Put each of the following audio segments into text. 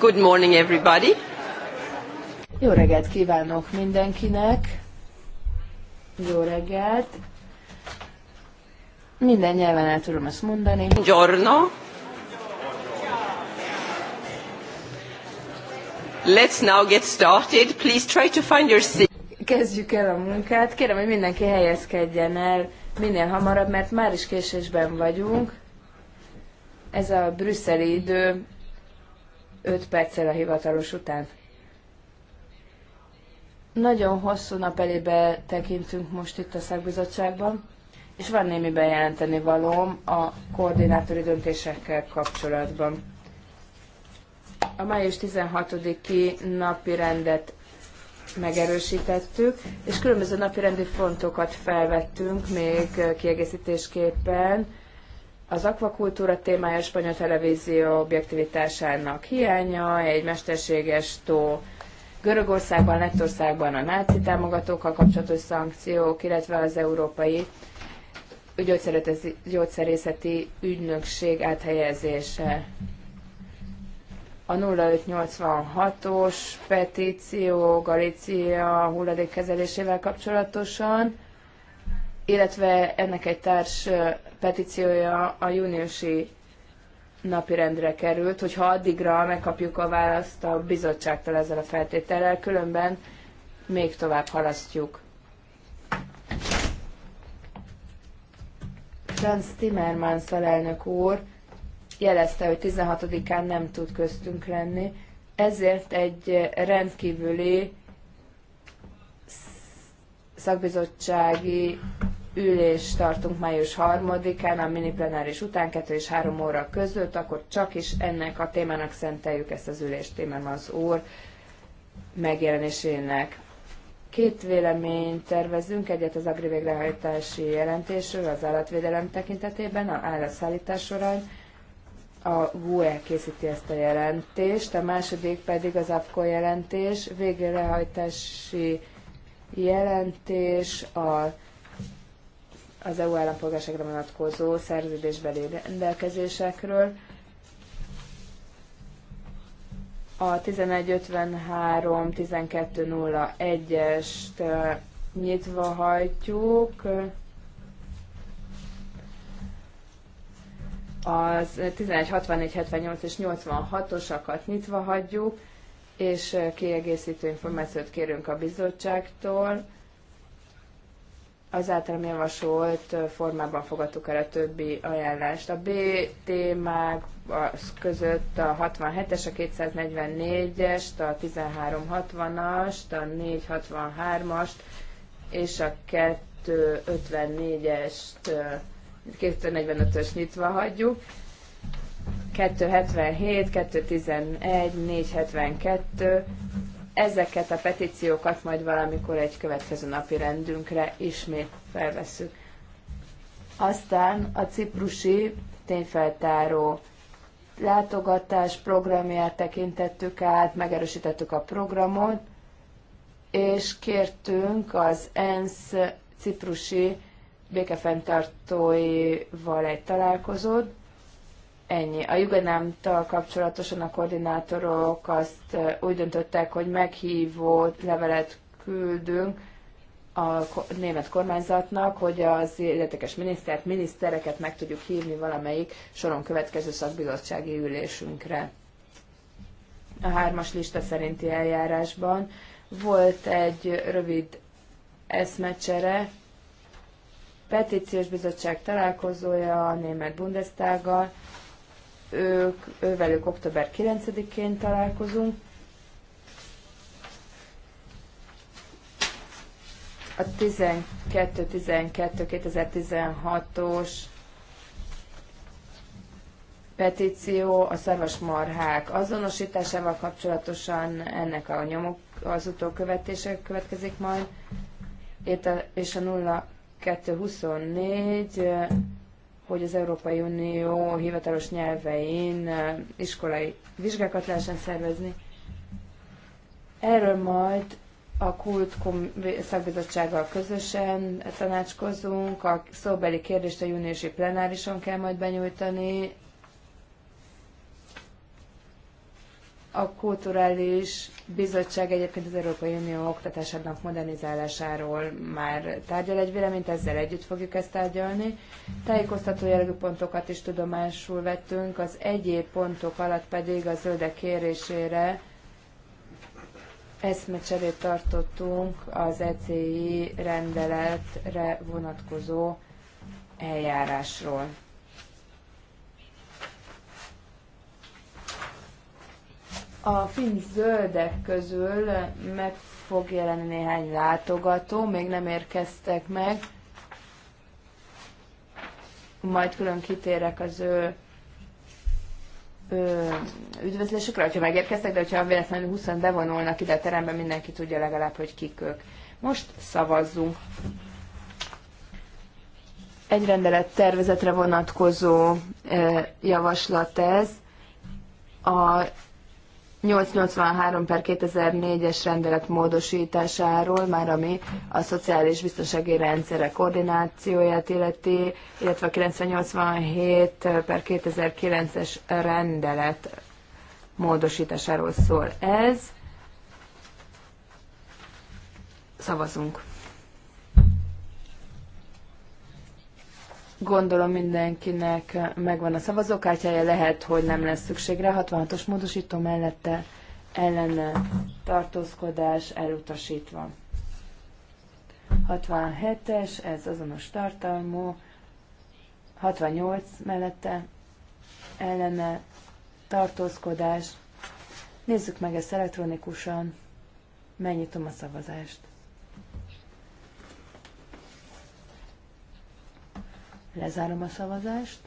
Good morning everybody. Jó reggelt kívánok mindenkinek. Jó reggelt. Minden nyelven el tudom ezt mondani. Giorno. Let's now get started. Please try to find your seat. Kezdjük el a munkát. Kérem, hogy mindenki helyezkedjen el minél hamarabb, mert már is késésben vagyunk. Ez a brüsszeli idő 5 perccel a hivatalos után. Nagyon hosszú nap elébe tekintünk most itt a szakbizottságban, és van némi bejelenteni valóm a koordinátori döntésekkel kapcsolatban. A május 16-i napi rendet megerősítettük, és különböző napi rendi fontokat felvettünk még kiegészítésképpen az akvakultúra témája a spanyol televízió objektivitásának hiánya, egy mesterséges tó Görögországban, Lettországban a náci támogatókkal kapcsolatos szankciók, illetve az európai gyógyszerészeti ügynökség áthelyezése. A 0586-os petíció Galícia hulladékkezelésével kapcsolatosan, illetve ennek egy társ petíciója a júniusi napirendre került, hogyha addigra megkapjuk a választ a bizottságtól ezzel a feltétellel, különben még tovább halasztjuk. Franz Timmermans elnök úr jelezte, hogy 16-án nem tud köztünk lenni, ezért egy rendkívüli szakbizottsági ülés tartunk május 3-án, a mini plenáris után 2 és 3 óra között, akkor csak is ennek a témának szenteljük ezt az ülést, témán az úr megjelenésének. Két véleményt tervezünk, egyet az agri végrehajtási jelentésről az állatvédelem tekintetében, a állatszállítás során. A VUE készíti ezt a jelentést, a második pedig az AFKO jelentés, végrehajtási jelentés a az EU állampolgárságra vonatkozó szerződésbeli rendelkezésekről. A 1153-1201-est nyitva hajtjuk. Az 1164-78 és 86-osakat nyitva hagyjuk, és kiegészítő információt kérünk a bizottságtól az általam javasolt formában fogadtuk el a többi ajánlást. A B témák között a 67-es, a 244-est, a 1360-ast, a 463-ast és a 254-est, 245-ös nyitva hagyjuk. 277, 211, 472, ezeket a petíciókat majd valamikor egy következő napi rendünkre ismét felveszünk. Aztán a ciprusi tényfeltáró látogatás programját tekintettük át, megerősítettük a programot, és kértünk az ENSZ ciprusi békefenntartóival egy találkozót, Ennyi. A Jugendámtal kapcsolatosan a koordinátorok azt úgy döntöttek, hogy meghívó levelet küldünk a német kormányzatnak, hogy az illetékes minisztert, minisztereket meg tudjuk hívni valamelyik soron következő szakbizottsági ülésünkre. A hármas lista szerinti eljárásban volt egy rövid eszmecsere, petíciós bizottság találkozója a német Bundestággal ők, ővelük október 9-én találkozunk. A 12-12-2016-os petíció a szarvasmarhák azonosításával kapcsolatosan ennek a nyomok, az utókövetése következik majd, és a 0224 hogy az Európai Unió hivatalos nyelvein iskolai vizsgákat lehessen szervezni. Erről majd a Kult szakbizottsággal közösen tanácskozunk, a szóbeli kérdést a júniusi plenárison kell majd benyújtani, A Kulturális Bizottság egyébként az Európai Unió oktatásának modernizálásáról már tárgyal egy véleményt, ezzel együtt fogjuk ezt tárgyalni. Tájékoztató jellegű pontokat is tudomásul vettünk, az egyéb pontok alatt pedig a zöldek kérésére eszmecserét tartottunk az ECI rendeletre vonatkozó eljárásról. A finn zöldek közül meg fog jelenni néhány látogató, még nem érkeztek meg. Majd külön kitérek az ő ö, üdvözlésükre, hogyha megérkeztek, de hogyha véletlenül 20 bevonulnak ide a terembe, mindenki tudja legalább, hogy kik ők. Most szavazzunk. Egy rendelet tervezetre vonatkozó ö, javaslat ez. A 883 per 2004-es rendelet módosításáról, már ami a szociális biztonsági rendszerek koordinációját illeti, illetve a 987 per 2009-es rendelet módosításáról szól ez. Szavazunk. Gondolom mindenkinek megvan a szavazókártyája, lehet, hogy nem lesz szükségre. 66-os módosító mellette ellen tartózkodás elutasítva. 67-es, ez azonos tartalmú. 68 mellette ellene tartózkodás. Nézzük meg ezt elektronikusan. mennyitom a szavazást. Lezárom a szavazást.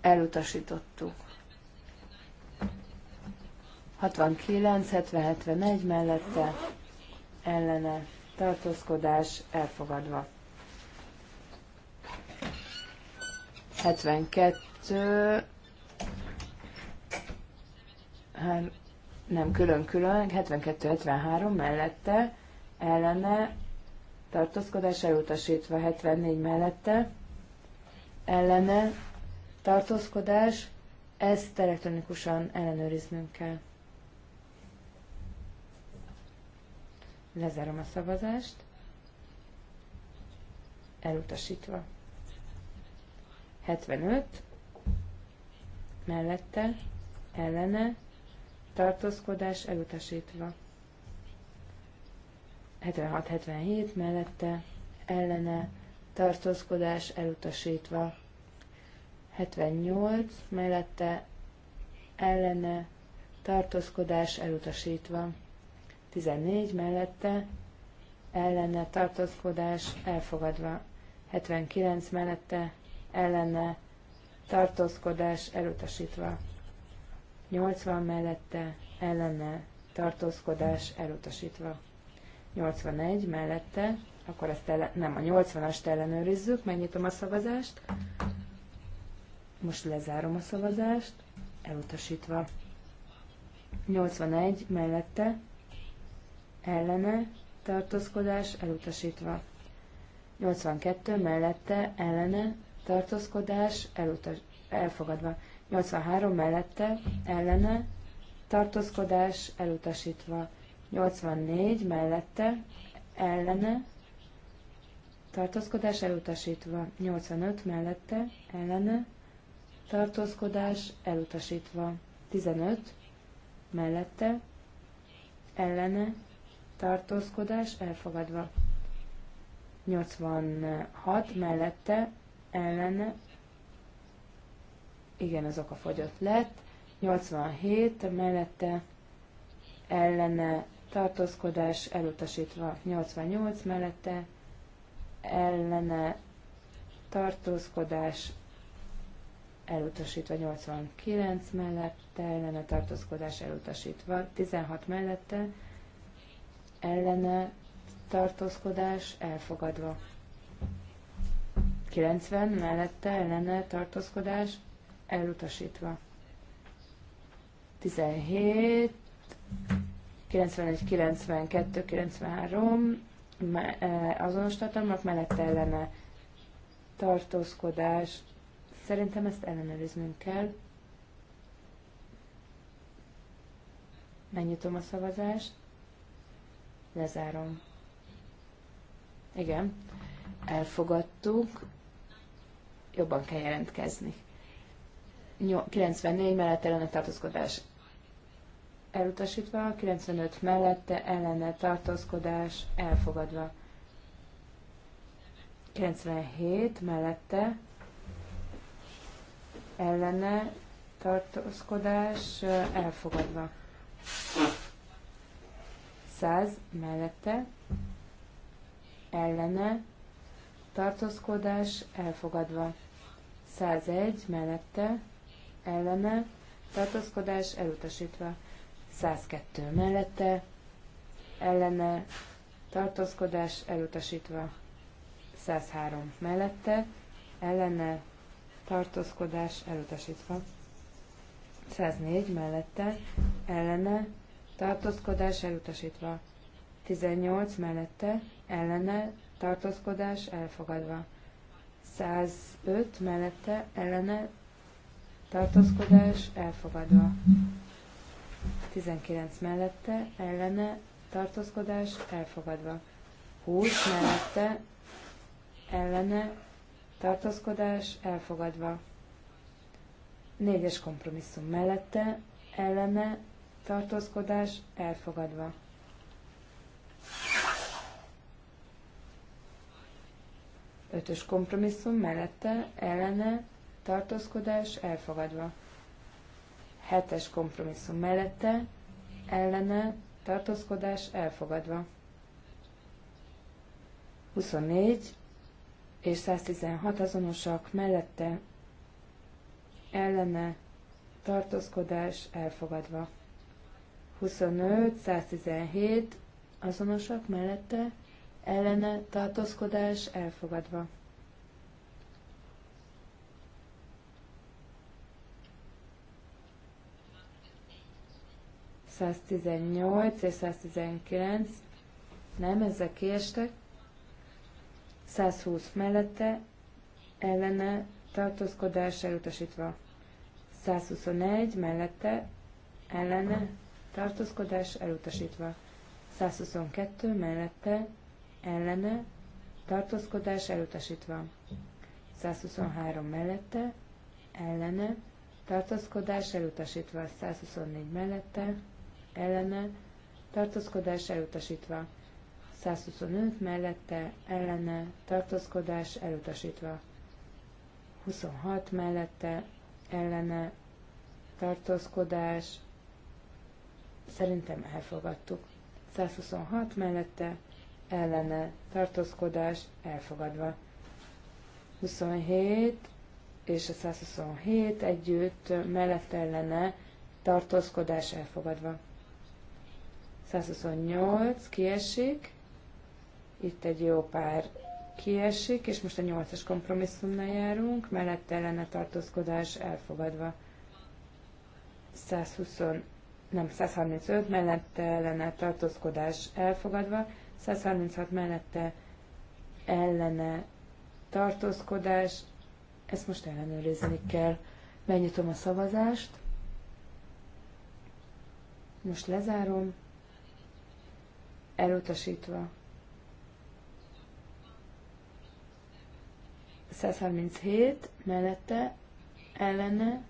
Elutasítottuk. 69, 70, 71 mellette ellene tartózkodás elfogadva. 72, hát nem külön-külön, 72-73 mellette ellene tartózkodás elutasítva 74 mellette, ellene tartózkodás, ezt elektronikusan ellenőriznünk kell. Lezárom a szavazást. Elutasítva. 75. Mellette, ellene, tartózkodás elutasítva. 76-77 mellette ellene tartózkodás elutasítva. 78 mellette ellene tartózkodás elutasítva. 14 mellette ellene tartózkodás elfogadva. 79 mellette ellene tartózkodás elutasítva. 80 mellette ellene tartózkodás elutasítva. 81 mellette, akkor ezt ellen, nem, a 80-ast ellenőrizzük, megnyitom a szavazást. Most lezárom a szavazást, elutasítva. 81 mellette, ellene, tartózkodás, elutasítva. 82 mellette, ellene, tartózkodás, elutas, elfogadva. 83 mellette, ellene, tartózkodás, elutasítva. 84 mellette ellene tartózkodás elutasítva. 85 mellette ellene tartózkodás elutasítva. 15 mellette ellene tartózkodás elfogadva. 86 mellette ellene igen, az oka fogyott lett. 87 mellette ellene tartózkodás elutasítva 88 mellette, ellene tartózkodás elutasítva 89 mellette, ellene tartózkodás elutasítva 16 mellette, ellene tartózkodás elfogadva 90 mellette, ellene tartózkodás elutasítva 17 91, 92, 93 azonos tartalmak mellett ellene tartózkodás. Szerintem ezt ellenőriznünk kell. Megnyitom a szavazást. Lezárom. Igen. Elfogadtuk. Jobban kell jelentkezni. 94 mellett ellene tartózkodás elutasítva, 95 mellette ellene tartózkodás elfogadva. 97 mellette ellene tartózkodás elfogadva. 100 mellette ellene tartózkodás elfogadva. 101 mellette ellene tartózkodás elutasítva. 102 mellette, ellene tartózkodás elutasítva 103 mellette, ellene tartózkodás elutasítva 104 mellette, ellene tartózkodás elutasítva 18 mellette, ellene tartózkodás elfogadva 105 mellette, ellene tartózkodás elfogadva 19 mellette, ellene, tartózkodás elfogadva. 20 mellette, ellene, tartózkodás elfogadva. 4-es kompromisszum mellette, ellene, tartózkodás elfogadva. Ötös kompromisszum mellette, ellene, tartózkodás elfogadva. Hetes kompromisszum mellette, ellene, tartózkodás elfogadva. 24 és 116 azonosak mellette, ellene, tartózkodás elfogadva. 25, 117 azonosak mellette, ellene, tartózkodás elfogadva. 118 és 119, nem, ezek kiestek. 120 mellette, ellene, tartózkodás elutasítva. 121 mellette, ellene, tartózkodás elutasítva. 122 mellette, ellene, tartózkodás elutasítva. 123 mellette, ellene, tartózkodás elutasítva. 124 mellette, ellene, tartózkodás elutasítva. 125 mellette, ellene, tartózkodás elutasítva. 26 mellette, ellene, tartózkodás, szerintem elfogadtuk. 126 mellette, ellene, tartózkodás elfogadva. 27 és a 127 együtt mellett ellene tartózkodás elfogadva. 128 kiesik, itt egy jó pár kiesik, és most a 8-as kompromisszumnál járunk, mellette lenne tartózkodás elfogadva. 120, nem, 135 mellette ellene tartózkodás elfogadva, 136 mellette ellene tartózkodás, ezt most ellenőrizni kell. Megnyitom a szavazást, most lezárom, elutasítva. 137 mellette ellene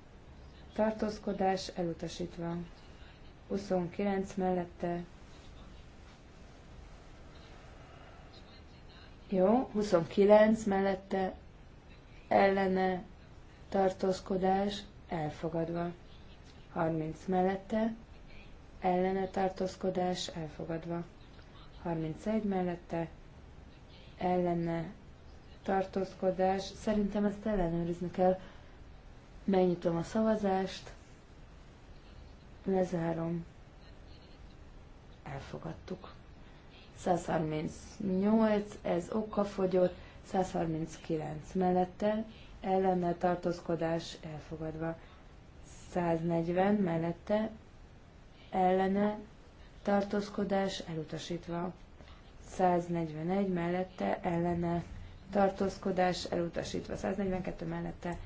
tartózkodás elutasítva. 29 mellette Jó, 29 mellette ellene tartózkodás elfogadva. 30 mellette ellene tartózkodás elfogadva. 31 mellette ellene tartózkodás. Szerintem ezt ellenőrizni kell. Megnyitom a szavazást, lezárom, elfogadtuk. 138, ez okafogyott, 139 mellette, ellene tartózkodás elfogadva. 140 mellette, ellene tartózkodás elutasítva. 141 mellette ellene tartózkodás elutasítva. 142 mellette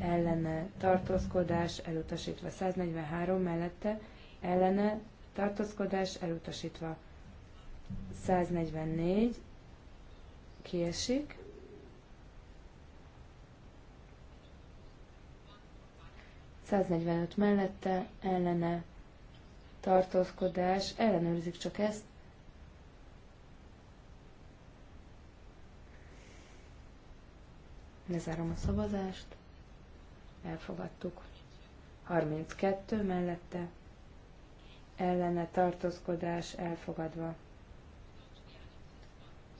ellene tartózkodás elutasítva. 143 mellette ellene tartózkodás elutasítva. 144 kiesik. 145 mellette, ellene, tartózkodás, ellenőrizik csak ezt. Lezárom a szavazást. Elfogadtuk. 32 mellette. Ellene tartózkodás elfogadva.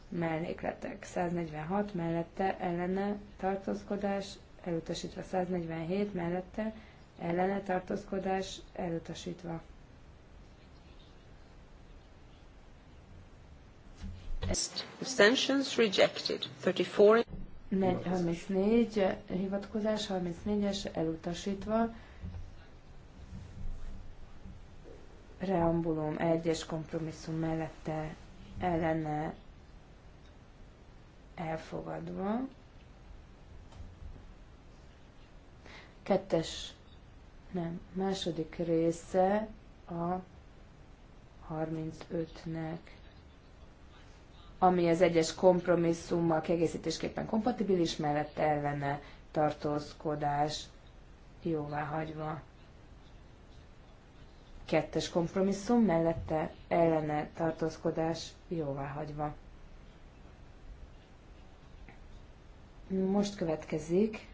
Mellékletek. 146 mellette ellene tartózkodás elutasítva. 147 mellette ellene tartózkodás elutasítva. Abstentions rejected. 34. 34 eh, hivatkozás, 34-es elutasítva. Reambulum 1-es kompromisszum mellette ellene elfogadva. Kettes, nem, második része a 35-nek ami az egyes kompromisszummal kiegészítésképpen kompatibilis, mellette ellene tartózkodás jóváhagyva. Kettes kompromisszum mellette ellene tartózkodás jóváhagyva. Most következik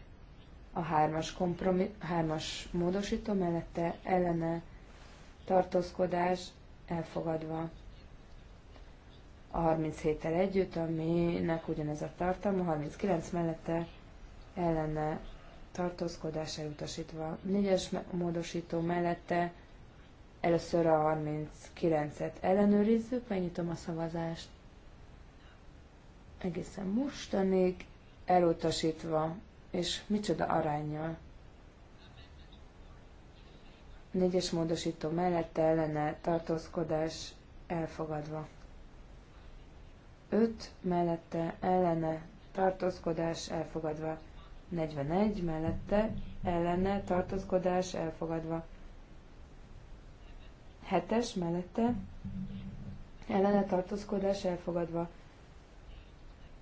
a hármas, kompromi- hármas módosító mellette ellene tartózkodás elfogadva a 37-tel együtt, aminek ugyanez a tartalma, 39 mellette ellene tartózkodás elutasítva. 4-es módosító mellette először a 39-et ellenőrizzük, megnyitom a szavazást. Egészen mostanig elutasítva, és micsoda arányjal. 4-es módosító mellette ellene tartózkodás elfogadva. 5 mellette ellene tartózkodás elfogadva. 41 mellette ellene tartózkodás elfogadva. 7-es mellette ellene tartózkodás elfogadva.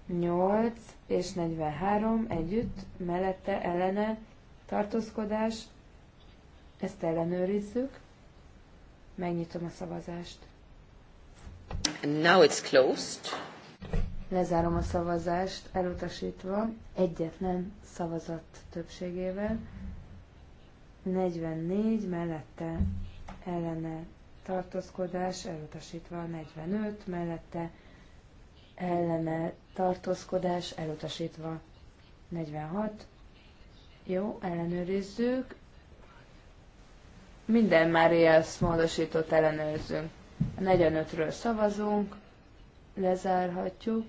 8 és 43 együtt mellette ellene tartózkodás. Ezt ellenőrizzük. Megnyitom a szavazást. And now it's closed. Lezárom a szavazást, elutasítva egyetlen szavazat többségével. 44 mellette ellene tartózkodás, elutasítva 45 mellette ellene tartózkodás, elutasítva 46. Jó, ellenőrizzük. Minden már ilyen módosítót ellenőrzünk. 45-ről szavazunk lezárhatjuk,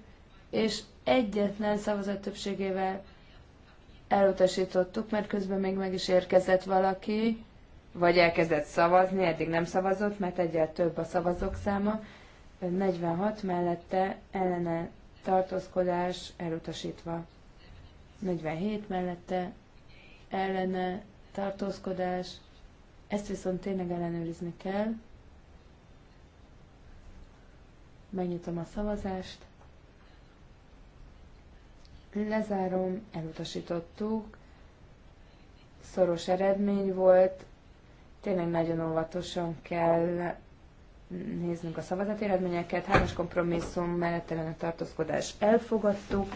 és egyetlen szavazat többségével elutasítottuk, mert közben még meg is érkezett valaki, vagy elkezdett szavazni, eddig nem szavazott, mert egyet több a szavazók száma, 46 mellette ellene tartózkodás elutasítva. 47 mellette ellene tartózkodás, ezt viszont tényleg ellenőrizni kell megnyitom a szavazást, lezárom, elutasítottuk, szoros eredmény volt, tényleg nagyon óvatosan kell néznünk a szavazati eredményeket, hármas kompromisszum mellett a tartózkodás elfogadtuk,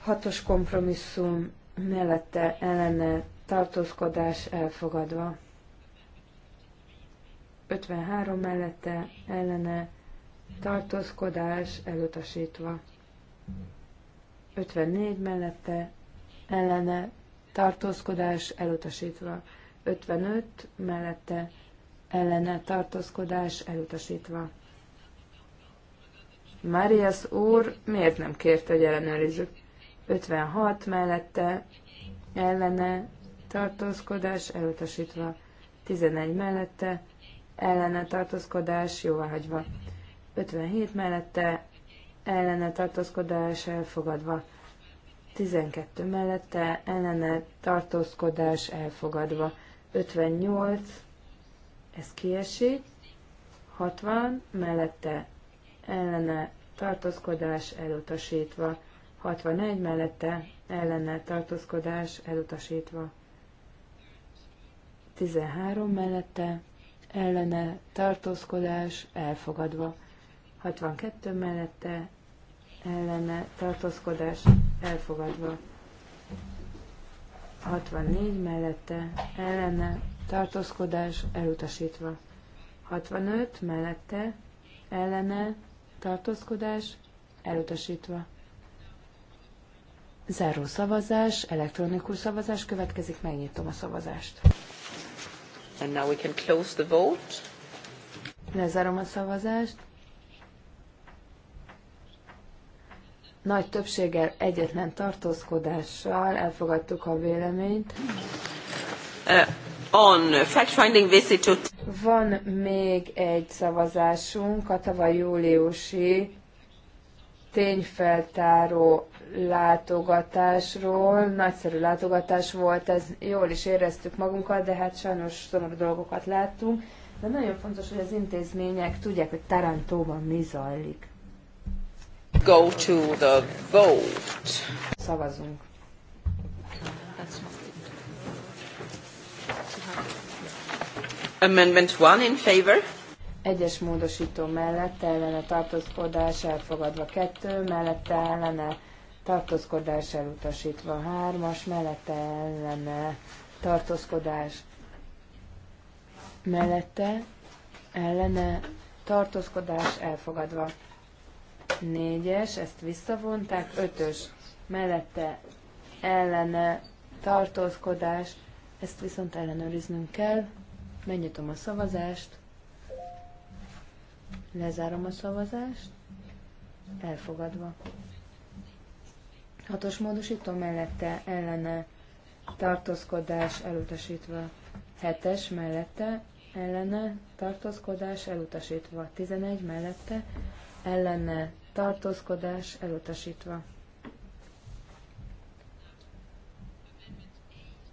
hatos kompromisszum mellette ellene tartózkodás elfogadva. 53 mellette ellene tartózkodás elutasítva. 54 mellette ellene tartózkodás elutasítva. 55 mellette ellene tartózkodás elutasítva. Marias úr miért nem kérte, hogy ellenőrizzük? 56 mellette ellene tartózkodás elutasítva. 11 mellette ellene tartózkodás jóváhagyva. 57 mellette ellene tartózkodás elfogadva. 12 mellette ellene tartózkodás elfogadva. 58, ez kiesik. 60 mellette ellene tartózkodás elutasítva. 61 mellette ellene tartózkodás elutasítva. 13 mellette ellene tartózkodás elfogadva. 62 mellette ellene tartózkodás elfogadva. 64 mellette ellene tartózkodás elutasítva. 65 mellette ellene tartózkodás elutasítva. Záró szavazás, elektronikus szavazás következik, megnyitom a szavazást. And now we can close the vote. Lezárom a szavazást. nagy többséggel egyetlen tartózkodással elfogadtuk a véleményt. Uh, on fact-finding visit to... Van még egy szavazásunk a tavaly júliusi tényfeltáró látogatásról. Nagyszerű látogatás volt, ez jól is éreztük magunkat, de hát sajnos szomorú dolgokat láttunk. De nagyon fontos, hogy az intézmények tudják, hogy Tarantóban mi zajlik. Go to the vote. Szavazunk. Amendment 1 in favor. Egyes módosító mellett ellene tartózkodás elfogadva kettő, mellette ellene tartózkodás elutasítva hármas, mellette ellene tartózkodás mellette ellene tartózkodás elfogadva négyes, ezt visszavonták, ötös mellette ellene tartózkodás, ezt viszont ellenőriznünk kell. Megnyitom a szavazást, lezárom a szavazást, elfogadva. Hatos módosító mellette ellene tartózkodás elutasítva. Hetes mellette ellene tartózkodás elutasítva. Tizenegy mellette ellene tartózkodás elutasítva.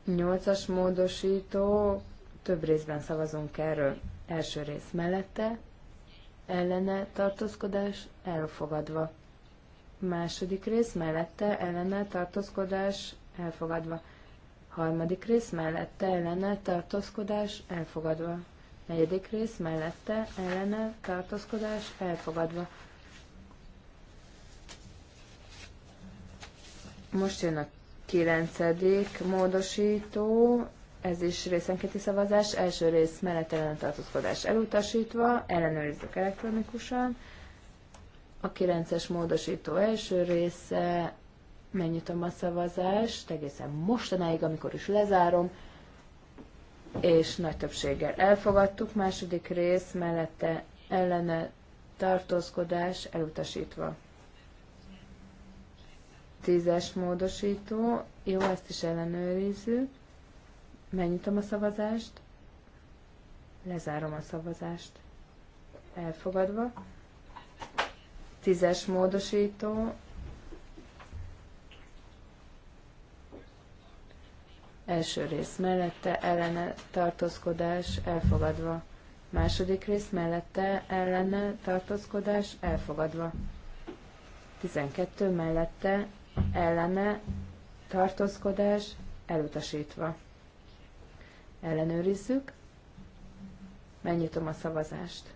8-as módosító, több részben szavazunk erről. Első rész mellette, ellene tartózkodás elfogadva. Második rész mellette, ellene tartózkodás elfogadva. Harmadik rész mellette, ellene tartózkodás elfogadva. Negyedik rész mellette, ellene tartózkodás elfogadva. Most jön a kilencedik módosító, ez is részenkéti szavazás, első rész menetelen ellen tartózkodás elutasítva, ellenőrizzük elektronikusan. A kilences módosító első része, megnyitom a szavazást, egészen mostanáig, amikor is lezárom, és nagy többséggel elfogadtuk. Második rész mellette ellene tartózkodás elutasítva. Tízes módosító. Jó, ezt is ellenőrizzük. Megnyitom a szavazást. Lezárom a szavazást. Elfogadva. Tízes módosító. Első rész mellette ellene tartózkodás elfogadva. Második rész mellette ellene tartózkodás elfogadva. 12 mellette ellene tartózkodás elutasítva. Ellenőrizzük. Megnyitom a szavazást.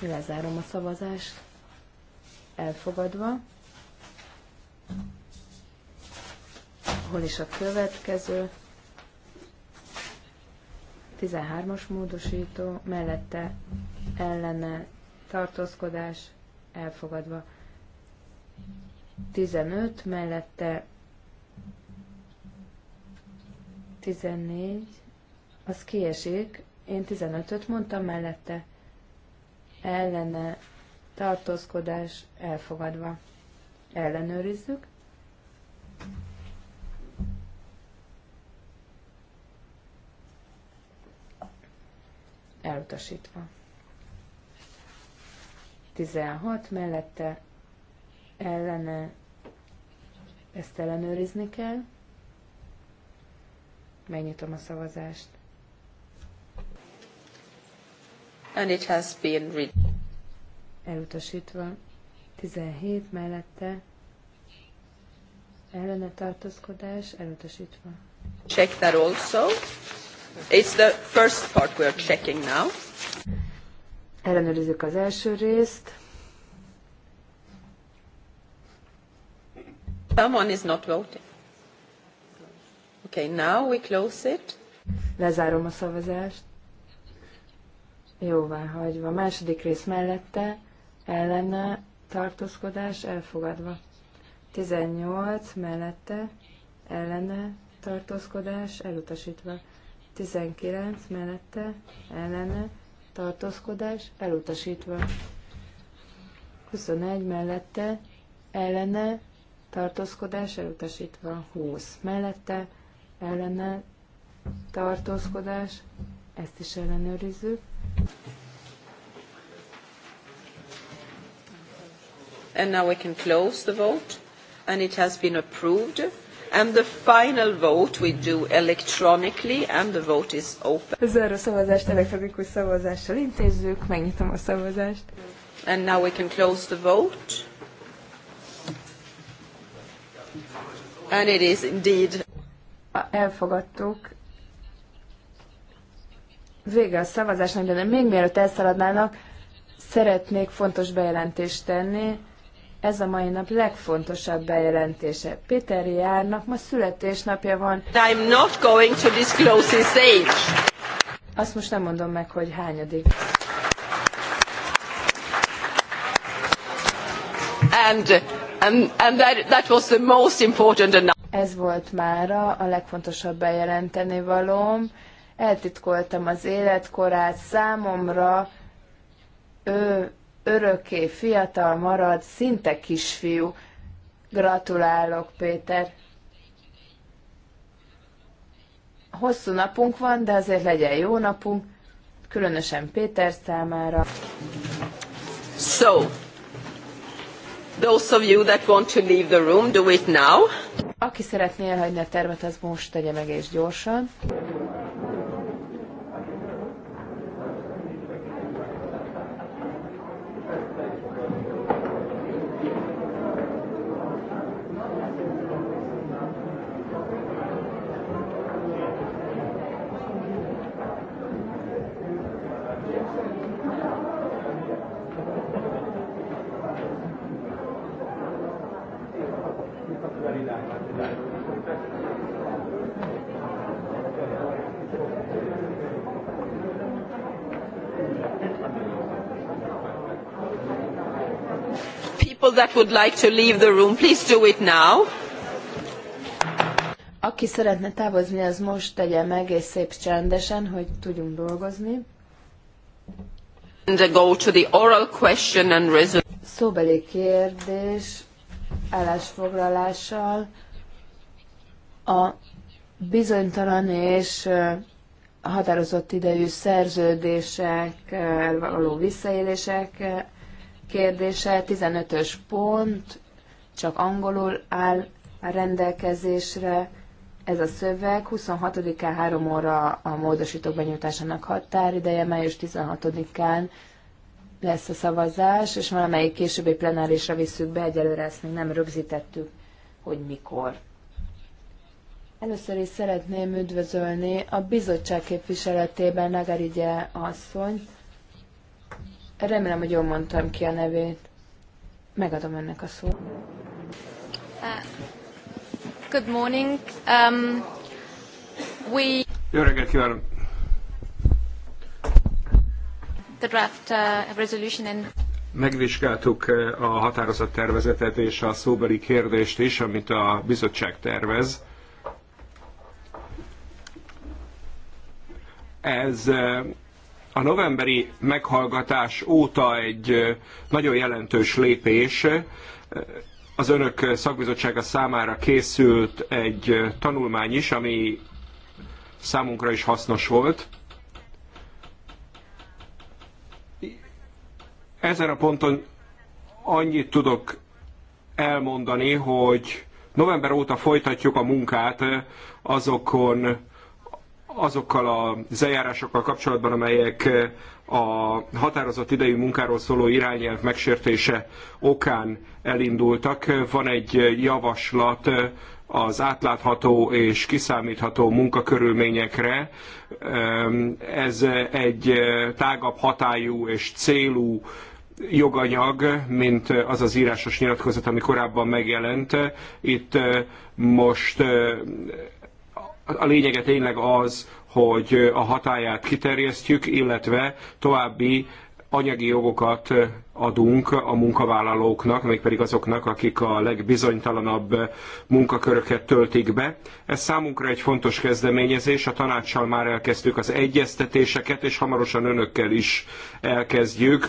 Lezárom a szavazást. Elfogadva. Hol is a következő? 13-as módosító, mellette ellene tartózkodás elfogadva. 15 mellette 14, az kiesik, én 15-öt mondtam mellette, ellene tartózkodás elfogadva. Ellenőrizzük. Elutasítva. 16 mellette ellene ezt ellenőrizni kell. Megnyitom a szavazást. And it has been read. Elutasítva. 17 mellette ellene tartózkodás, elutasítva. Check that also. It's the first part we are checking now. Ellenőrizzük az első részt. Someone is not voting. Okay, now we close it. Lezárom a szavazást. Jóvá hagyva. Második rész mellette, ellene, tartózkodás, elfogadva. 18 mellette, ellene, tartózkodás, elutasítva. 19 mellette, ellene, tartózkodás elutasítva. 21 mellette ellene tartózkodás elutasítva. 20 mellette ellene tartózkodás, ezt is ellenőrizzük. And now we can close the vote and it has been approved. And the final vote we do electronically, and the vote is open. A záró szavazást elektronikus szavazással intézzük, megnyitom a szavazást. And now we can close the vote. And it is indeed. Elfogadtuk. Vége a szavazásnak, de még mielőtt elszaladnának, szeretnék fontos bejelentést tenni ez a mai nap legfontosabb bejelentése. Péter Járnak ma születésnapja van. I'm not going to disclose his age. Azt most nem mondom meg, hogy hányadik. And, and, and that, that was the most important Ez volt mára a legfontosabb bejelenteni valóm. Eltitkoltam az életkorát számomra. Ő örökké fiatal marad, szinte kisfiú. Gratulálok, Péter! Hosszú napunk van, de azért legyen jó napunk, különösen Péter számára. So, those of you that want to leave the room, do it now. Aki szeretné elhagyni a termet, az most tegye meg és gyorsan. that would like to leave the room, please do it now. Aki szeretne távozni, az most tegye meg, és szép csendesen, hogy tudjunk dolgozni. And go to the oral question and resume. Szóbeli kérdés állásfoglalással a bizonytalan és határozott idejű szerződések, való visszaélések kérdése. 15-ös pont, csak angolul áll a rendelkezésre ez a szöveg. 26-án 3 óra a módosítók benyújtásának határideje, május 16-án lesz a szavazás, és valamelyik későbbi plenárisra visszük be, egyelőre ezt még nem rögzítettük, hogy mikor. Először is szeretném üdvözölni a bizottság képviseletében Nagarigye asszonyt, Remélem, hogy jól mondtam ki a nevét. Megadom ennek a szót. Uh, good morning. Um, we... Jó reggelt kívánok! The draft uh, resolution and... Megvizsgáltuk uh, a határozattervezetet és a szóbeli kérdést is, amit a bizottság tervez. Ez uh, a novemberi meghallgatás óta egy nagyon jelentős lépés. Az önök szakbizottsága számára készült egy tanulmány is, ami számunkra is hasznos volt. Ezen a ponton annyit tudok elmondani, hogy november óta folytatjuk a munkát azokon azokkal az eljárásokkal kapcsolatban, amelyek eh, a határozott idejű munkáról szóló irányelv megsértése okán elindultak. Van egy javaslat eh, az átlátható és kiszámítható munkakörülményekre. Eh, ez egy tágabb hatályú és célú joganyag, mint az az írásos nyilatkozat, ami korábban megjelent. Itt most a lényege tényleg az, hogy a hatáját kiterjesztjük, illetve további anyagi jogokat adunk a munkavállalóknak, mégpedig azoknak, akik a legbizonytalanabb munkaköröket töltik be. Ez számunkra egy fontos kezdeményezés, a tanácssal már elkezdtük az egyeztetéseket, és hamarosan önökkel is elkezdjük.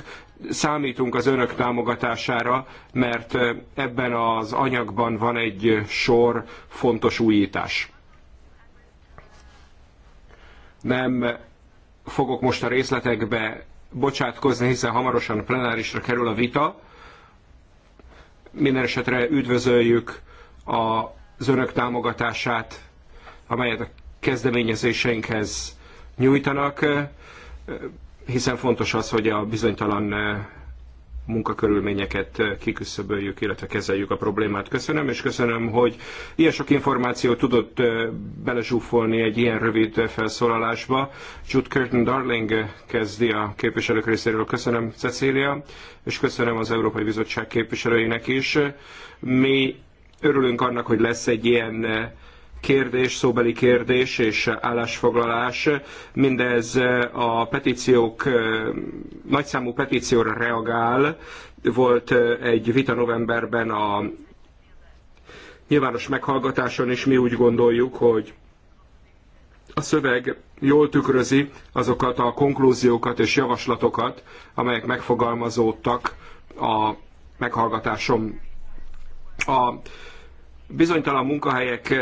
Számítunk az önök támogatására, mert ebben az anyagban van egy sor fontos újítás. Nem fogok most a részletekbe bocsátkozni, hiszen hamarosan plenárisra kerül a vita. Minden esetre üdvözöljük az önök támogatását, amelyet a kezdeményezéseinkhez nyújtanak, hiszen fontos az, hogy a bizonytalan munkakörülményeket kiküszöböljük, illetve kezeljük a problémát. Köszönöm, és köszönöm, hogy ilyen sok információt tudott eh, belezsúfolni egy ilyen rövid felszólalásba. Jude Curtin Darling kezdi a képviselők részéről. Köszönöm, Cecília, és köszönöm az Európai Bizottság képviselőinek is. Mi örülünk annak, hogy lesz egy ilyen eh, kérdés, szóbeli kérdés és állásfoglalás. Mindez eh, a petíciók, eh, nagyszámú petícióra reagál. Volt eh, egy vita novemberben a nyilvános meghallgatáson, is. mi úgy gondoljuk, hogy a szöveg jól tükrözi azokat a konklúziókat és javaslatokat, amelyek megfogalmazódtak a meghallgatásom. A bizonytalan munkahelyek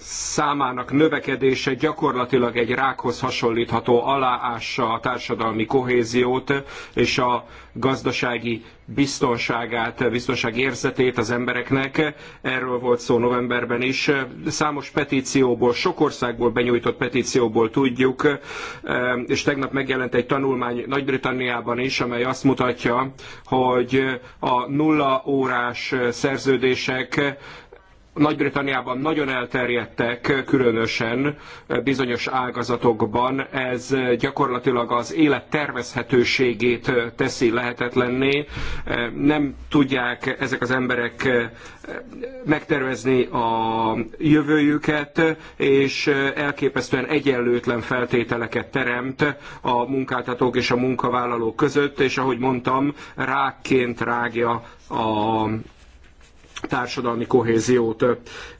számának növekedése gyakorlatilag egy rákhoz hasonlítható aláássa a társadalmi kohéziót és a gazdasági biztonságát, biztonságérzetét az embereknek. Erről volt szó novemberben is. Számos petícióból, sok országból benyújtott petícióból tudjuk, és tegnap megjelent egy tanulmány Nagy-Britanniában is, amely azt mutatja, hogy a nulla órás szerződések nagy-Britanniában nagyon elterjedtek, különösen bizonyos ágazatokban. Ez gyakorlatilag az élet tervezhetőségét teszi lehetetlenné. Nem tudják ezek az emberek megtervezni a jövőjüket, és elképesztően egyenlőtlen feltételeket teremt a munkáltatók és a munkavállalók között, és ahogy mondtam, rákként rágja a társadalmi kohéziót.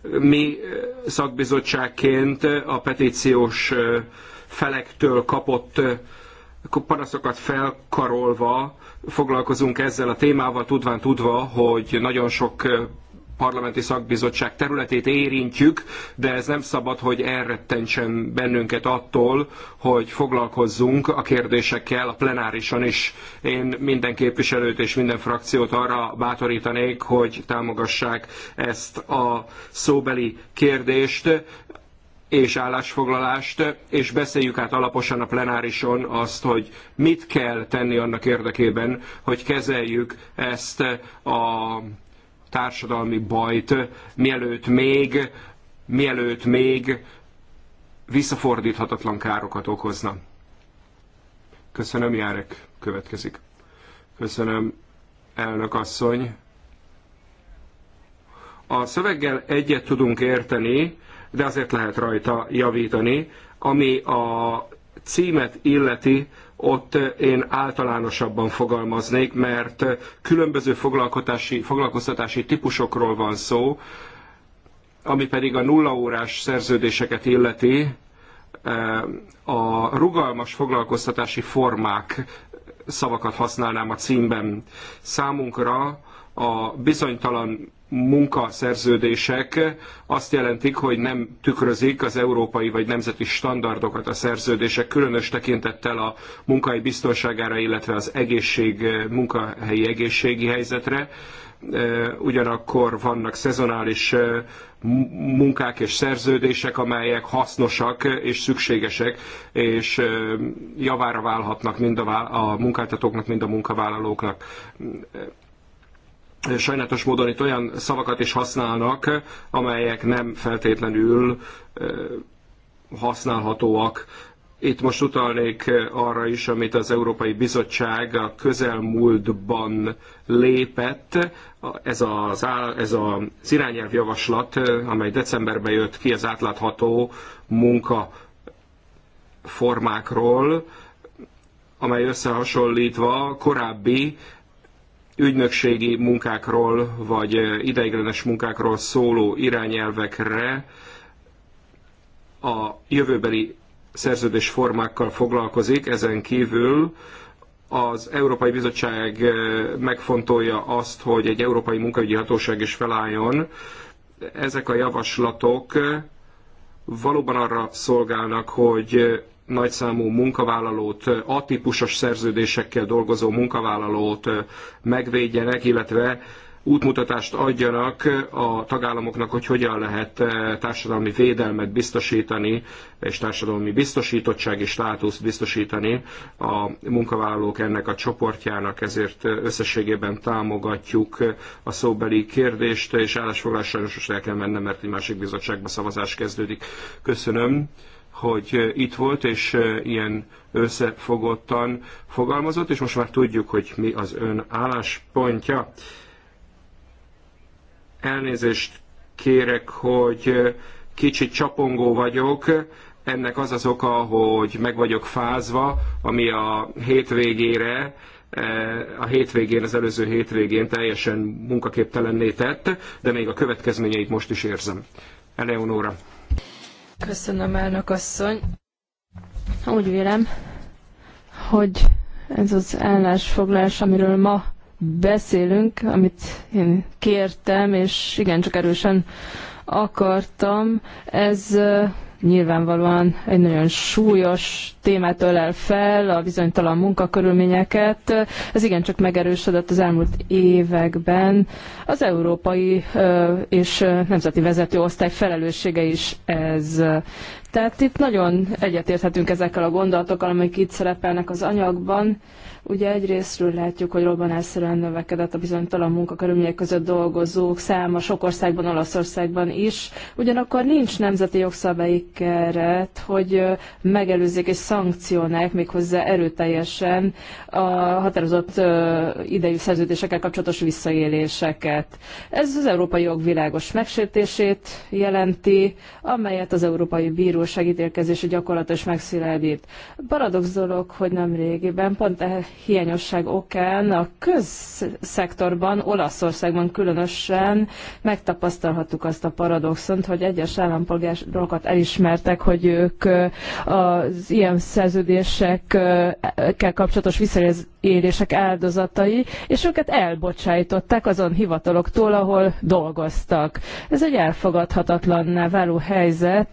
Mi eh, szakbizottságként eh, a petíciós eh, felektől kapott panaszokat felkarolva foglalkozunk ezzel a témával, tudván tudva, hogy nagyon sok parlamenti szakbizottság területét érintjük, de ez nem szabad, hogy elrettentsen bennünket attól, hogy foglalkozzunk a kérdésekkel a plenárisan is. Én minden képviselőt és minden frakciót arra bátorítanék, hogy támogassák ezt a szóbeli kérdést és állásfoglalást, és beszéljük át alaposan a plenárison azt, hogy mit kell tenni annak érdekében, hogy kezeljük ezt a társadalmi bajt, mielőtt még, mielőtt még visszafordíthatatlan károkat okozna. Köszönöm, Járek következik. Köszönöm, elnök asszony. A szöveggel egyet tudunk érteni, de azért lehet rajta javítani, ami a címet illeti, ott eh, én általánosabban fogalmaznék, mert eh, különböző foglalkoztatási, foglalkoztatási típusokról van szó, ami pedig a nullaórás szerződéseket illeti, eh, a rugalmas foglalkoztatási formák szavakat használnám a címben. Számunkra a bizonytalan munkaszerződések azt jelentik, hogy nem tükrözik az európai vagy nemzeti standardokat a szerződések, különös tekintettel a munkai biztonságára, illetve az egészség, munkahelyi egészségi helyzetre. Ugyanakkor vannak szezonális munkák és szerződések, amelyek hasznosak és szükségesek, és javára válhatnak mind a, a munkáltatóknak, mind a munkavállalóknak sajnálatos módon itt olyan szavakat is használnak, amelyek nem feltétlenül használhatóak. Itt most utalnék arra is, amit az Európai Bizottság a közelmúltban lépett. Ez az, ez az irányelvjavaslat, amely decemberben jött ki az átlátható munkaformákról, amely összehasonlítva korábbi ügynökségi munkákról, vagy ideiglenes munkákról szóló irányelvekre a jövőbeli szerződés formákkal foglalkozik, ezen kívül az Európai Bizottság megfontolja azt, hogy egy Európai Munkaügyi Hatóság is felálljon. Ezek a javaslatok valóban arra szolgálnak, hogy nagyszámú munkavállalót, atípusos szerződésekkel dolgozó munkavállalót megvédjenek, illetve útmutatást adjanak a tagállamoknak, hogy hogyan lehet társadalmi védelmet biztosítani, és társadalmi biztosítottsági státuszt biztosítani a munkavállalók ennek a csoportjának, ezért összességében támogatjuk a szóbeli kérdést, és állásfoglalásra sajnos most el kell mennem, mert egy másik bizottságban szavazás kezdődik. Köszönöm hogy itt volt, és ilyen összefogottan fogalmazott, és most már tudjuk, hogy mi az ön álláspontja. Elnézést kérek, hogy kicsit csapongó vagyok, ennek az az oka, hogy meg vagyok fázva, ami a hétvégére, a hétvégén, az előző hétvégén teljesen munkaképtelenné tett, de még a következményeit most is érzem. Eleonóra. Köszönöm, elnök asszony. Úgy vélem, hogy ez az állásfoglalás, amiről ma beszélünk, amit én kértem, és igencsak erősen akartam, ez nyilvánvalóan egy nagyon súlyos témát ölel fel, a bizonytalan munkakörülményeket. Ez igencsak megerősödött az elmúlt években. Az európai és nemzeti vezető osztály felelőssége is ez. Tehát itt nagyon egyetérthetünk ezekkel a gondolatokkal, amik itt szerepelnek az anyagban. Ugye egyrésztről látjuk, hogy robbanásszerűen növekedett a bizonytalan munkakörülmények között dolgozók száma sok országban, Olaszországban is, ugyanakkor nincs nemzeti jogszabályi keret, hogy megelőzzék és szankcionálják méghozzá erőteljesen a határozott idejű szerződésekkel kapcsolatos visszaéléseket. Ez az európai jog világos megsértését jelenti, amelyet az Európai Bíróság ítélkezése gyakorlatos megszilárdít. Paradox dolog, hogy nem régiben pont e hiányosság okán a közszektorban, Olaszországban különösen megtapasztalhattuk azt a paradoxont, hogy egyes állampolgárokat elismertek, hogy ők az ilyen szerződésekkel kapcsolatos visszaélések áldozatai, és őket elbocsájtották azon hivataloktól, ahol dolgoztak. Ez egy elfogadhatatlanná váló helyzet,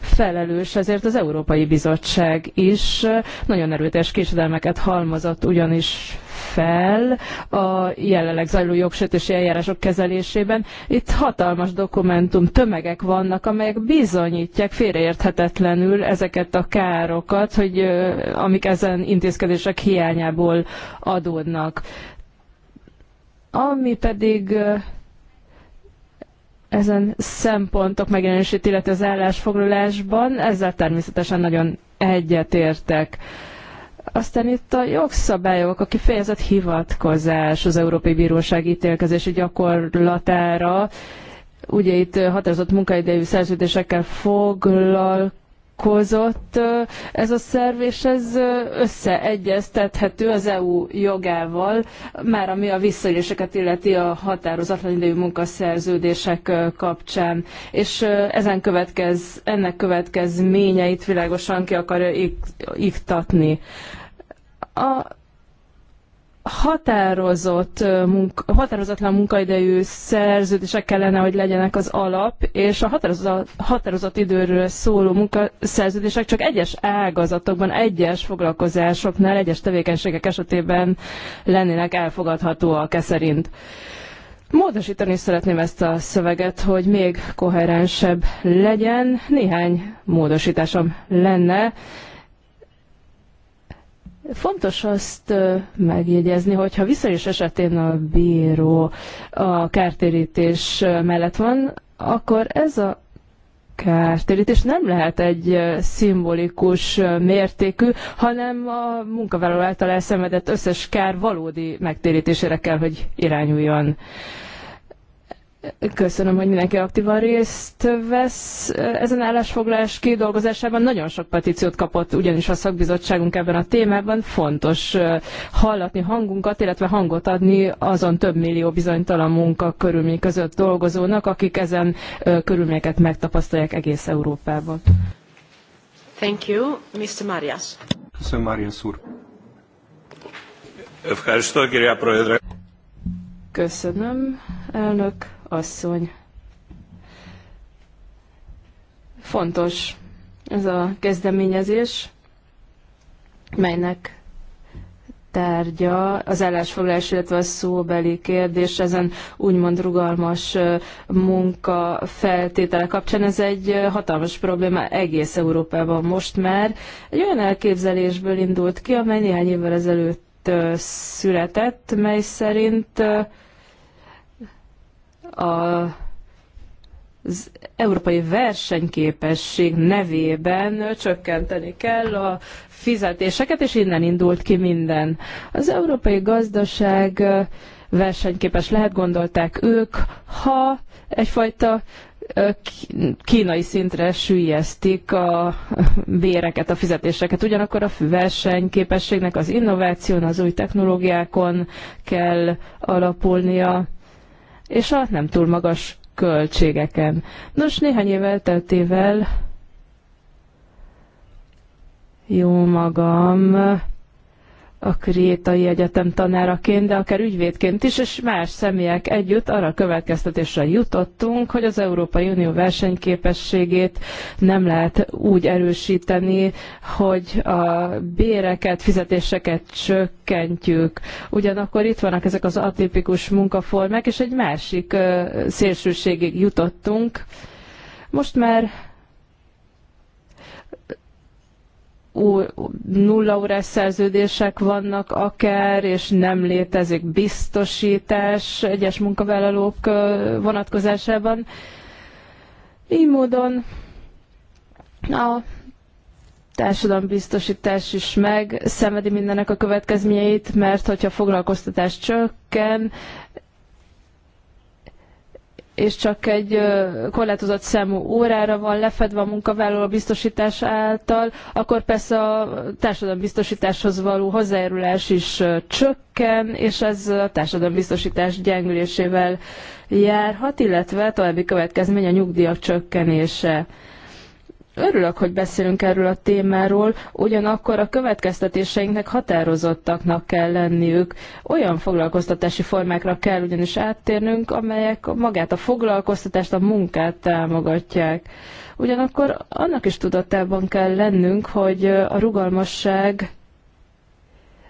felelős ezért az Európai Bizottság is nagyon erőteljes késedelmeket halmoz kockázat ugyanis fel a jelenleg zajló jogsértési eljárások kezelésében. Itt hatalmas dokumentum tömegek vannak, amelyek bizonyítják félreérthetetlenül ezeket a károkat, hogy amik ezen intézkedések hiányából adódnak. Ami pedig ezen szempontok megjelenését, illeti az állásfoglalásban, ezzel természetesen nagyon egyetértek. értek. Aztán itt a jogszabályok, a kifejezett hivatkozás az Európai Bíróság ítélkezési gyakorlatára, ugye itt határozott munkaidejű szerződésekkel foglalkozik, foglalkozott ez a szerv, és ez összeegyeztethető az EU jogával, már ami a visszaéléseket illeti a határozatlan idejű munkaszerződések kapcsán. És ezen következ, ennek következményeit világosan ki akarja iktatni. A határozott, munka, határozatlan munkaidejű szerződések kellene, hogy legyenek az alap, és a határozott, határozott időről szóló munkaszerződések csak egyes ágazatokban, egyes foglalkozásoknál, egyes tevékenységek esetében lennének elfogadhatóak e szerint. Módosítani szeretném ezt a szöveget, hogy még koherensebb legyen. Néhány módosításom lenne Fontos azt megjegyezni, hogyha is esetén a bíró a kártérítés mellett van, akkor ez a kártérítés nem lehet egy szimbolikus mértékű, hanem a munkavállaló által elszenvedett összes kár valódi megtérítésére kell, hogy irányuljon. Köszönöm, hogy mindenki aktívan részt vesz eh, ezen állásfoglalás kidolgozásában. Nagyon sok petíciót kapott ugyanis a szakbizottságunk ebben a témában. Fontos eh, hallatni hangunkat, illetve hangot adni azon több millió bizonytalan munka körülmény között dolgozónak, akik ezen eh, körülményeket megtapasztalják egész Európában. Thank you, Mr. Marias. Köszönöm, Marias úr. Köszönöm, elnök asszony. Fontos ez a kezdeményezés, melynek tárgya az állásfoglalás, illetve a szóbeli kérdés ezen úgymond rugalmas munka feltétele kapcsán. Ez egy hatalmas probléma egész Európában most már. Egy olyan elképzelésből indult ki, amely néhány évvel ezelőtt született, mely szerint a az európai versenyképesség nevében csökkenteni kell a fizetéseket, és innen indult ki minden. Az európai gazdaság versenyképes lehet, gondolták ők, ha egyfajta kínai szintre sűjesztik a béreket, a fizetéseket. Ugyanakkor a versenyképességnek az innováción, az új technológiákon kell alapulnia és a nem túl magas költségeken. Nos, néhány év elteltével jó magam a Krétai Egyetem tanáraként, de akár ügyvédként is, és más személyek együtt arra a következtetésre jutottunk, hogy az Európai Unió versenyképességét nem lehet úgy erősíteni, hogy a béreket, fizetéseket csökkentjük. Ugyanakkor itt vannak ezek az atipikus munkaformák, és egy másik szélsőségig jutottunk. Most már nulla órás szerződések vannak akár, és nem létezik biztosítás egyes munkavállalók vonatkozásában. Így módon a társadalombiztosítás is meg szenvedi mindennek a következményeit, mert hogyha foglalkoztatás csökken, és csak egy korlátozott számú órára van lefedve a munkavállaló biztosítás által, akkor persze a biztosításhoz való hozzájárulás is csökken, és ez a biztosítás gyengülésével járhat, illetve további következmény a nyugdíjak csökkenése. Örülök, hogy beszélünk erről a témáról, ugyanakkor a következtetéseinknek határozottaknak kell lenniük. Olyan foglalkoztatási formákra kell ugyanis áttérnünk, amelyek magát a foglalkoztatást, a munkát támogatják. Ugyanakkor annak is tudatában kell lennünk, hogy a rugalmasság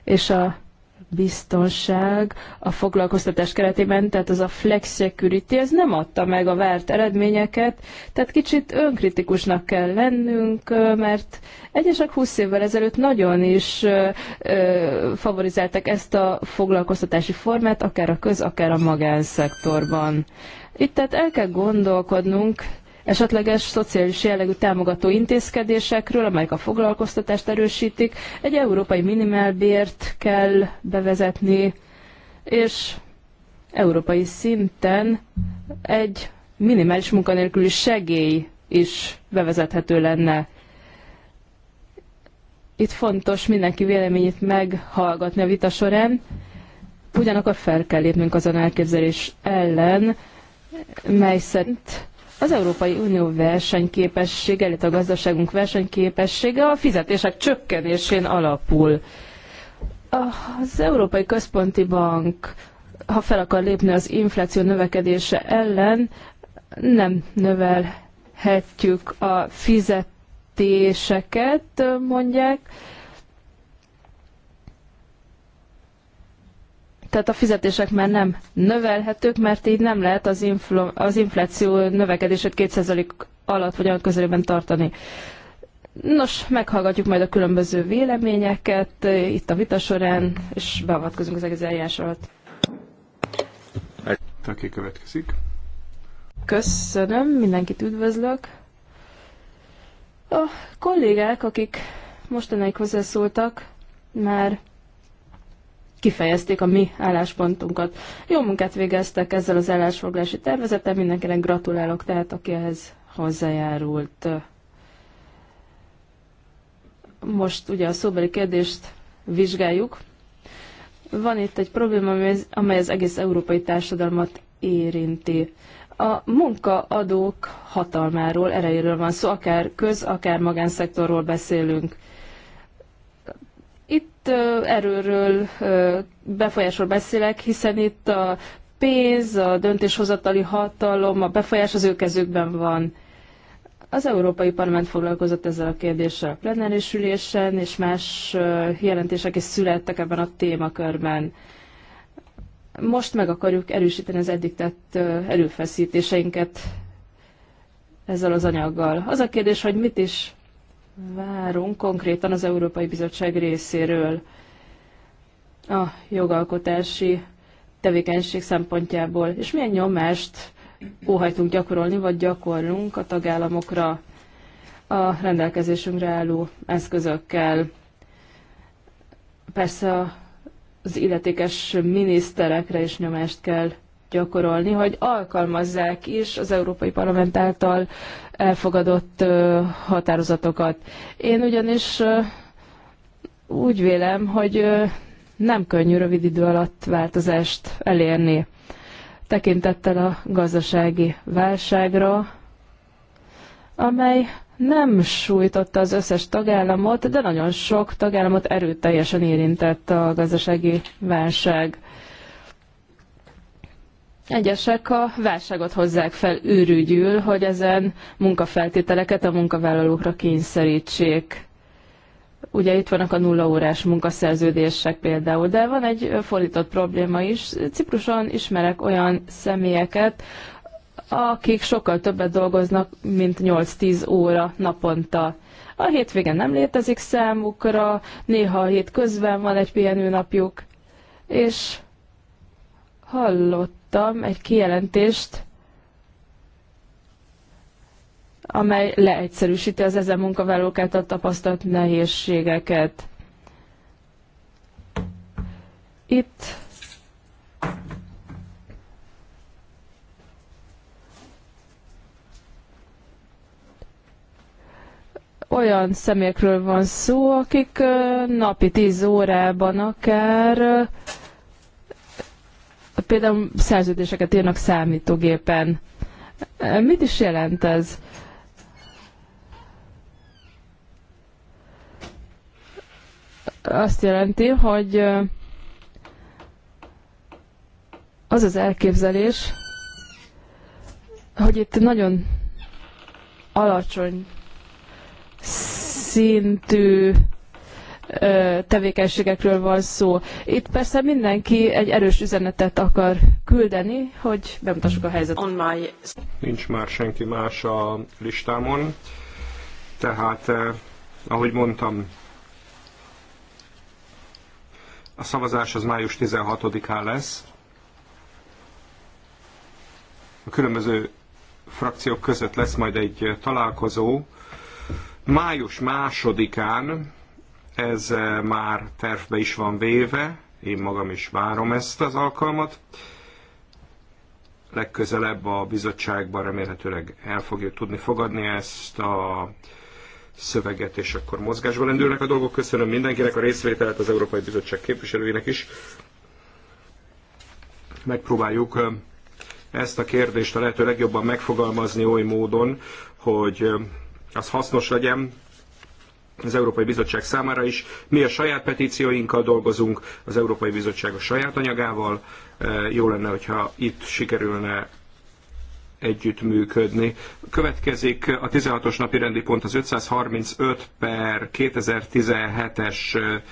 és a biztonság a foglalkoztatás keretében, tehát az a flex security, ez nem adta meg a várt eredményeket, tehát kicsit önkritikusnak kell lennünk, mert egyesek 20 évvel ezelőtt nagyon is favorizáltak ezt a foglalkoztatási formát, akár a köz, akár a magánszektorban. Itt tehát el kell gondolkodnunk, esetleges szociális jellegű támogató intézkedésekről, amelyek a foglalkoztatást erősítik. Egy európai minimálbért kell bevezetni, és európai szinten egy minimális munkanélküli segély is bevezethető lenne. Itt fontos mindenki véleményét meghallgatni a vita során, ugyanakkor fel kell lépnünk azon elképzelés ellen, mely szerint az Európai Unió versenyképessége, illetve a gazdaságunk versenyképessége a fizetések csökkenésén alapul. Az Európai Központi Bank, ha fel akar lépni az infláció növekedése ellen, nem növelhetjük a fizetéseket, mondják, tehát a fizetések már nem növelhetők, mert így nem lehet az, infl- az infláció növekedését 2% alatt vagy olyan közelében tartani. Nos, meghallgatjuk majd a különböző véleményeket eh, itt a vita során, és beavatkozunk az egész eljárás alatt. aki következik. Köszönöm, mindenkit üdvözlök. A kollégák, akik mostanáig hozzászóltak, már kifejezték a mi álláspontunkat. Jó munkát végeztek ezzel az állásfoglási tervezettel, mindenkinek gratulálok, tehát aki ehhez hozzájárult. Most ugye a szóbeli kérdést vizsgáljuk. Van itt egy probléma, amely az egész európai társadalmat érinti. A munkaadók hatalmáról, erejéről van szó, akár köz, akár magánszektorról beszélünk. Hát, erőről, befolyásról beszélek, hiszen itt a pénz, a döntéshozatali hatalom, a befolyás az ő kezükben van. Az Európai Parlament foglalkozott ezzel a kérdéssel a plenáris ülésen, és más jelentések is születtek ebben a témakörben. Most meg akarjuk erősíteni az eddig tett erőfeszítéseinket ezzel az anyaggal. Az a kérdés, hogy mit is várunk konkrétan az Európai Bizottság részéről a jogalkotási tevékenység szempontjából, és milyen nyomást óhajtunk gyakorolni, vagy gyakorlunk a tagállamokra a rendelkezésünkre álló eszközökkel. Persze az illetékes miniszterekre is nyomást kell gyakorolni, hogy alkalmazzák is az Európai Parlament által elfogadott határozatokat. Én ugyanis úgy vélem, hogy nem könnyű rövid idő alatt változást elérni. Tekintettel a gazdasági válságra, amely nem sújtotta az összes tagállamot, de nagyon sok tagállamot erőteljesen érintett a gazdasági válság. Egyesek a válságot hozzák fel őrügyül, hogy ezen munkafeltételeket a munkavállalókra kényszerítsék. Ugye itt vannak a nullaórás munkaszerződések például, de van egy fordított probléma is. Cipruson ismerek olyan személyeket, akik sokkal többet dolgoznak, mint 8-10 óra naponta. A hétvége nem létezik számukra, néha a hét közben van egy pihenőnapjuk, és hallott láttam egy kijelentést, amely leegyszerűsíti az ezen munkavállalókát a tapasztalt nehézségeket. Itt olyan személyekről van szó, akik napi 10 órában akár például szerződéseket írnak számítógépen. Mit is jelent ez? Azt jelenti, hogy az az elképzelés, hogy itt nagyon alacsony szintű tevékenységekről van szó. Itt persze mindenki egy erős üzenetet akar küldeni, hogy bemutassuk a helyzetet. My... Nincs már senki más a listámon, tehát eh, ahogy mondtam, a szavazás az május 16-án lesz. A különböző frakciók között lesz majd egy találkozó. Május másodikán ez eh, már tervbe is van véve, én magam is várom ezt az alkalmat. Legközelebb a bizottságban remélhetőleg el fogjuk tudni fogadni ezt a szöveget, és akkor mozgásba lendülnek a dolgok. Köszönöm mindenkinek a részvételt, az Európai Bizottság képviselőinek is. Megpróbáljuk eh, ezt a kérdést a lehető legjobban megfogalmazni oly módon, hogy eh, az hasznos legyen az Európai Bizottság számára is. Mi a saját petícióinkkal dolgozunk, az Európai Bizottság a saját anyagával. E, jó lenne, hogyha itt sikerülne együttműködni. Következik a 16-os napi rendi pont az 535 per 2017-es e,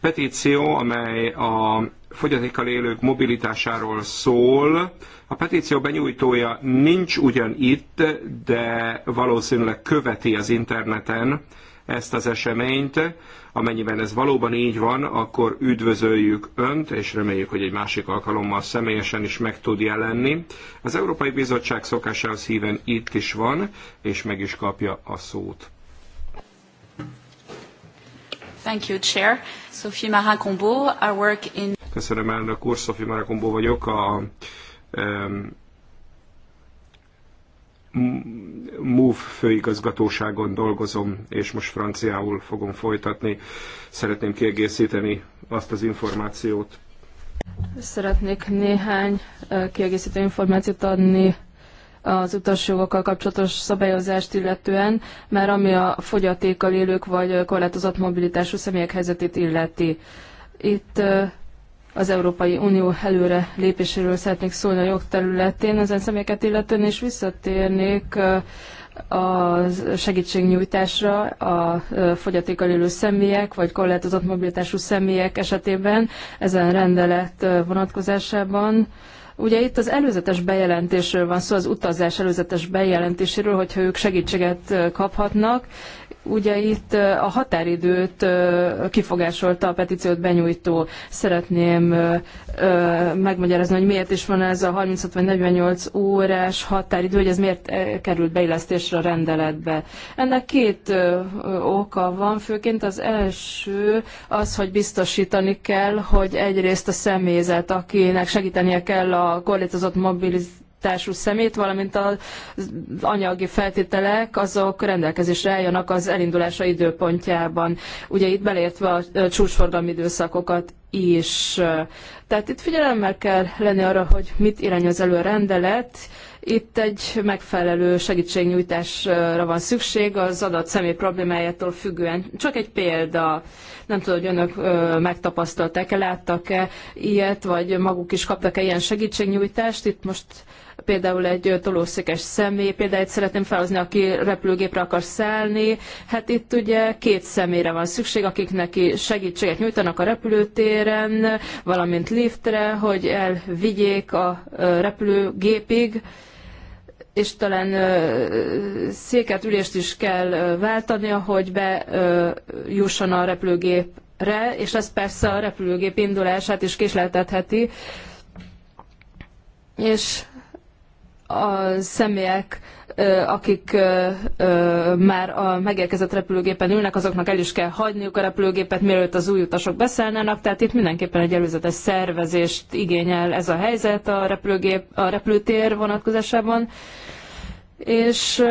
petíció, amely a fogyatékkal élők mobilitásáról szól. A petíció benyújtója nincs ugyan itt, de valószínűleg követi az interneten ezt az eseményt. Amennyiben ez valóban így van, akkor üdvözöljük Önt, és reméljük, hogy egy másik alkalommal személyesen is meg tud jelenni. Az Európai Bizottság szokásához híven itt is van, és meg is kapja a szót. Thank you, Chair. Sophie Maracombo, I work in... Köszönöm, elnök úr, Sophie Maracombo vagyok, a MOVE főigazgatóságon dolgozom, és most franciául fogom folytatni. Szeretném kiegészíteni azt az információt. Szeretnék néhány kiegészítő információt adni az utasjogokkal kapcsolatos szabályozást illetően, mert ami a fogyatékkal élők vagy korlátozott mobilitású személyek helyzetét illeti. Itt az Európai Unió előre lépéséről szeretnék szólni a jogterületén, ezen személyeket illetően, és visszatérnék a segítségnyújtásra a fogyatékkal élő személyek, vagy korlátozott mobilitású személyek esetében ezen rendelet vonatkozásában. Ugye itt az előzetes bejelentésről van szó, az utazás előzetes bejelentéséről, hogyha ők segítséget kaphatnak, Ugye itt a határidőt kifogásolta a petíciót benyújtó. Szeretném megmagyarázni, hogy miért is van ez a 36 vagy 48 órás határidő, hogy ez miért került beillesztésre a rendeletbe. Ennek két oka van, főként az első az, hogy biztosítani kell, hogy egyrészt a személyzet, akinek segítenie kell a korlátozott mobilizáció, beosztású szemét, valamint az anyagi feltételek azok rendelkezésre álljanak az elindulása időpontjában. Ugye itt beleértve a csúcsforgalmi időszakokat is. Tehát itt figyelemmel kell lenni arra, hogy mit irányoz elő a rendelet. Itt egy megfelelő segítségnyújtásra van szükség az adott személy problémájától függően. Csak egy példa, nem tudom, hogy önök megtapasztalták-e, láttak-e ilyet, vagy maguk is kaptak-e ilyen segítségnyújtást. Itt most például egy tolószékes személy, például egy szeretném felhozni, aki repülőgépre akar szállni, hát itt ugye két személyre van szükség, akik neki segítséget nyújtanak a repülőtéren, valamint liftre, hogy elvigyék a repülőgépig, és talán széket, ülést is kell váltania, hogy bejusson a repülőgépre, és ez persze a repülőgép indulását is késleltetheti. És a személyek, akik már a megérkezett repülőgépen ülnek, azoknak el is kell hagyniuk a repülőgépet, mielőtt az új utasok beszállnának, tehát itt mindenképpen egy előzetes szervezést igényel ez a helyzet a, repülőgép, a repülőtér vonatkozásában. És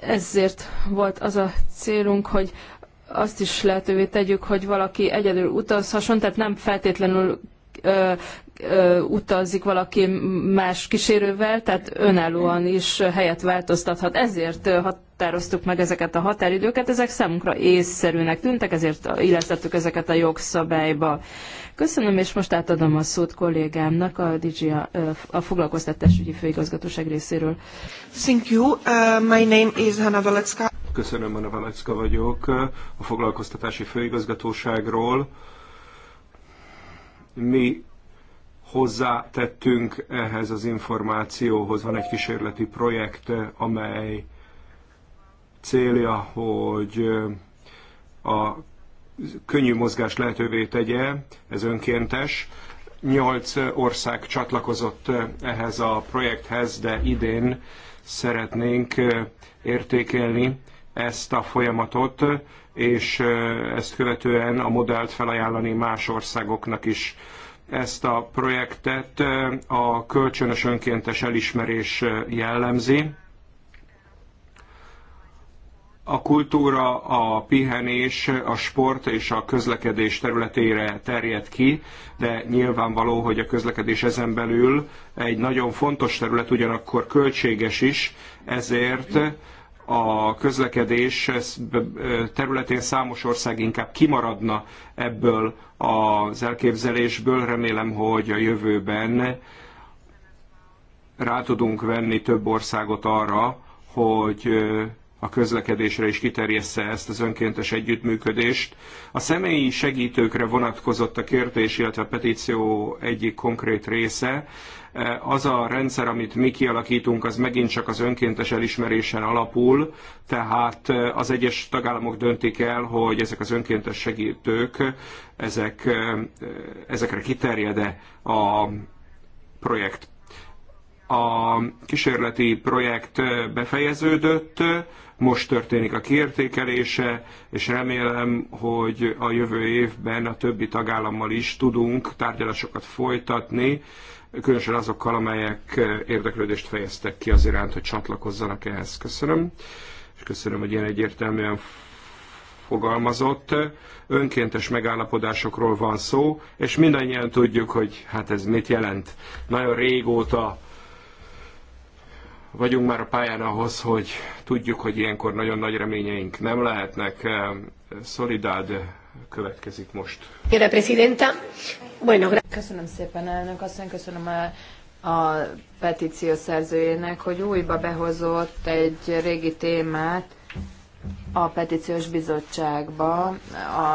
ezért volt az a célunk, hogy azt is lehetővé tegyük, hogy valaki egyedül utazhasson, tehát nem feltétlenül utazik valaki más kísérővel, tehát önállóan is helyet változtathat. Ezért határoztuk meg ezeket a határidőket, ezek számunkra észszerűnek tűntek, ezért illesztettük ezeket a jogszabályba. Köszönöm, és most átadom a szót kollégámnak, a, DG, a, a foglalkoztatásügyi főigazgatóság részéről. Thank you. Uh, my name is Hanna Valecka. Köszönöm, Hanna Valecka vagyok a foglalkoztatási főigazgatóságról. Mi hozzátettünk ehhez az információhoz. Van egy kísérleti projekt, amely célja, hogy a könnyű mozgás lehetővé tegye, ez önkéntes. Nyolc ország csatlakozott ehhez a projekthez, de idén szeretnénk értékelni ezt a folyamatot, és ezt követően a modellt felajánlani más országoknak is. Ezt a projektet a kölcsönös önkéntes elismerés jellemzi. A kultúra, a pihenés, a sport és a közlekedés területére terjed ki, de nyilvánvaló, hogy a közlekedés ezen belül egy nagyon fontos terület, ugyanakkor költséges is, ezért a közlekedés területén számos ország inkább kimaradna ebből az elképzelésből. Remélem, hogy a jövőben rá tudunk venni több országot arra, hogy a közlekedésre is kiterjessze ezt az önkéntes együttműködést. A személyi segítőkre vonatkozott a kérdés, illetve a petíció egyik konkrét része. Eh, az a rendszer, amit mi kialakítunk, az megint csak az önkéntes elismerésen alapul, tehát eh, az egyes tagállamok döntik el, hogy ezek az önkéntes segítők, ezek, eh, ezekre kiterjed-e a projekt. A kísérleti projekt befejeződött, most történik a kiértékelése, és remélem, hogy a jövő évben a többi tagállammal is tudunk tárgyalásokat folytatni, különösen azokkal, amelyek eh, érdeklődést fejeztek ki az iránt, hogy csatlakozzanak ehhez. Köszönöm, és köszönöm, hogy ilyen egyértelműen fogalmazott. Önkéntes megállapodásokról van szó, és mindannyian tudjuk, hogy hát ez mit jelent. Nagyon régóta vagyunk már a pályán ahhoz, hogy tudjuk, hogy ilyenkor nagyon nagy reményeink nem lehetnek. Eh, Szolidád következik most. Köszönöm szépen, elnök asszony, köszönöm a, a petíció szerzőjének, hogy újba behozott egy régi témát a petíciós bizottságba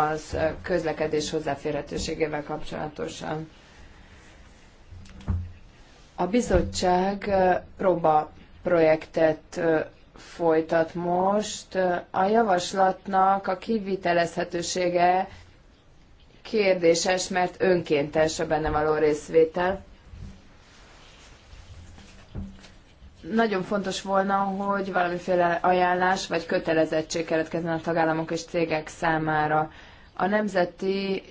az közlekedés hozzáférhetőségével kapcsolatosan. A bizottság próba projektet folytat most. A javaslatnak a kivitelezhetősége kérdéses, mert önkéntes a benne való részvétel. Nagyon fontos volna, hogy valamiféle ajánlás vagy kötelezettség keletkezzen a tagállamok és cégek számára. A nemzeti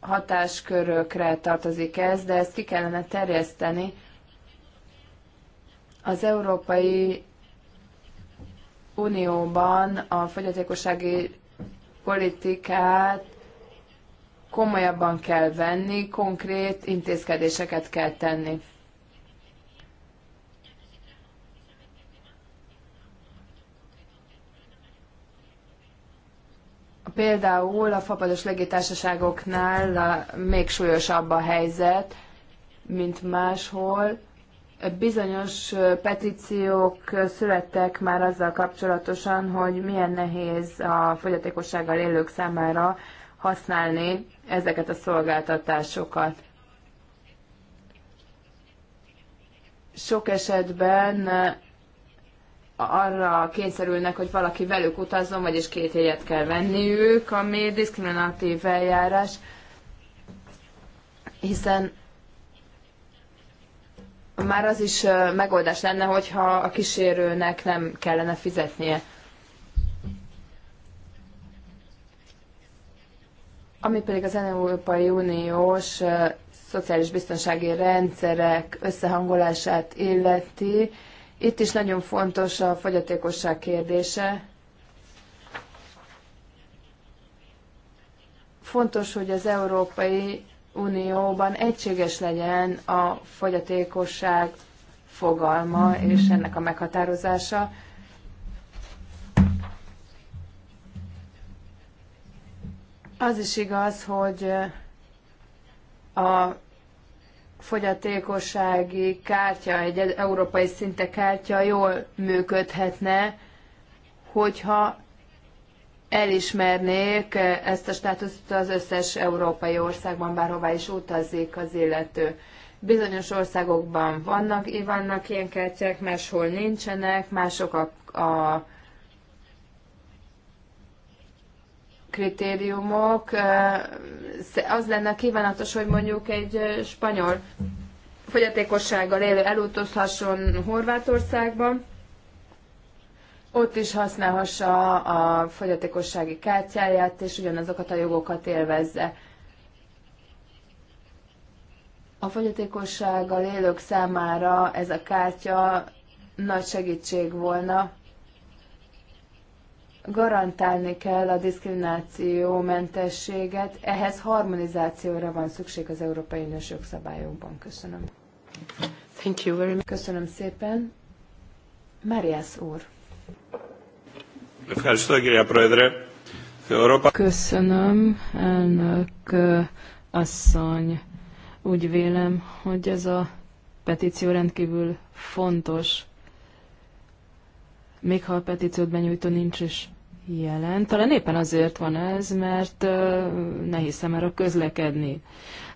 hatáskörökre tartozik ez, de ezt ki kellene terjeszteni az Európai Unióban a fogyatékossági politikát komolyabban kell venni, konkrét intézkedéseket kell tenni. Például a fapados légitársaságoknál még súlyosabb a helyzet, mint máshol Bizonyos petíciók születtek már azzal kapcsolatosan, hogy milyen nehéz a fogyatékossággal élők számára használni ezeket a szolgáltatásokat. Sok esetben arra kényszerülnek, hogy valaki velük utazzon, vagyis két jegyet kell venniük, ami diszkriminatív eljárás, hiszen már az is megoldás lenne, hogyha a kísérőnek nem kellene fizetnie. Ami pedig az Európai Uniós szociális biztonsági rendszerek összehangolását illeti, itt is nagyon fontos a fogyatékosság kérdése. Fontos, hogy az európai Unióban egységes legyen a fogyatékosság fogalma és ennek a meghatározása. Az is igaz, hogy a fogyatékossági kártya, egy európai szinte kártya jól működhetne, hogyha elismernék ezt a státuszt az összes európai országban, bárhová is utazik az illető. Bizonyos országokban vannak, vannak ilyen kártyák, máshol nincsenek, mások a, a kritériumok. Az lenne kívánatos, hogy mondjuk egy spanyol fogyatékossággal élő elutazhasson Horvátországban, ott is használhassa a fogyatékossági kártyáját, és ugyanazokat a jogokat élvezze. A fogyatékossággal élők számára ez a kártya nagy segítség volna. Garantálni kell a diszkrimináció mentességet, ehhez harmonizációra van szükség az Európai Uniós jogszabályokban. Köszönöm. Thank you very much. Köszönöm szépen. Marias úr. Köszönöm, elnök eh, asszony. Úgy vélem, hogy ez a petíció rendkívül fontos, még ha a petíciót benyújtó nincs is jelen. Talán éppen azért van ez, mert eh, nehéz számára közlekedni.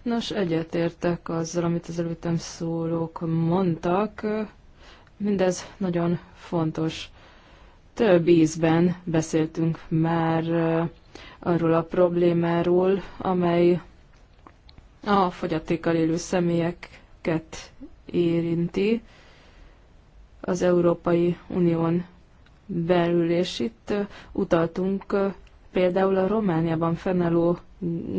Nos, egyetértek azzal, amit az előttem szólók mondtak. Mindez nagyon fontos. Több ízben beszéltünk már arról a problémáról, amely a fogyatékkal élő személyeket érinti az Európai Unión belül, és itt utaltunk például a Romániában fennálló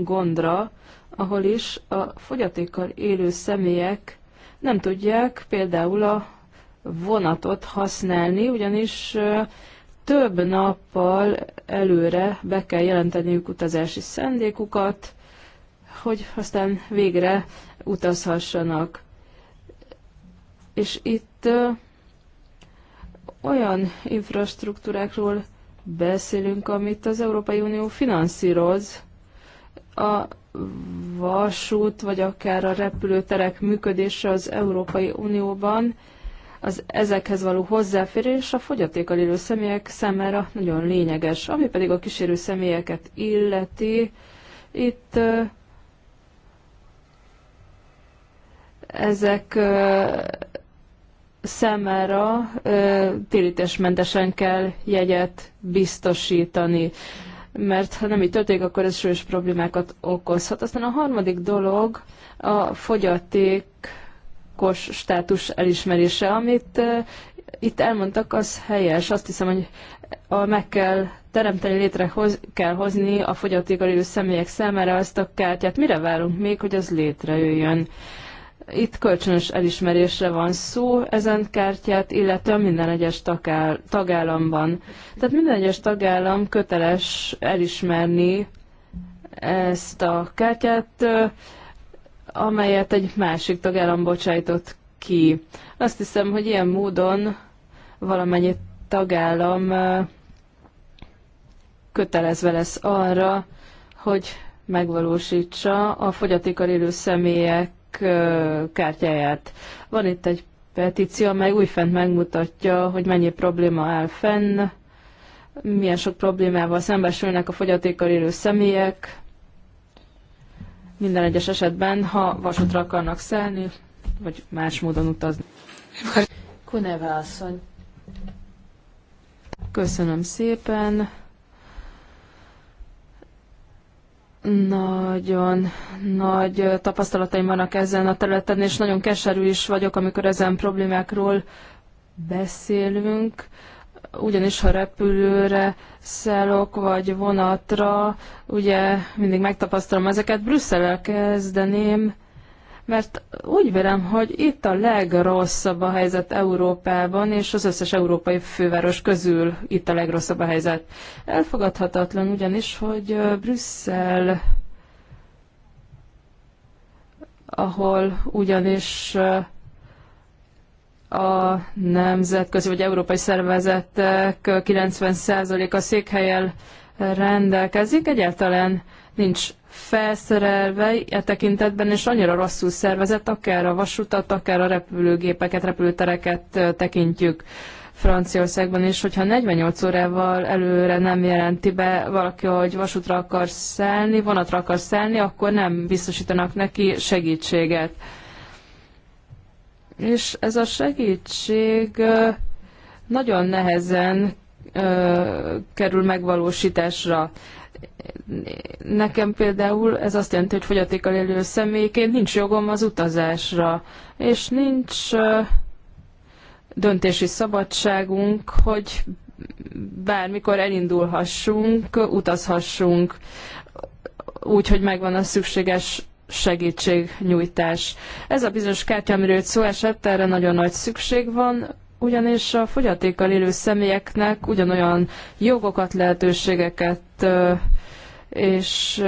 gondra, ahol is a fogyatékkal élő személyek nem tudják például a vonatot használni, ugyanis több nappal előre be kell jelenteniük utazási szándékukat, hogy aztán végre utazhassanak. És itt olyan infrastruktúrákról beszélünk, amit az Európai Unió finanszíroz, a vasút, vagy akár a repülőterek működése az Európai Unióban, az ezekhez való hozzáférés a fogyatékkal élő személyek számára nagyon lényeges. Ami pedig a kísérő személyeket illeti, itt ezek számára térítésmentesen kell jegyet biztosítani, mert ha nem így történik, akkor ez súlyos problémákat okozhat. Aztán a harmadik dolog a fogyaték kos státus elismerése. Amit itt elmondtak, az helyes. Azt hiszem, hogy a, meg kell teremteni, létre hoz, kell hozni a fogyatékkal élő személyek számára azt a kártyát. Mire várunk még, hogy az létrejöjjön? Itt kölcsönös elismerésre van szó ezen kártyát, illetve minden egyes tagáll tagállamban. Tehát minden egyes tagállam köteles elismerni ezt a kártyát amelyet egy másik tagállam bocsájtott ki. Azt hiszem, hogy ilyen módon valamennyi tagállam kötelezve lesz arra, hogy megvalósítsa a fogyatékkal élő személyek kártyáját. Van itt egy petíció, amely újfent megmutatja, hogy mennyi probléma áll fenn, milyen sok problémával szembesülnek a fogyatékkal élő személyek, minden egyes esetben, ha vasútra akarnak szállni, vagy más módon utazni. Kuneva asszony. Köszönöm szépen. Nagyon nagy tapasztalataim vannak ezen a területen, és nagyon keserű is vagyok, amikor ezen problémákról beszélünk ugyanis ha repülőre szállok, vagy vonatra, ugye mindig megtapasztalom ezeket, Brüsszellel kezdeném, mert úgy vélem, hogy itt a legrosszabb a helyzet Európában, és az összes európai főváros közül itt a legrosszabb a helyzet. Elfogadhatatlan ugyanis, hogy Brüsszel, ahol ugyanis a nemzetközi vagy európai szervezetek 90%-a székhelyel rendelkezik, egyáltalán nincs felszerelve e tekintetben, és annyira rosszul szervezett, akár a vasutat, akár a repülőgépeket, repülőtereket tekintjük. Franciaországban is, hogyha 48 órával előre nem jelenti be valaki, hogy vasútra akar szállni, vonatra akar szállni, akkor nem biztosítanak neki segítséget. És ez a segítség nagyon nehezen kerül megvalósításra. Nekem például ez azt jelenti, hogy fogyatékkal élő személyként nincs jogom az utazásra, és nincs döntési szabadságunk, hogy bármikor elindulhassunk, utazhassunk, úgy, hogy megvan a szükséges segítségnyújtás. Ez a bizonyos kártya, amiről szó esett, erre nagyon nagy szükség van, ugyanis a fogyatékkal élő személyeknek ugyanolyan jogokat, lehetőségeket és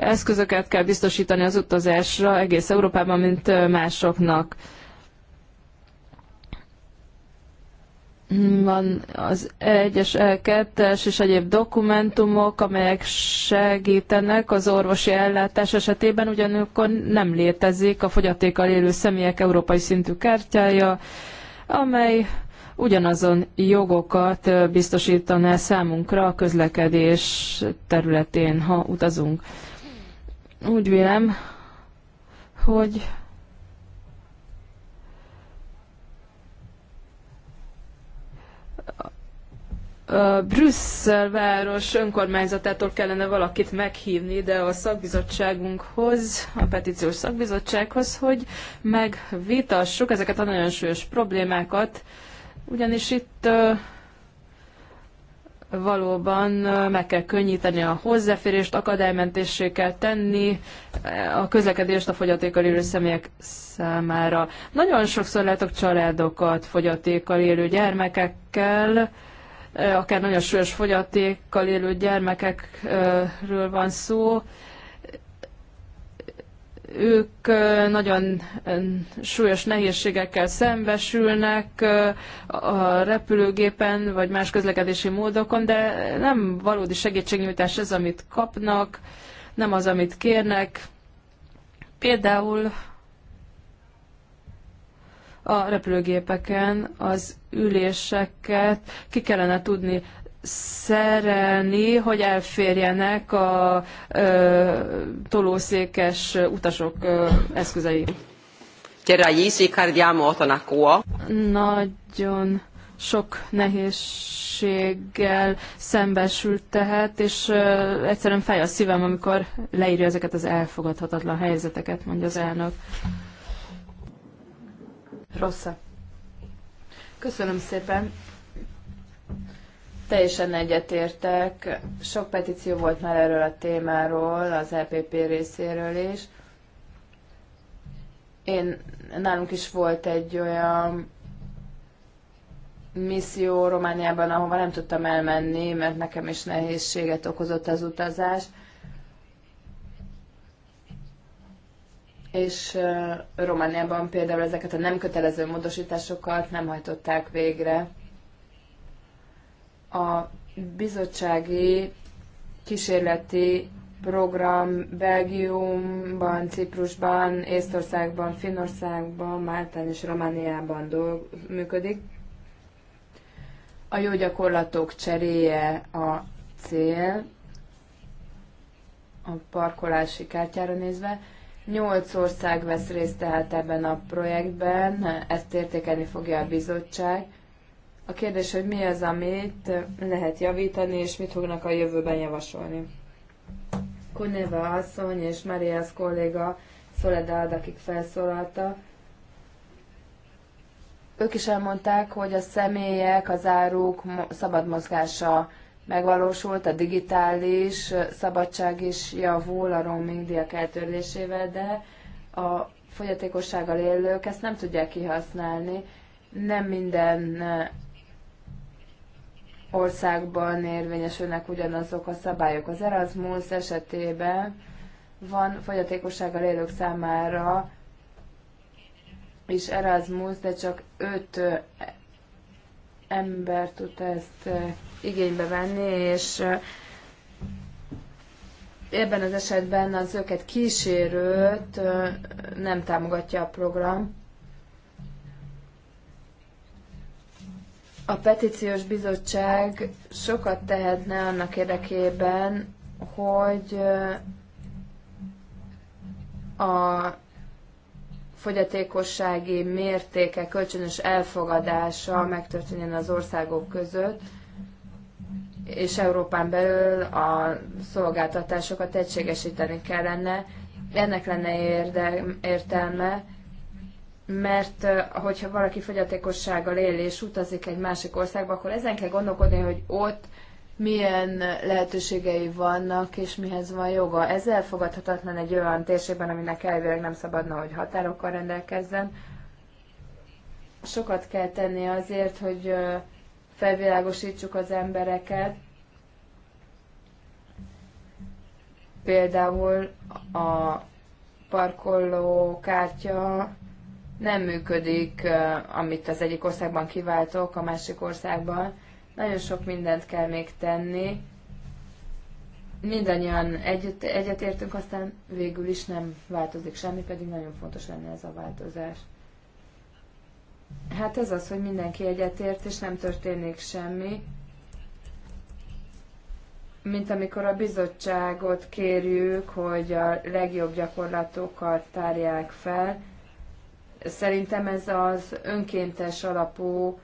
eszközöket kell biztosítani az utazásra egész Európában, mint másoknak. van az egyes e és egyéb dokumentumok, amelyek segítenek az orvosi ellátás esetében, ugyanakkor nem létezik a fogyatékkal élő személyek európai szintű kártyája, amely ugyanazon jogokat biztosítaná számunkra a közlekedés területén, ha utazunk. Úgy vélem, hogy a Brüsszel város önkormányzatától kellene valakit meghívni ide a szakbizottságunkhoz, a petíciós szakbizottsághoz, hogy megvitassuk ezeket a nagyon súlyos problémákat, ugyanis itt valóban meg kell könnyíteni a hozzáférést, akadálymentessé kell tenni a közlekedést a fogyatékkal élő személyek számára. Nagyon sokszor látok családokat fogyatékkal élő gyermekekkel, akár nagyon súlyos fogyatékkal élő gyermekekről van szó. Ők nagyon súlyos nehézségekkel szembesülnek a repülőgépen vagy más közlekedési módokon, de nem valódi segítségnyújtás ez, amit kapnak, nem az, amit kérnek. Például a repülőgépeken az üléseket ki kellene tudni szerelni, hogy elférjenek a ö, tolószékes utasok ö, eszközei. Nagyon sok nehézséggel szembesült tehát, és ö, egyszerűen fáj a szívem, amikor leírja ezeket az elfogadhatatlan helyzeteket, mondja az elnök. Rossza. Köszönöm szépen. Teljesen egyetértek. Sok petíció volt már erről a témáról, az EPP részéről is. Én, nálunk is volt egy olyan misszió Romániában, ahova nem tudtam elmenni, mert nekem is nehézséget okozott az utazás. és Romániában például ezeket a nem kötelező módosításokat nem hajtották végre. A bizottsági kísérleti program Belgiumban, Ciprusban, Észtországban, Finnországban, Máltán és Romániában dolg- működik. A jó gyakorlatok cseréje a cél, a parkolási kártyára nézve. Nyolc ország vesz részt tehát ebben a projektben, ezt értékelni fogja a bizottság. A kérdés, hogy mi az, amit lehet javítani, és mit fognak a jövőben javasolni. Kuneva asszony és Marias kolléga Soledad, akik felszólalta, ők is elmondták, hogy a személyek, az áruk szabad mozgása megvalósult, a digitális szabadság is javul a roaming díjak eltörlésével, de a fogyatékossággal élők ezt nem tudják kihasználni. Nem minden országban érvényesülnek ugyanazok a szabályok. Az Erasmus esetében van fogyatékossággal élők számára is Erasmus, de csak öt ember tud ezt eh, igénybe venni, és eh, ebben az esetben az őket kísérőt eh, nem támogatja a program. A petíciós bizottság sokat tehetne annak érdekében, hogy a fogyatékossági mértéke kölcsönös elfogadása megtörténjen az országok között, és Európán belül a szolgáltatásokat egységesíteni kellene. Ennek lenne érde, értelme, mert hogyha valaki fogyatékossággal él és utazik egy másik országba, akkor ezen kell gondolkodni, hogy ott milyen lehetőségei vannak, és mihez van joga. Ez elfogadhatatlan egy olyan térségben, aminek elvileg nem szabadna, hogy határokkal rendelkezzen. Sokat kell tenni azért, hogy felvilágosítsuk az embereket, például a parkoló kártya nem működik, amit az egyik országban kiváltok, a másik országban. Nagyon sok mindent kell még tenni. Mindannyian együtt, egyetértünk, aztán végül is nem változik semmi, pedig nagyon fontos lenne ez a változás. Hát ez az, hogy mindenki egyetért, és nem történik semmi. Mint amikor a bizottságot kérjük, hogy a legjobb gyakorlatokat tárják fel. Szerintem ez az önkéntes alapú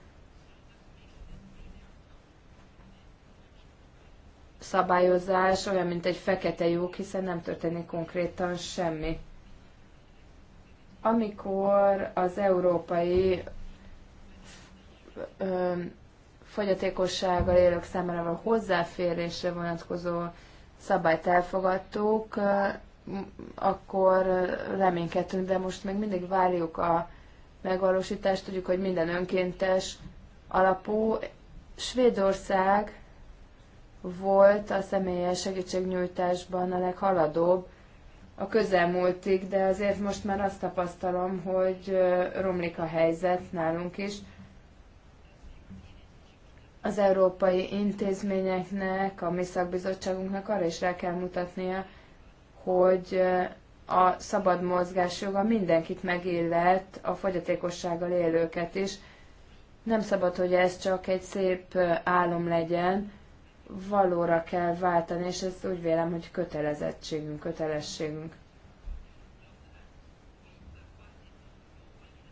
szabályozás olyan, mint egy fekete lyuk, hiszen nem történik konkrétan semmi. Amikor az európai fogyatékossággal élők számára a hozzáférésre vonatkozó szabályt elfogadtuk, akkor reménykedtünk, de most még mindig várjuk a megvalósítást, tudjuk, hogy minden önkéntes alapú. Svédország volt a személyes segítségnyújtásban a leghaladóbb a közelmúltig, de azért most már azt tapasztalom, hogy romlik a helyzet nálunk is. Az európai intézményeknek, a mi szakbizottságunknak arra is rá kell mutatnia, hogy a szabad mozgás joga mindenkit megillet, a fogyatékossággal élőket is. Nem szabad, hogy ez csak egy szép álom legyen, valóra kell váltani, és ezt úgy vélem, hogy kötelezettségünk, kötelességünk.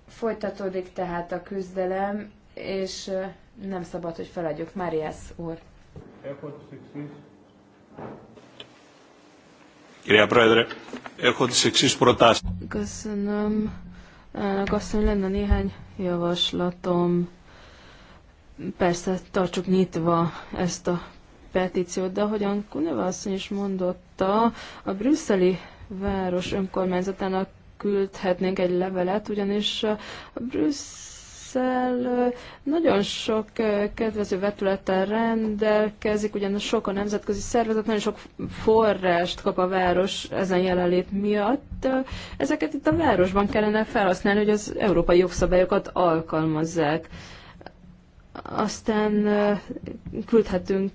Folytatódik tehát a küzdelem, és nem szabad, hogy feladjuk. Máriász úr. Köszönöm. Elnök asszony, lenne néhány javaslatom. Persze, tartsuk nyitva ezt a petíciót, de ahogyan Kuneva asszony is mondotta, a brüsszeli város önkormányzatának küldhetnénk egy levelet, ugyanis a Brüsszel nagyon sok kedvező vetülettel rendelkezik, ugyanis sok a nemzetközi szervezet, nagyon sok forrást kap a város ezen jelenlét miatt. Ezeket itt a városban kellene felhasználni, hogy az európai jogszabályokat alkalmazzák. Aztán küldhetünk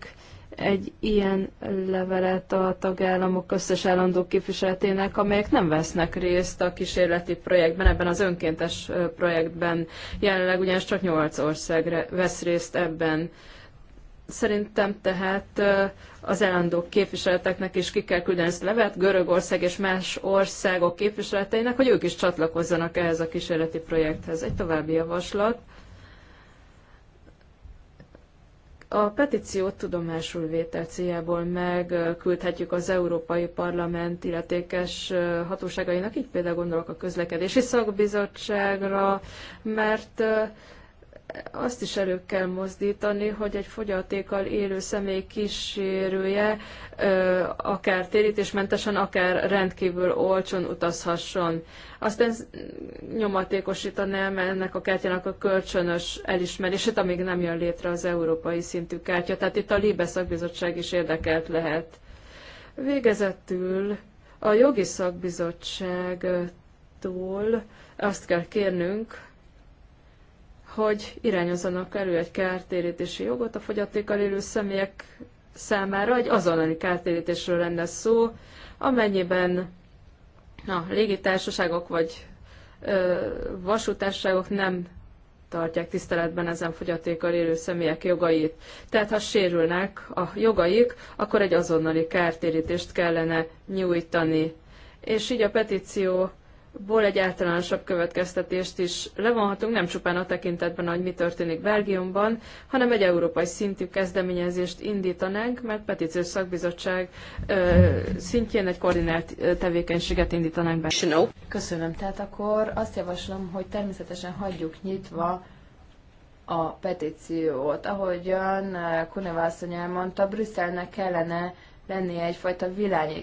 egy ilyen levelet a tagállamok összes állandó képviseletének, amelyek nem vesznek részt a kísérleti projektben, ebben az önkéntes projektben. Jelenleg ugyanis csak 8 ország vesz részt ebben. Szerintem tehát az állandó képviseleteknek is ki kell küldeni ezt a levet, Görögország és más országok képviseleteinek, hogy ők is csatlakozzanak ehhez a kísérleti projekthez. Egy további javaslat A petíciót tudomásul vétel céljából megküldhetjük az Európai Parlament illetékes hatóságainak, így például gondolok a közlekedési szakbizottságra, mert azt is elő kell mozdítani, hogy egy fogyatékkal élő személy kísérője akár térítésmentesen, akár rendkívül olcsón utazhasson. Aztán nyomatékosítanám ennek a kártyának a kölcsönös elismerését, amíg nem jön létre az európai szintű kártya. Tehát itt a Libe szakbizottság is érdekelt lehet. Végezetül a jogi szakbizottságtól azt kell kérnünk, hogy irányozzanak elő egy kártérítési jogot a fogyatékkal élő személyek számára. Egy azonnali kártérítésről lenne szó, amennyiben a légitársaságok vagy vasútársaságok nem tartják tiszteletben ezen fogyatékkal élő személyek jogait. Tehát ha sérülnek a jogaik, akkor egy azonnali kártérítést kellene nyújtani. És így a petíció ból egy általánosabb következtetést is levonhatunk, nem csupán a tekintetben, hogy mi történik Belgiumban, hanem egy európai szintű kezdeményezést indítanánk, mert petíciós szakbizottság ö, szintjén egy koordinált tevékenységet indítanánk be. Köszönöm. Tehát akkor azt javaslom, hogy természetesen hagyjuk nyitva a petíciót. Ahogyan Kuneva asszony elmondta, Brüsszelnek kellene lennie egyfajta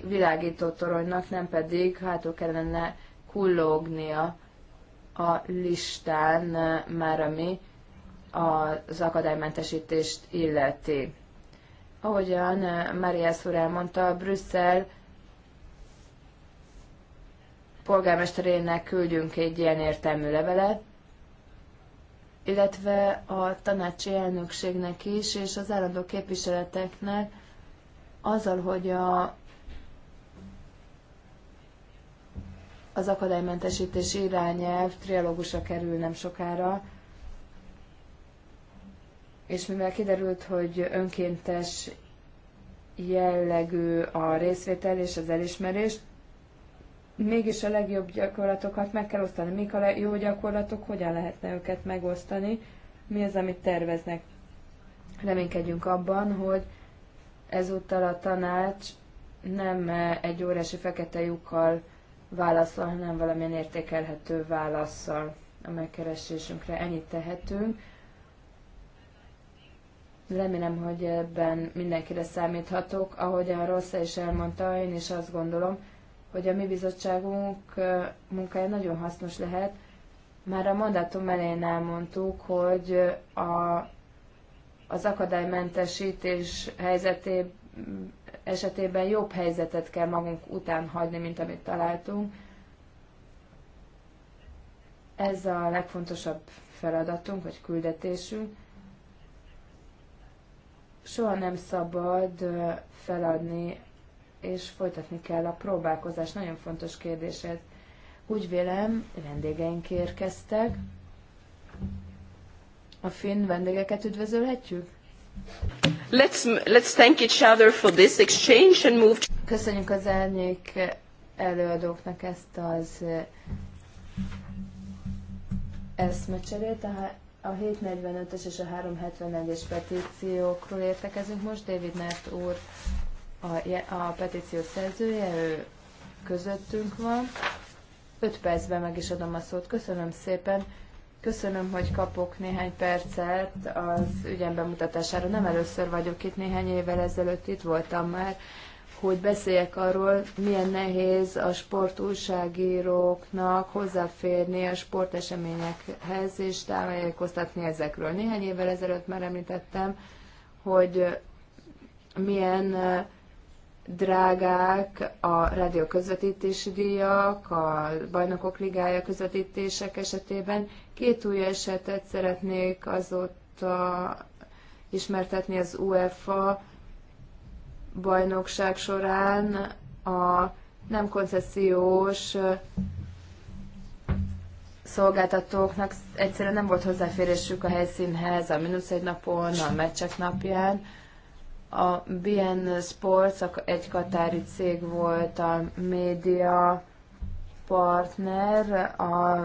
világító toronynak, nem pedig hátul kellene kullognia a listán eh, már ami az akadálymentesítést illeti. Ahogyan eh, Maria úr elmondta, Brüsszel polgármesterének küldjünk egy ilyen értelmű levelet, illetve a tanácsi elnökségnek is, és az állandó képviseleteknek azzal, hogy a az akadálymentesítés irányelv trialógusra kerül nem sokára, és mivel kiderült, hogy önkéntes jellegű a részvétel és az elismerés, mégis a legjobb gyakorlatokat meg kell osztani. Mik a jó gyakorlatok, hogyan lehetne őket megosztani, mi az, amit terveznek. Reménykedjünk abban, hogy ezúttal a tanács nem egy órási fekete lyukkal válaszol, hanem valamilyen értékelhető válaszsal a megkeresésünkre. Ennyit tehetünk. Remélem, hogy ebben mindenkire számíthatok. Ahogyan Rossz is elmondta, én is azt gondolom, hogy a mi bizottságunk munkája nagyon hasznos lehet. Már a mandátum elején elmondtuk, hogy a, az akadálymentesítés helyzetében esetében jobb helyzetet kell magunk után hagyni, mint amit találtunk. Ez a legfontosabb feladatunk, vagy küldetésünk. Soha nem szabad feladni, és folytatni kell a próbálkozás. Nagyon fontos kérdésed. Úgy vélem, vendégeink érkeztek. A finn vendégeket üdvözölhetjük? Let's, let's thank each other for this exchange and move to... Köszönjük az árnyék előadóknak ezt az eh, eszmecserét. A 745 es és a 371-es petíciókról értekezünk most. David Nert úr a, a petíció szerzője, ő közöttünk van. 5 percben meg is adom a szót. Köszönöm szépen. Köszönöm, hogy kapok néhány percet az ügyem bemutatására. Nem először vagyok itt, néhány évvel ezelőtt itt voltam már, hogy beszéljek arról, milyen nehéz a sportújságíróknak hozzáférni a sporteseményekhez, és tájékoztatni ezekről. Néhány évvel ezelőtt már említettem, hogy milyen uh, drágák a rádió közvetítési díjak, a bajnokok ligája közvetítések esetében. Két új esetet szeretnék azóta ismertetni az UEFA bajnokság során a nem koncesziós szolgáltatóknak egyszerűen nem volt hozzáférésük a helyszínhez a mínusz egy napon, a meccsek napján, a BN Sports egy katári cég volt a média partner a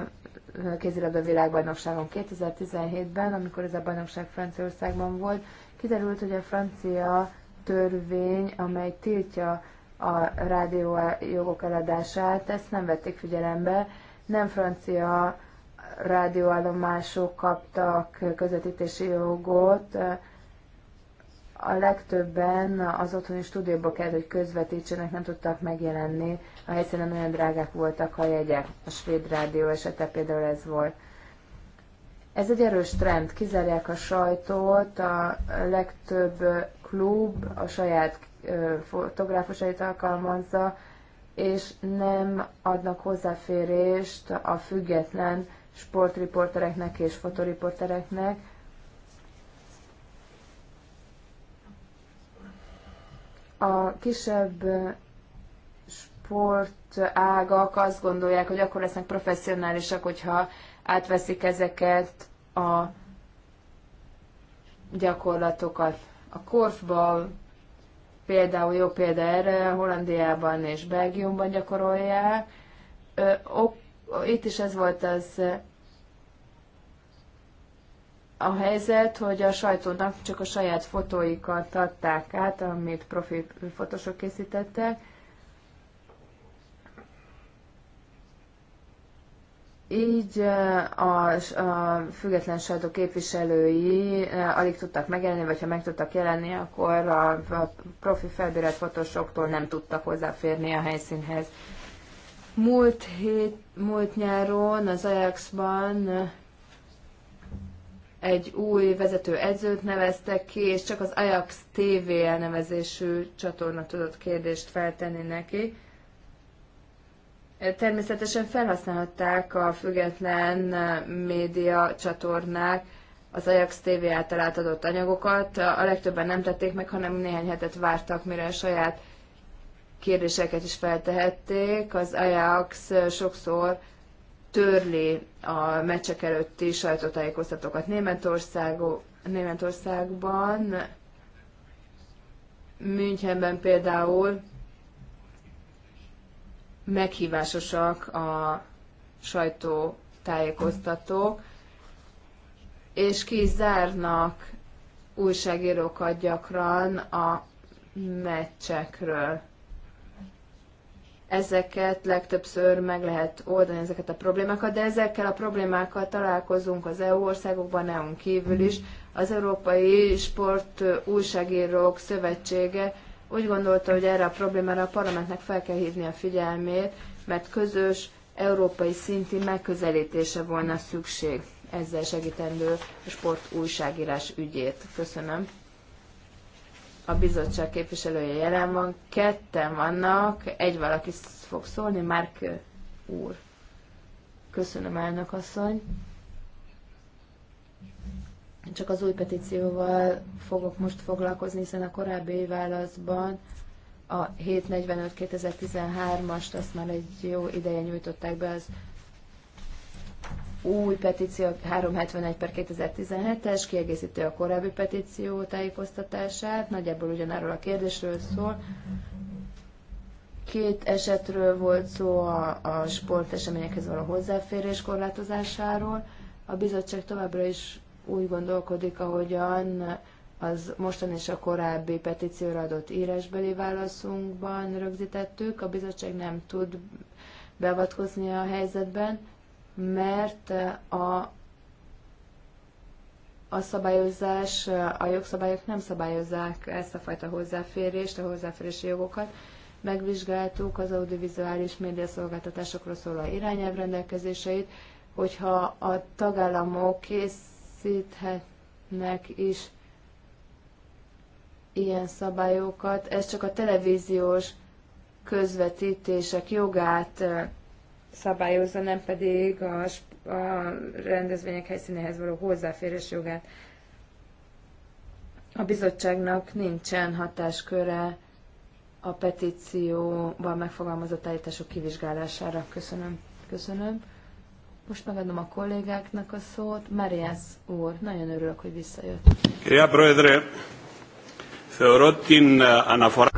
kézilabda világbajnokságon 2017-ben, amikor ez a bajnokság Franciaországban volt, kiderült, hogy a francia törvény, amely tiltja a rádió jogok eladását, ezt nem vették figyelembe. Nem francia rádióállomások kaptak közvetítési jogot, a legtöbben az otthoni stúdióba kell, hogy közvetítsenek, nem tudtak megjelenni. A helyszínen olyan drágák voltak a jegyek. A svéd rádió esete például ez volt. Ez egy erős trend, kizárják a sajtót, a legtöbb klub a saját fotográfusait alkalmazza, és nem adnak hozzáférést a független sportriportereknek és fotoriportereknek, a kisebb eh, sportágak azt gondolják, hogy akkor lesznek professzionálisak, hogyha átveszik ezeket a gyakorlatokat. A korfball például jó példa erre, Hollandiában és Belgiumban gyakorolják. Itt is ez volt az eh, a helyzet, hogy a sajtónak csak a saját fotóikat adták át, amit profi fotósok készítettek. Így eh, a, a független sajtó képviselői eh, alig tudtak megjelenni, vagy ha meg tudtak jelenni, akkor a, a profi felbérelt fotósoktól nem tudtak hozzáférni a helyszínhez. Múlt, hét, múlt nyáron az Ajaxban eh, egy új vezető edzőt neveztek ki, és csak az Ajax TV elnevezésű csatorna tudott kérdést feltenni neki. Természetesen felhasználhatták a független média csatornák az Ajax TV által átadott anyagokat. A legtöbben nem tették meg, hanem néhány hetet vártak, mire a saját kérdéseket is feltehették. Az Ajax sokszor törli a meccsek előtti sajtótájékoztatókat Németország, Németországban, Münchenben például meghívásosak a sajtótájékoztatók, és kizárnak újságírókat gyakran a meccsekről ezeket legtöbbször meg lehet oldani ezeket a problémákat, de ezekkel a problémákkal találkozunk az EU országokban, eu kívül is. Az Európai Sport Újságírók Szövetsége úgy gondolta, hogy erre a problémára a parlamentnek fel kell hívni a figyelmét, mert közös európai szinti megközelítése volna szükség ezzel segítendő sport újságírás ügyét. Köszönöm a bizottság képviselője jelen van, ketten vannak, egy valaki fog szólni, Márk úr. Köszönöm, elnök asszony. Csak az új petícióval fogok most foglalkozni, hiszen a korábbi válaszban a 745-2013-ast azt már egy jó ideje nyújtották be az új petíció 371 per 2017-es, kiegészíti a korábbi petíció tájékoztatását, nagyjából ugyanarról a kérdésről szól. Két esetről volt szó a, a sporteseményekhez való hozzáférés korlátozásáról. A bizottság továbbra is úgy gondolkodik, ahogyan az mostan és a korábbi petícióra adott írásbeli válaszunkban rögzítettük. A bizottság nem tud beavatkozni a helyzetben mert a, a szabályozás, a jogszabályok nem szabályozzák ezt a fajta hozzáférést, a hozzáférési jogokat. Megvizsgáltuk az audiovizuális médiaszolgáltatásokról szóló irányelv rendelkezéseit, hogyha a tagállamok készíthetnek is ilyen szabályokat, ez csak a televíziós közvetítések jogát szabályozza, nem pedig a, a rendezvények helyszínéhez való hozzáférés jogát. A bizottságnak nincsen hatásköre a petícióban megfogalmazott állítások kivizsgálására. Köszönöm. Köszönöm. Most megadom a kollégáknak a szót. Marias úr, nagyon örülök, hogy visszajött. Eh,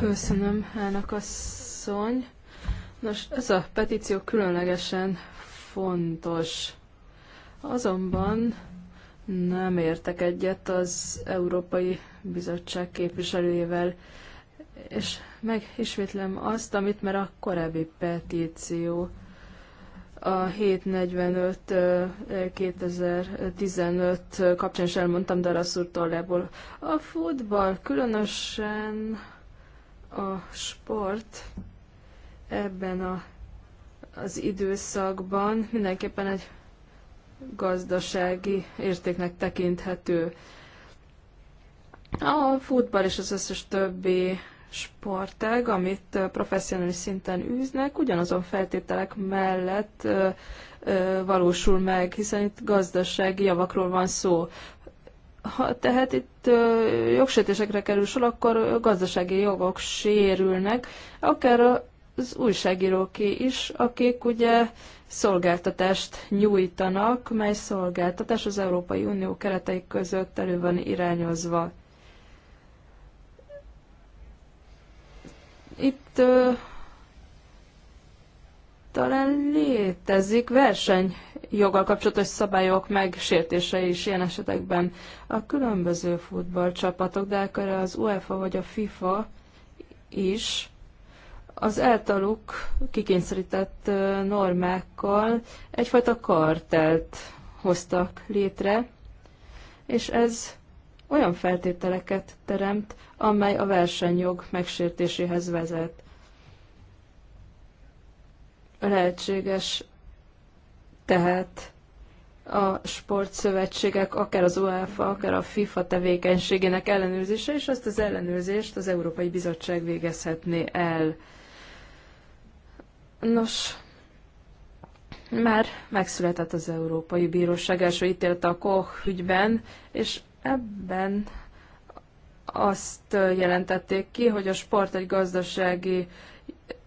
Köszönöm, elnök asszony. Nos, ez a petíció különlegesen fontos. Azonban nem értek egyet az Európai Bizottság képviselőjével, és megismétlem azt, amit már a korábbi petíció a 745 2015 kapcsán is elmondtam úr tollából. A futball, különösen a sport ebben a, az időszakban mindenképpen egy gazdasági értéknek tekinthető. A futball és az összes többi sportág, amit professzionális szinten űznek, ugyanazon feltételek mellett valósul meg, hiszen itt gazdasági javakról van szó. Ha tehát itt jogsértésekre kerül sor, akkor gazdasági jogok sérülnek, akár a az újságíróké is, akik ugye szolgáltatást nyújtanak, mely szolgáltatás az Európai Unió keretei között elő van irányozva. Itt ö, talán létezik versenyjoggal kapcsolatos szabályok megsértése is ilyen esetekben. A különböző futballcsapatok, de akár az UEFA vagy a FIFA is az általuk kikényszerített normákkal egyfajta kartelt hoztak létre, és ez olyan feltételeket teremt, amely a versenyjog megsértéséhez vezet. Lehetséges tehát a sportszövetségek, akár az UEFA, akár a FIFA tevékenységének ellenőrzése, és azt az ellenőrzést az Európai Bizottság végezhetné el. Nos, már megszületett az Európai Bíróság első ítélete a Koch ügyben, és ebben azt jelentették ki, hogy a sport egy gazdasági,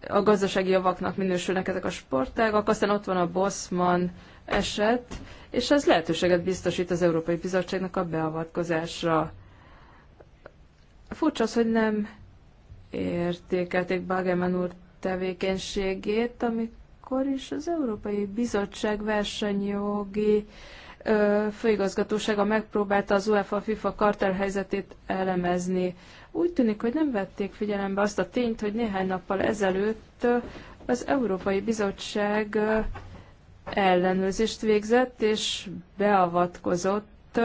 a gazdasági javaknak minősülnek ezek a sportágak, aztán ott van a Bosman eset, és ez lehetőséget biztosít az Európai Bizottságnak a beavatkozásra. Furcsa az, hogy nem értékelték Bagelman úr tevékenységét, amikor is az Európai Bizottság versenyjogi ö, főigazgatósága megpróbálta az UEFA-FIFA helyzetét elemezni. Úgy tűnik, hogy nem vették figyelembe azt a tényt, hogy néhány nappal ezelőtt az Európai Bizottság ellenőrzést végzett és beavatkozott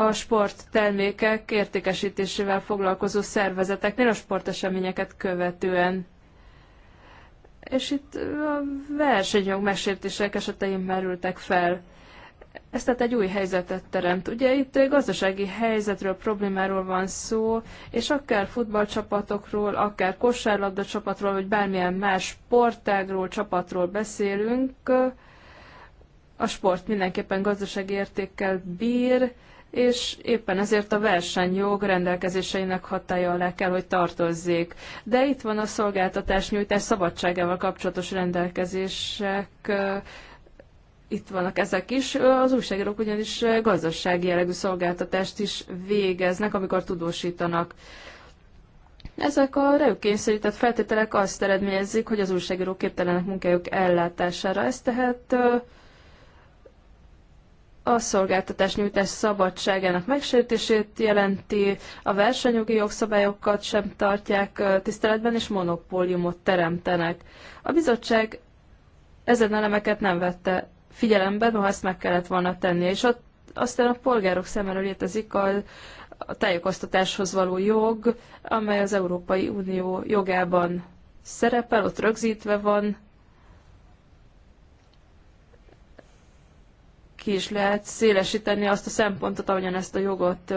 a sporttermékek értékesítésével foglalkozó szervezeteknél a sporteseményeket követően. És itt a versenyjog megsértések esetein merültek fel. Ez tehát egy új helyzetet teremt. Ugye itt gazdasági helyzetről, problémáról van szó, és akár futballcsapatokról, akár kosárlabda csapatról, vagy bármilyen más sportágról, csapatról beszélünk, a sport mindenképpen gazdasági értékkel bír, és éppen ezért a versenyjog rendelkezéseinek hatája alá kell, hogy tartozzék. De itt van a szolgáltatás nyújtás, szabadságával kapcsolatos rendelkezések, itt vannak ezek is. Az újságírók ugyanis gazdasági jellegű szolgáltatást is végeznek, amikor tudósítanak. Ezek a rájuk kényszerített feltételek azt eredményezik, hogy az újságírók képtelenek munkájuk ellátására. Ez tehát a szolgáltatás nyújtás szabadságának megsértését jelenti, a versenyjogi jogszabályokat sem tartják tiszteletben, és monopóliumot teremtenek. A bizottság ezen elemeket nem vette figyelembe, noha ezt meg kellett volna tenni, és ott aztán a polgárok szemelől létezik a, a tájékoztatáshoz való jog, amely az Európai Unió jogában szerepel, ott rögzítve van, ki is lehet szélesíteni azt a szempontot, ahogyan ezt a jogot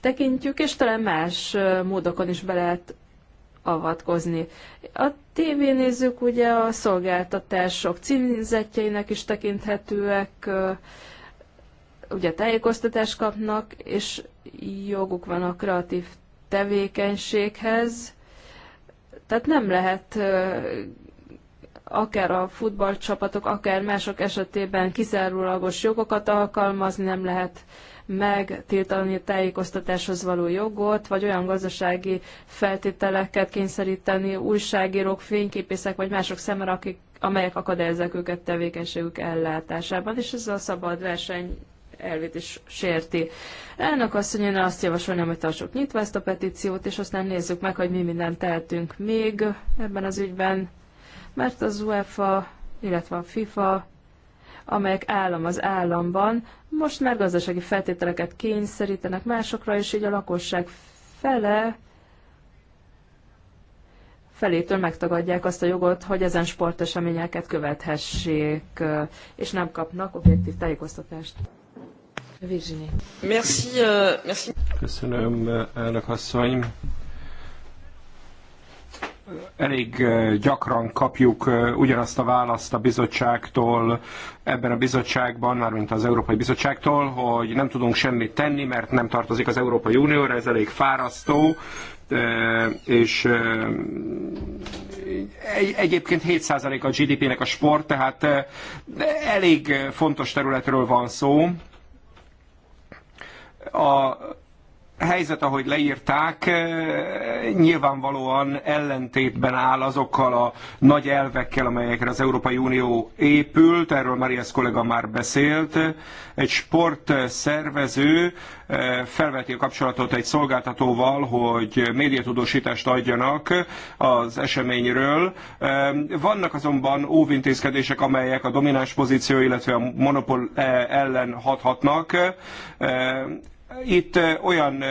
tekintjük, és talán más módokon is be lehet avatkozni. A tévénézők ugye a szolgáltatások címzetjeinek is tekinthetőek, ugye tájékoztatást kapnak, és joguk van a kreatív tevékenységhez. Tehát nem lehet akár a futballcsapatok, akár mások esetében kizárólagos jogokat alkalmazni, nem lehet megtiltani a tájékoztatáshoz való jogot, vagy olyan gazdasági feltételeket kényszeríteni újságírók, fényképészek vagy mások szemre, akik, amelyek akadályozzák őket tevékenységük ellátásában, és ez a szabad verseny elvét is sérti. Elnök asszony, én azt javasolnám, hogy tartsuk nyitva ezt a petíciót, és aztán nézzük meg, hogy mi mindent tehetünk még ebben az ügyben mert az UEFA, illetve a FIFA, amelyek állam az államban, most már gazdasági feltételeket kényszerítenek másokra, és így a lakosság fele felétől megtagadják azt a jogot, hogy ezen sporteseményeket követhessék, és nem kapnak objektív tájékoztatást. Virginie. Merci, euh, merci. Köszönöm, elnök asszony elég gyakran kapjuk ugyanazt a választ a bizottságtól, ebben a bizottságban, mármint az Európai Bizottságtól, hogy nem tudunk semmit tenni, mert nem tartozik az Európai Unióra, ez elég fárasztó, és egyébként 7% a GDP-nek a sport, tehát elég fontos területről van szó. A helyzet, ahogy leírták, nyilvánvalóan ellentétben áll azokkal a nagy elvekkel, amelyekre az Európai Unió épült, erről Marias kollega már beszélt. Egy sportszervező felveti a kapcsolatot egy szolgáltatóval, hogy médiatudósítást adjanak az eseményről. Vannak azonban óvintézkedések, amelyek a domináns pozíció, illetve a monopól ellen hathatnak itt olyan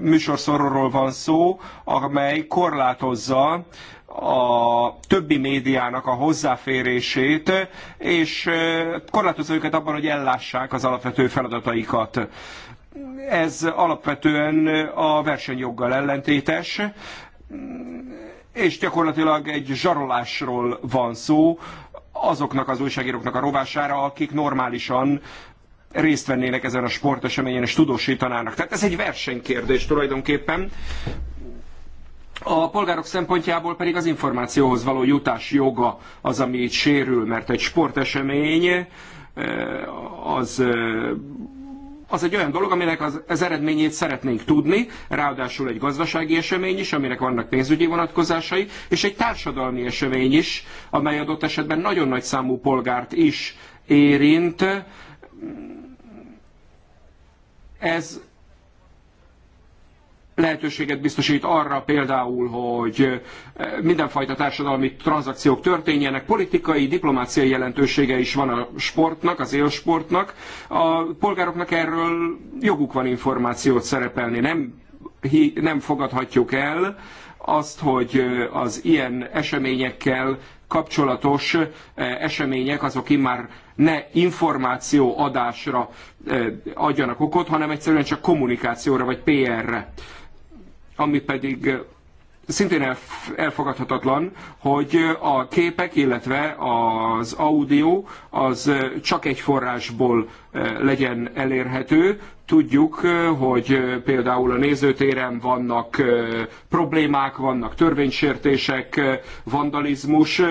műsorszorról van szó, amely korlátozza a többi médiának a hozzáférését, és korlátozza őket abban, hogy ellássák az alapvető feladataikat. Ez alapvetően a versenyjoggal ellentétes, és gyakorlatilag egy zsarolásról van szó, azoknak az újságíróknak a rovására, akik normálisan részt vennének ezen a sporteseményen és tudósítanának. Tehát ez egy versenykérdés tulajdonképpen. A polgárok szempontjából pedig az információhoz való jutás joga az, ami itt sérül, mert egy sportesemény eh, az eh, az egy olyan dolog, aminek az, az eredményét szeretnénk tudni, ráadásul egy gazdasági esemény is, aminek vannak pénzügyi vonatkozásai, és egy társadalmi esemény is, amely adott esetben nagyon nagy számú polgárt is érint ez lehetőséget biztosít arra például, hogy eh, mindenfajta társadalmi tranzakciók történjenek. Politikai, diplomáciai jelentősége is van a sportnak, az élsportnak. A polgároknak erről joguk van információt szerepelni. Nem, nem fogadhatjuk el azt, hogy eh, az ilyen eseményekkel kapcsolatos eh, események azok immár ne információ adásra eh, adjanak okot, hanem egyszerűen csak kommunikációra vagy PR-re. Ami pedig eh, szintén elfogadhatatlan, hogy a képek, illetve az audio az csak egy forrásból legyen elérhető, Tudjuk, hogy például a nézőtéren vannak problémák, vannak törvénysértések, vandalizmus,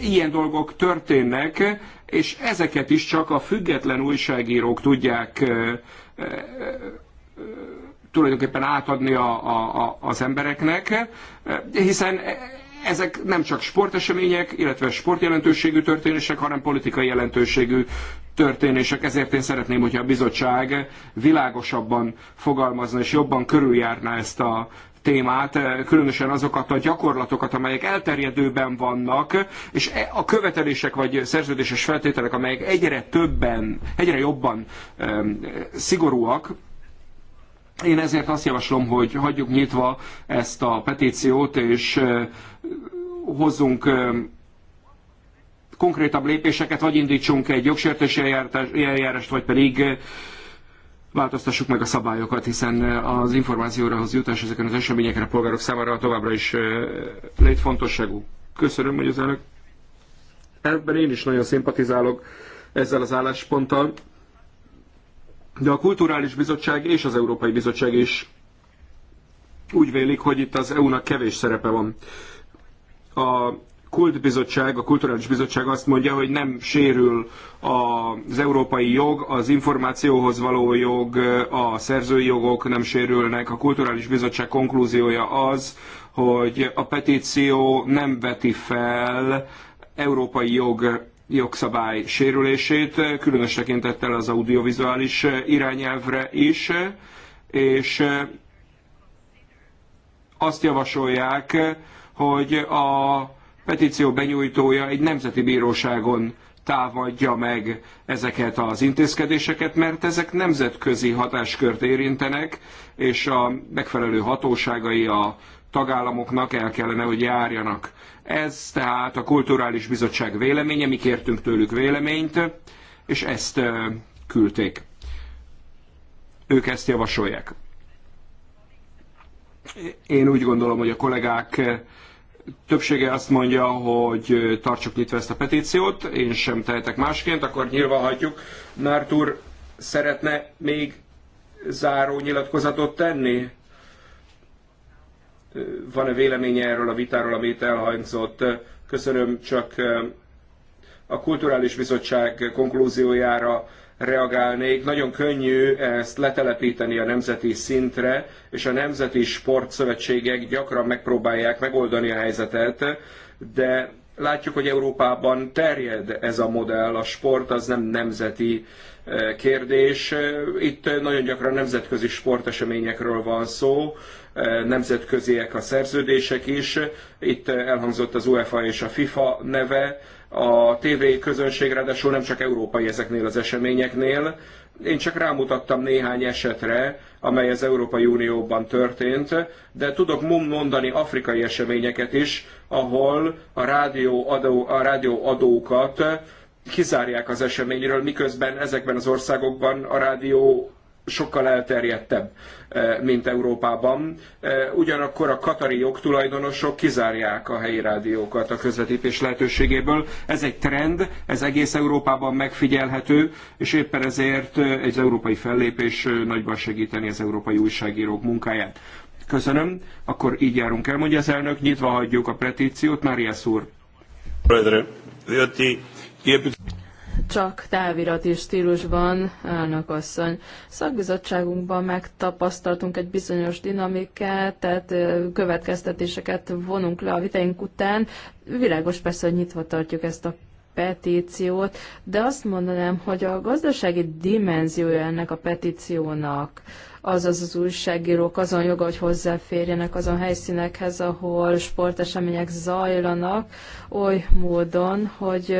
ilyen dolgok történnek, és ezeket is csak a független újságírók tudják tulajdonképpen átadni a, a, a, az embereknek, hiszen ezek nem csak sportesemények, illetve sportjelentőségű történések, hanem politikai jelentőségű történések. Ezért én szeretném, hogyha a bizottság világosabban fogalmazna és jobban körüljárná ezt a témát, különösen azokat a gyakorlatokat, amelyek elterjedőben vannak, és e- a követelések vagy szerződéses feltételek, amelyek egyre többen, egyre jobban szigorúak, én ezért azt javaslom, hogy hagyjuk nyitva ezt a petíciót, és hozzunk konkrétabb lépéseket, vagy indítsunk egy jogsértési eljárást, vagy pedig változtassuk meg a szabályokat, hiszen az információrahoz jutás ezeken az eseményeken a polgárok számára továbbra is létfontosságú. Köszönöm, hogy az elnök. Ebben én is nagyon szimpatizálok ezzel az állásponttal. De a Kulturális Bizottság és az Európai Bizottság is úgy vélik, hogy itt az EU-nak kevés szerepe van. A Kult Bizottság, a Kulturális Bizottság azt mondja, hogy nem sérül az európai jog, az információhoz való jog, a szerzői jogok nem sérülnek. A Kulturális Bizottság konklúziója az, hogy a petíció nem veti fel európai jog jogszabály sérülését, különös tekintettel az audiovizuális irányelvre is, és azt javasolják, hogy a petíció benyújtója egy nemzeti bíróságon támadja meg ezeket az intézkedéseket, mert ezek nemzetközi hatáskört érintenek, és a megfelelő hatóságai a tagállamoknak el kellene, hogy járjanak. Ez tehát a Kulturális Bizottság véleménye, mi kértünk tőlük véleményt, és ezt küldték. Ők ezt javasolják. Én úgy gondolom, hogy a kollégák többsége azt mondja, hogy tartsuk nyitva ezt a petíciót, én sem tehetek másként, akkor nyilván hagyjuk. Nárt úr szeretne még záró nyilatkozatot tenni? Van-e véleménye erről a vitáról, amit elhangzott? Köszönöm, csak a Kulturális Bizottság konklúziójára reagálnék. Nagyon könnyű ezt letelepíteni a nemzeti szintre, és a nemzeti sportszövetségek gyakran megpróbálják megoldani a helyzetet, de látjuk, hogy Európában terjed ez a modell, a sport az nem nemzeti eh, kérdés. Itt nagyon gyakran nemzetközi sporteseményekről van szó, eh, nemzetköziek a szerződések is. Itt eh, elhangzott az UEFA és a FIFA neve, a TV közönség, ráadásul nem csak európai ezeknél az eseményeknél. Én csak rámutattam néhány esetre, amely az Európai Unióban történt, de tudok mondani afrikai eseményeket is, ahol a rádió, adó, a rádió adókat kizárják az eseményről, miközben ezekben az országokban a rádió sokkal elterjedtebb, eh, mint Európában. Eh, ugyanakkor a katari jogtulajdonosok kizárják a helyi rádiókat a közvetítés lehetőségéből. Ez egy trend, ez egész Európában megfigyelhető, és éppen ezért eh, egy európai fellépés nagyban segíteni az európai újságírók munkáját. Köszönöm, akkor így járunk el, mondja az elnök, nyitva hagyjuk a petíciót, Mária úr csak távirati stílusban, elnök asszony. Szakbizottságunkban megtapasztaltunk egy bizonyos dinamikát, tehát következtetéseket vonunk le a vitaink után. Világos persze, hogy nyitva tartjuk ezt a petíciót, de azt mondanám, hogy a gazdasági dimenziója ennek a petíciónak, azaz az újságírók azon joga, hogy hozzáférjenek azon helyszínekhez, ahol sportesemények zajlanak, oly módon, hogy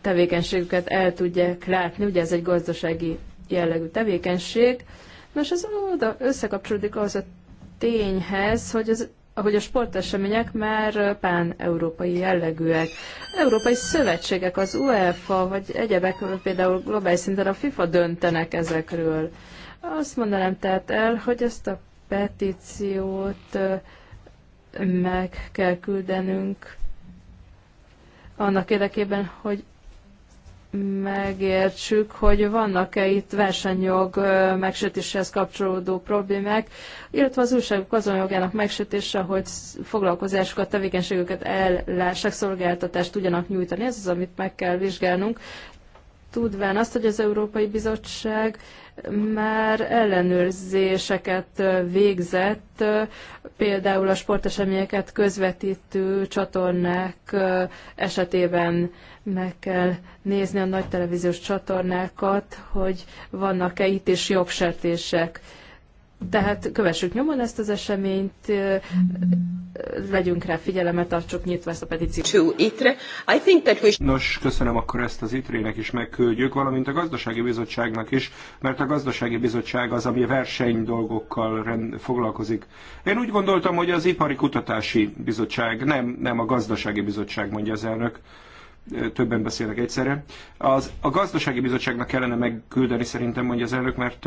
tevékenységüket el tudják látni, ugye ez egy gazdasági jellegű tevékenység. Nos, ez oda összekapcsolódik ahhoz a tényhez, hogy az ahogy a sportesemények már pán-európai jellegűek. Európai szövetségek, az UEFA vagy egyebek, például globális szinten a FIFA döntenek ezekről. Azt mondanám tehát el, hogy ezt a petíciót meg kell küldenünk annak érdekében, hogy megértsük, hogy vannak-e itt versenyjog megsütéshez kapcsolódó problémák, illetve az újságok azon jogának megsütése, hogy foglalkozásukat, tevékenységüket ellássák, szolgáltatást tudjanak nyújtani. Ez az, amit meg kell vizsgálnunk. Tudván azt, hogy az Európai Bizottság már ellenőrzéseket végzett, például a sporteseményeket közvetítő csatornák esetében meg kell nézni a nagy televíziós csatornákat, hogy vannak-e itt is jogsértések. Tehát kövessük nyomon ezt az eseményt, legyünk rá figyelemet, tartsuk nyitva ezt a petíciót. Itre. I think that we... Nos, köszönöm akkor ezt az itrének is megküldjük, valamint a Gazdasági Bizottságnak is, mert a Gazdasági Bizottság az, ami a verseny dolgokkal rend, foglalkozik. Én úgy gondoltam, hogy az Ipari Kutatási Bizottság, nem, nem a Gazdasági Bizottság, mondja az elnök többen beszélek egyszerre. Az, a gazdasági bizottságnak kellene megküldeni szerintem, mondja az elnök, mert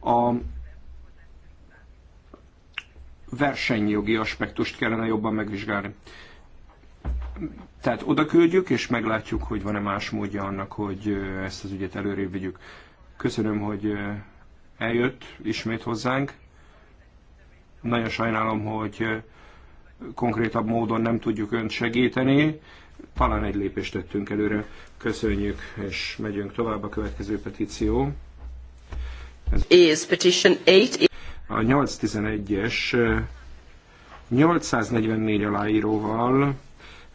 a versenyjogi aspektust kellene jobban megvizsgálni. Tehát oda küldjük, és meglátjuk, hogy van-e más módja annak, hogy ezt az ügyet előrébb vigyük. Köszönöm, hogy eljött ismét hozzánk. Nagyon sajnálom, hogy konkrétabb módon nem tudjuk önt segíteni. Talán egy lépést tettünk előre. Köszönjük, és megyünk tovább a következő petíció. Ez... Is petition 8 a 811-es 844 aláíróval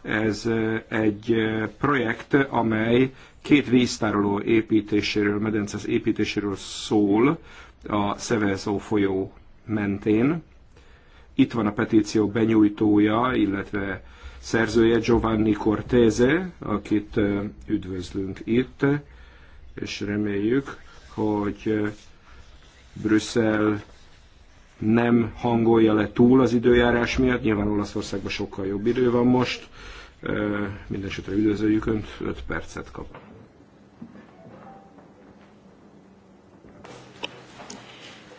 ez egy projekt, amely két víztároló építéséről, medence építéséről szól a Szevezó folyó mentén. Itt van a petíció benyújtója, illetve szerzője Giovanni Cortese, akit üdvözlünk itt, és reméljük, hogy Brüsszel nem hangolja le túl az időjárás miatt. Nyilván Olaszországban sokkal jobb idő van most. Mindenesetre üdvözöljük Önt, 5 percet kap.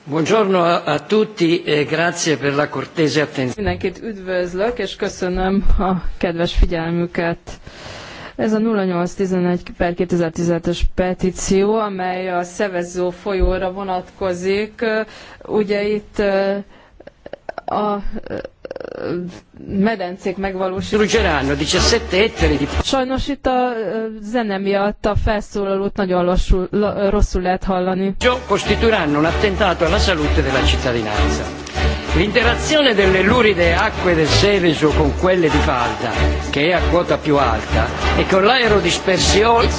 Buongiorno a tutti e grazie per la cortese attenzione. Mindenkit üdvözlök, és köszönöm a kedves figyelmüket. Ez a 0811 per 2017-es petíció, amely a Szevező folyóra vonatkozik. Ugye itt eh, a eh, medencék megvalósítása. Sajnos itt a eh, zene miatt a felszólalót nagyon lassul, rosszul lehet hallani. Costituiranno un attentato alla salute della cittadinanza. L'interazione delle luride acque del Seveso con quelle di Falda, che è a quota più alta, e con l'aerodispersione...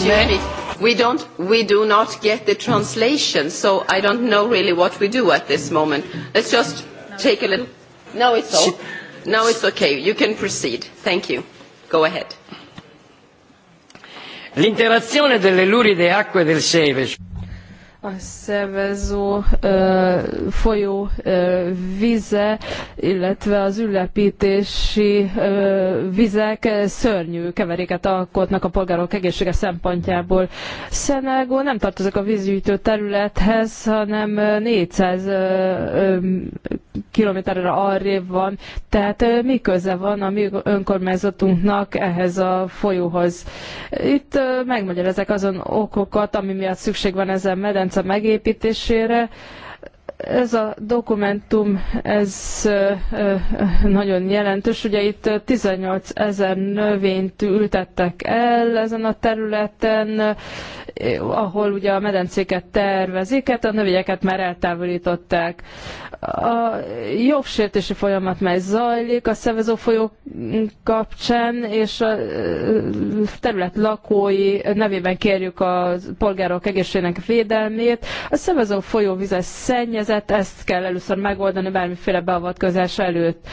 We don't, we do not get the translation, so I don't know really what we do at this moment. Let's just take a little... No, it's all. No, it's okay. You can proceed. Thank you. Go ahead. L'interazione delle luride acque del Seveso a szervező folyó vize, illetve az ülepítési vizek szörnyű keveréket alkotnak a polgárok egészsége szempontjából. Szenágó nem tartozik a vízgyűjtő területhez, hanem 400 kilométerre arrébb van, tehát mi köze van a mi önkormányzatunknak ehhez a folyóhoz. Itt megmagyarázok azon okokat, ami miatt szükség van ezen medencében, rendszer megépítésére, ez a dokumentum, ez nagyon jelentős. Ugye itt 18 ezer növényt ültettek el ezen a területen, ahol ugye a medencéket tervezik, hát a növényeket már eltávolították. A jogsértési folyamat mely zajlik a szevezó folyó kapcsán, és a terület lakói nevében kérjük a polgárok egészségének védelmét. A folyó vize szennyezés helyzet, ezt kell először megoldani bármiféle beavatkozás előtt.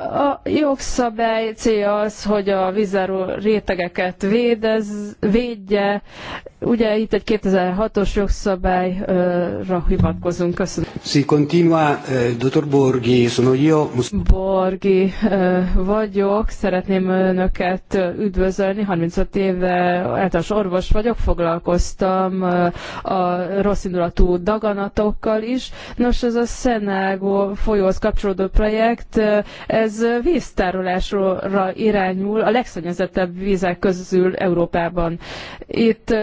A jogszabály célja az, hogy a vízáró rétegeket védez, védje. Ugye itt egy 2006-os jogszabályra hivatkozunk. Köszönöm. Si continua, eh, dottor Borgi, sono io. Borghi eh, vagyok, szeretném önöket eh, üdvözölni. 35 éve általános orvos vagyok, foglalkoztam a rosszindulatú daganatokkal is. Nos, ez a Szenágó folyóhoz kapcsolódó projekt, ez ez víztárolásra irányul a legszennyezettebb vízek közül Európában. Itt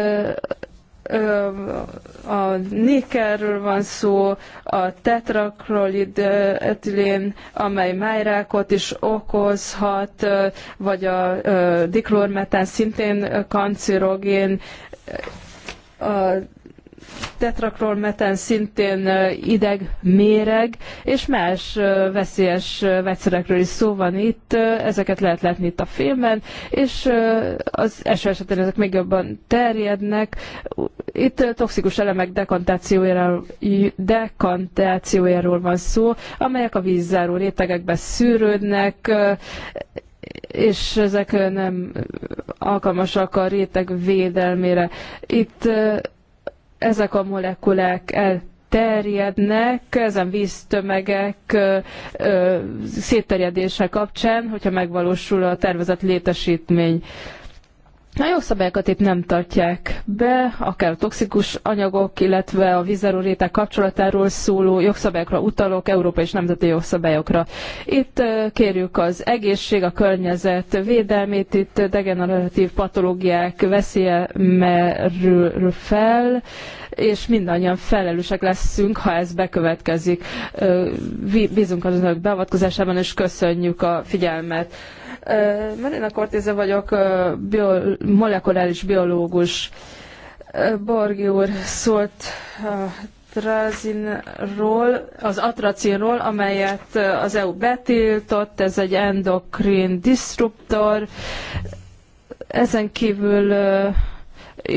a nikerről van szó, a tetraklorid etilén, amely májrákot is okozhat, vagy a diklormetán szintén kancerogén, a tetrakról meten szintén ideg, méreg, és más veszélyes vegyszerekről is szó van itt, ezeket lehet látni itt a filmen, és az eső esetén ezek még jobban terjednek. Itt toxikus elemek dekantációjáról, dekantációjáról van szó, amelyek a vízzáró rétegekbe szűrődnek, és ezek nem alkalmasak a réteg védelmére. Itt ezek a molekulák el terjednek ezen víztömegek ö, ö, szétterjedése kapcsán, hogyha megvalósul a tervezett létesítmény. Ö, a jogszabályokat itt nem tartják be, akár a toxikus anyagok, illetve a vízeruréták kapcsolatáról szóló jogszabályokra utalok, európai és nemzeti jogszabályokra. Itt kérjük az egészség, a környezet védelmét, itt degeneratív patológiák veszélye merül fel, és mindannyian felelősek leszünk, ha ez bekövetkezik. Bízunk az önök beavatkozásában, és köszönjük a figyelmet. Marina Cortéze vagyok, bio, molekuláris biológus. Borgi úr szólt a trazinról, az atracinról, amelyet az EU betiltott, ez egy endokrin disruptor. Ezen kívül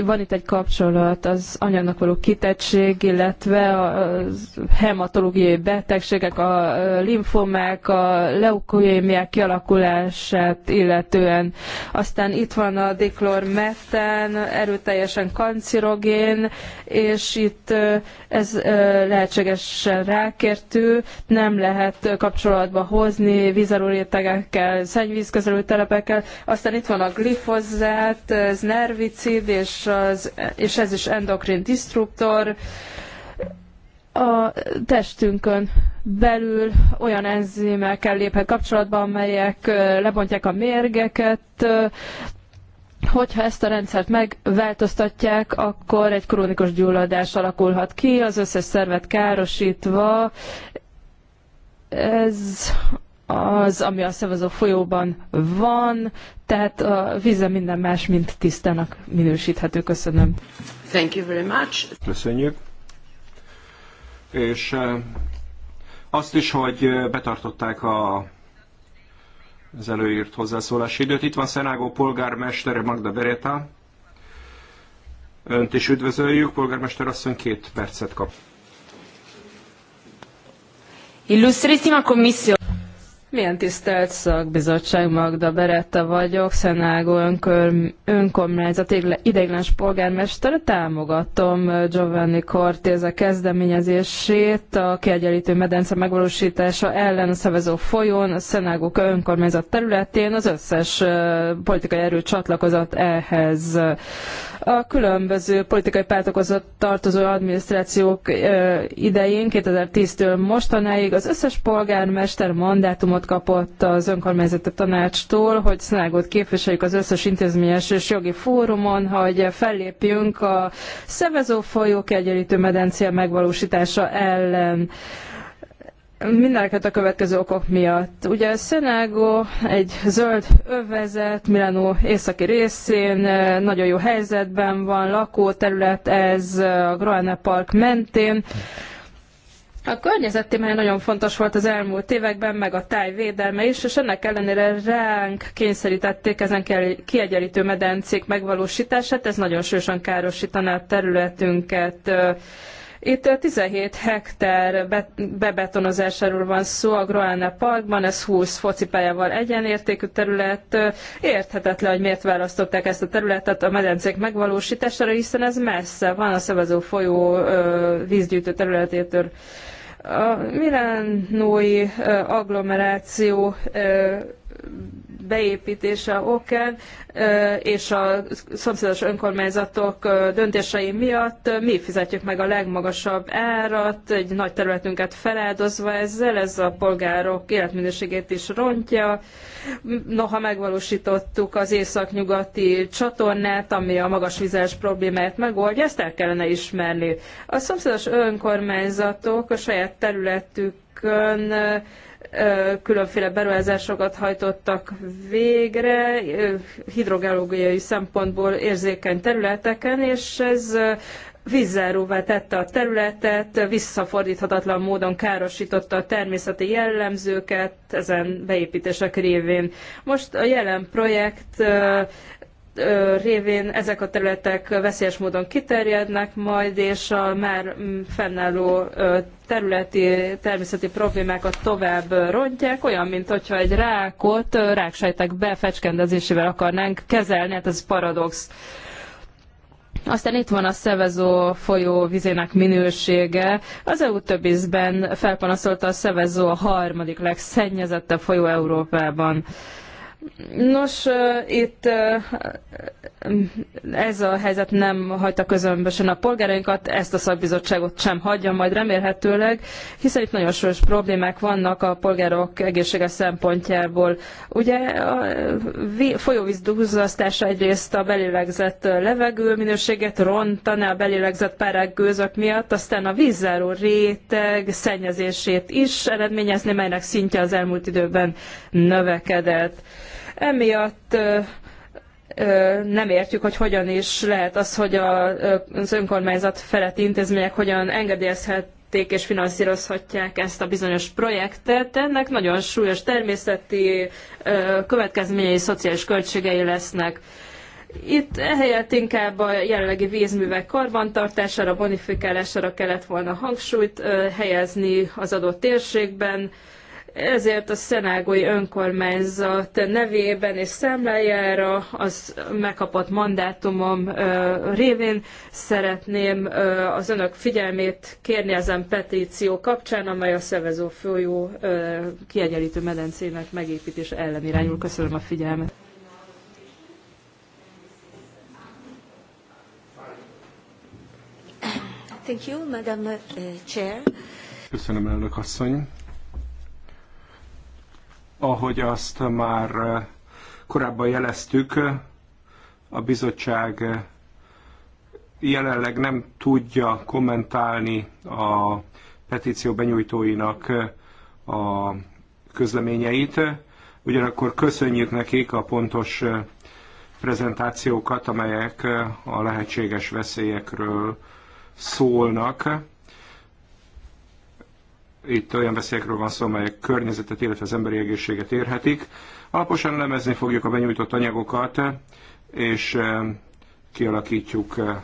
van itt egy kapcsolat az anyagnak való kitettség, illetve a hematológiai betegségek, a limfomák, a leukémiák kialakulását illetően. Aztán itt van a diklormetán, erőteljesen kancirogén, és itt ez lehetségesen rákértő, nem lehet kapcsolatba hozni vízaló rétegekkel, szennyvízkezelő telepekkel. Aztán itt van a glifozát, ez nervicid és és, az, és ez is endokrin disruptor, a testünkön belül olyan enzimekkel léphet kapcsolatba, amelyek lebontják a mérgeket. Hogyha ezt a rendszert megváltoztatják, akkor egy krónikus gyulladás alakulhat ki, az összes szervet károsítva. Ez az, ami a szavazó folyóban van, tehát a víze minden más, mint tisztának minősíthető. Köszönöm. Thank you very much. Köszönjük. És eh, azt is, hogy eh, betartották a az előírt hozzászólási időt. Itt van Szenágó polgármester Magda Bereta. Önt is üdvözöljük, polgármester asszony két percet kap. a komisszió. Milyen tisztelt szakbizottság, Magda Beretta vagyok, Szenágó önkör, önkormányzat ideiglenes polgármester. Támogatom eh, Giovanni Cortéza kezdeményezését a kiegyenlítő medence megvalósítása ellen a szavezó folyón, a Szenágó önkormányzat területén az összes eh, politikai erő csatlakozott ehhez. A különböző politikai pártokhoz tartozó adminisztrációk eh, idején 2010-től mostanáig az összes polgármester mandátumot mandátumot kapott az önkormányzati tanácstól, hogy Szenágot képviseljük az összes intézményes és jogi fórumon, hogy fellépjünk a szevezó folyók egyenlítő medencia megvalósítása ellen. Mindeneket a következő okok miatt. Ugye Szenágo egy zöld övezet Milánó északi részén, eh, nagyon jó helyzetben van, lakóterület ez eh, a Groene Park mentén. A témája nagyon fontos volt az elmúlt években, meg a táj védelme is, és ennek ellenére ránk kényszerítették ezen kiegyenlítő medencék megvalósítását, ez nagyon sősen károsítaná a területünket. Itt 17 hektár bebetonozásáról van szó a Groana Parkban, ez 20 focipályával egyenértékű terület. Érthetetlen, hogy miért választották ezt a területet a medencék megvalósítására, hiszen ez messze van a szavazó folyó vízgyűjtő területétől. A Milánói agglomeráció beépítése okán és a szomszédos önkormányzatok döntései miatt mi fizetjük meg a legmagasabb árat, egy nagy területünket feláldozva ezzel, ez a polgárok életminőségét is rontja. Noha megvalósítottuk az északnyugati csatornát, ami a magasvizes problémát megoldja, ezt el kellene ismerni. A szomszédos önkormányzatok a saját területükön különféle beruházásokat hajtottak végre hidrogeológiai szempontból érzékeny területeken, és ez vízzáróvá tette a területet, visszafordíthatatlan módon károsította a természeti jellemzőket ezen beépítések révén. Most a jelen projekt révén ezek a területek veszélyes módon kiterjednek majd, és a már mm, fennálló területi természeti problémákat tovább rontják, olyan, mint hogyha egy rákot ráksejtek befecskendezésével akarnánk kezelni, hát ez paradox. Aztán itt van a szevezó folyó vizének minősége. Az EU többizben felpanaszolta a szevezó a harmadik legszennyezettebb folyó Európában. Nos, itt ez a helyzet nem hagyta közömbösen a polgárainkat, ezt a szakbizottságot sem hagyja majd remélhetőleg, hiszen itt nagyon súlyos problémák vannak a polgárok egészséges szempontjából. Ugye a folyóvíz duzzasztása egyrészt a belélegzett levegő minőséget rontaná a belélegzett párák gőzök miatt, aztán a vízzáró réteg szennyezését is eredményezni, melynek szintje az elmúlt időben növekedett. Emiatt nem értjük, hogy hogyan is lehet az, hogy az önkormányzat feletti intézmények hogyan engedélyezhették és finanszírozhatják ezt a bizonyos projektet. Ennek nagyon súlyos természeti következményei, szociális költségei lesznek. Itt ehelyett inkább a jelenlegi vízművek karbantartására, bonifikálására kellett volna hangsúlyt helyezni az adott térségben, ezért a szenágói önkormányzat nevében és számlájára az megkapott mandátumom révén szeretném az önök figyelmét kérni ezen petíció kapcsán, amely a Szevezó folyó kiegyenlítő medencének megépítése ellen irányul. Köszönöm a figyelmet. Thank you, Madam uh, Chair. Köszönöm, elnök asszony. Ahogy azt már eh, korábban jeleztük, a bizottság eh, jelenleg nem tudja kommentálni a petíció benyújtóinak eh, a közleményeit, ugyanakkor köszönjük nekik a pontos prezentációkat, amelyek a lehetséges veszélyekről szólnak. Itt olyan veszélyekről van szó, amelyek környezetet, illetve az emberi egészséget érhetik. Alaposan elemezni fogjuk a benyújtott anyagokat, és eh, kialakítjuk eh,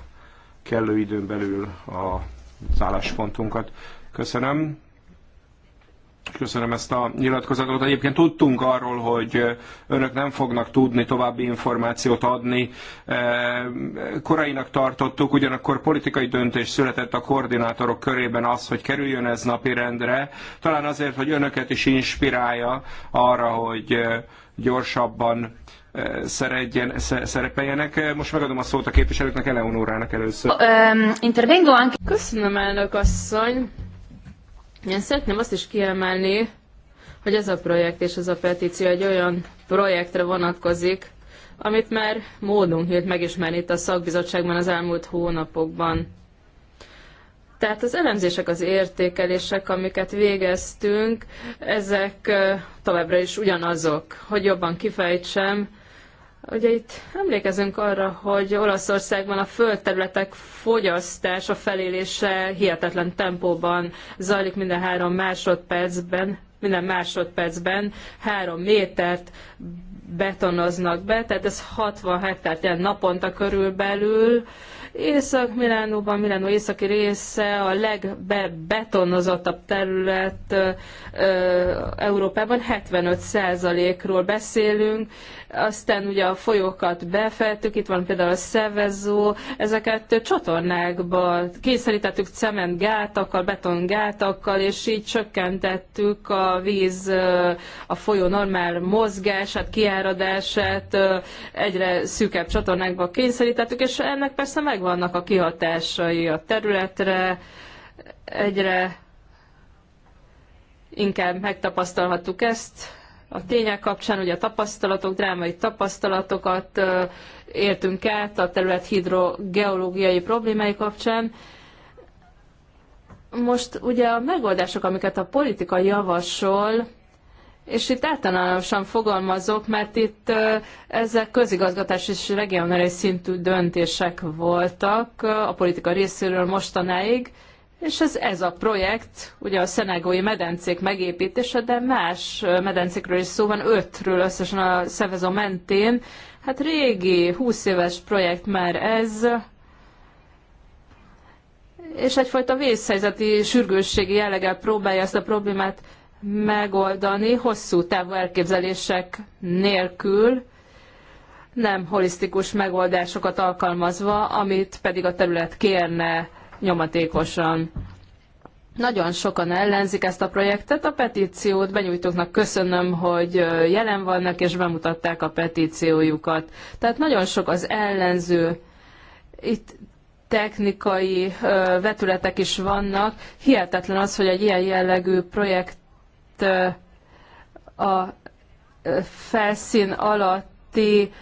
kellő időn belül az álláspontunkat. Köszönöm. Köszönöm ezt a nyilatkozatot. Egyébként tudtunk arról, hogy önök nem fognak tudni további információt adni. E, korainak tartottuk, ugyanakkor politikai döntés született a koordinátorok körében az, hogy kerüljön ez rendre. Talán azért, hogy önöket is inspirálja arra, hogy e, gyorsabban e, szeredjen, szerepeljenek. Most megadom a szót a képviselőknek, Eleonórának először. Köszönöm, elnök asszony. Én szeretném azt is kiemelni, hogy ez a projekt és ez a petíció egy olyan projektre vonatkozik, amit már módunk nyílt megismerni itt a szakbizottságban az elmúlt hónapokban. Tehát az elemzések, az értékelések, amiket végeztünk, ezek továbbra is ugyanazok. Hogy jobban kifejtsem, Ugye itt emlékezünk arra, hogy Olaszországban a földterületek fogyasztása, felélése hihetetlen tempóban zajlik minden három másodpercben, minden másodpercben három métert betonoznak be, tehát ez 60 hektárt jelent naponta körülbelül. Észak-Milánóban, Milánó északi része a legbetonozottabb terület Európában, 75%-ról beszélünk, aztán ugye a folyókat befeltük, itt van például a szevezó, ezeket csatornákba kényszerítettük beton gátakkal és így csökkentettük a víz, a folyó normál mozgását, kiáradását, egyre szűkebb csatornákba kényszerítettük, és ennek persze megvannak a kihatásai a területre, egyre inkább megtapasztalhattuk ezt, a tények kapcsán, ugye a tapasztalatok, drámai tapasztalatokat éltünk át a terület hidrogeológiai problémái kapcsán. Most ugye a megoldások, amiket a politika javasol, és itt általánosan fogalmazok, mert itt ezek közigazgatás és regionális szintű döntések voltak a politika részéről mostanáig, és ez, ez a projekt, ugye a szenegói medencék megépítése, de más medencékről is szó van, ötről összesen a Szevezó mentén. Hát régi, 20 éves projekt már ez, és egyfajta vészhelyzeti sürgősségi jelleggel próbálja ezt a problémát megoldani hosszú távú elképzelések nélkül, nem holisztikus megoldásokat alkalmazva, amit pedig a terület kérne nyomatékosan. Nagyon sokan ellenzik ezt a projektet, a petíciót benyújtóknak köszönöm, hogy jelen vannak és bemutatták a petíciójukat. Tehát nagyon sok az ellenző. Itt technikai vetületek is vannak. Hihetetlen az, hogy egy ilyen jellegű projekt a felszín alatti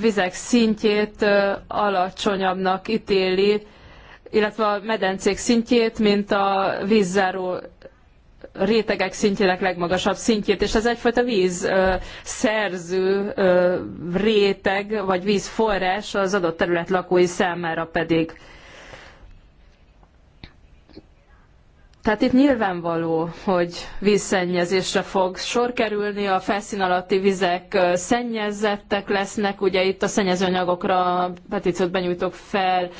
vizek szintjét alacsonyabbnak ítéli, illetve a medencék szintjét, mint a vízzáró rétegek szintjének legmagasabb szintjét, és ez egyfajta víz szerző réteg, vagy vízforrás az adott terület lakói számára pedig. Tehát itt nyilvánvaló, hogy vízszennyezésre fog sor kerülni, a felszín alatti vizek szennyezettek lesznek, ugye itt a szennyezőanyagokra petíciót benyújtok fel,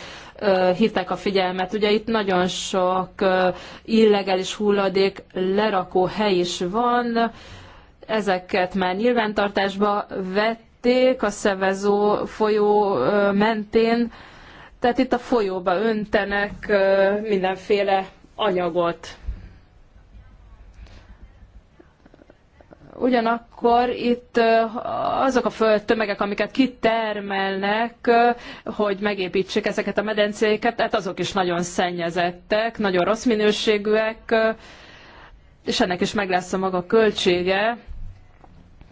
hittek a figyelmet. Ugye itt nagyon sok illegális hulladék lerakó hely is van, ezeket már nyilvántartásba vették a Szevezó folyó mentén, tehát itt a folyóba öntenek mindenféle anyagot. Ugyanakkor itt azok a föld tömegek, amiket kitermelnek, hogy megépítsék ezeket a medencéket, hát azok is nagyon szennyezettek, nagyon rossz minőségűek, és ennek is meg lesz a maga költsége.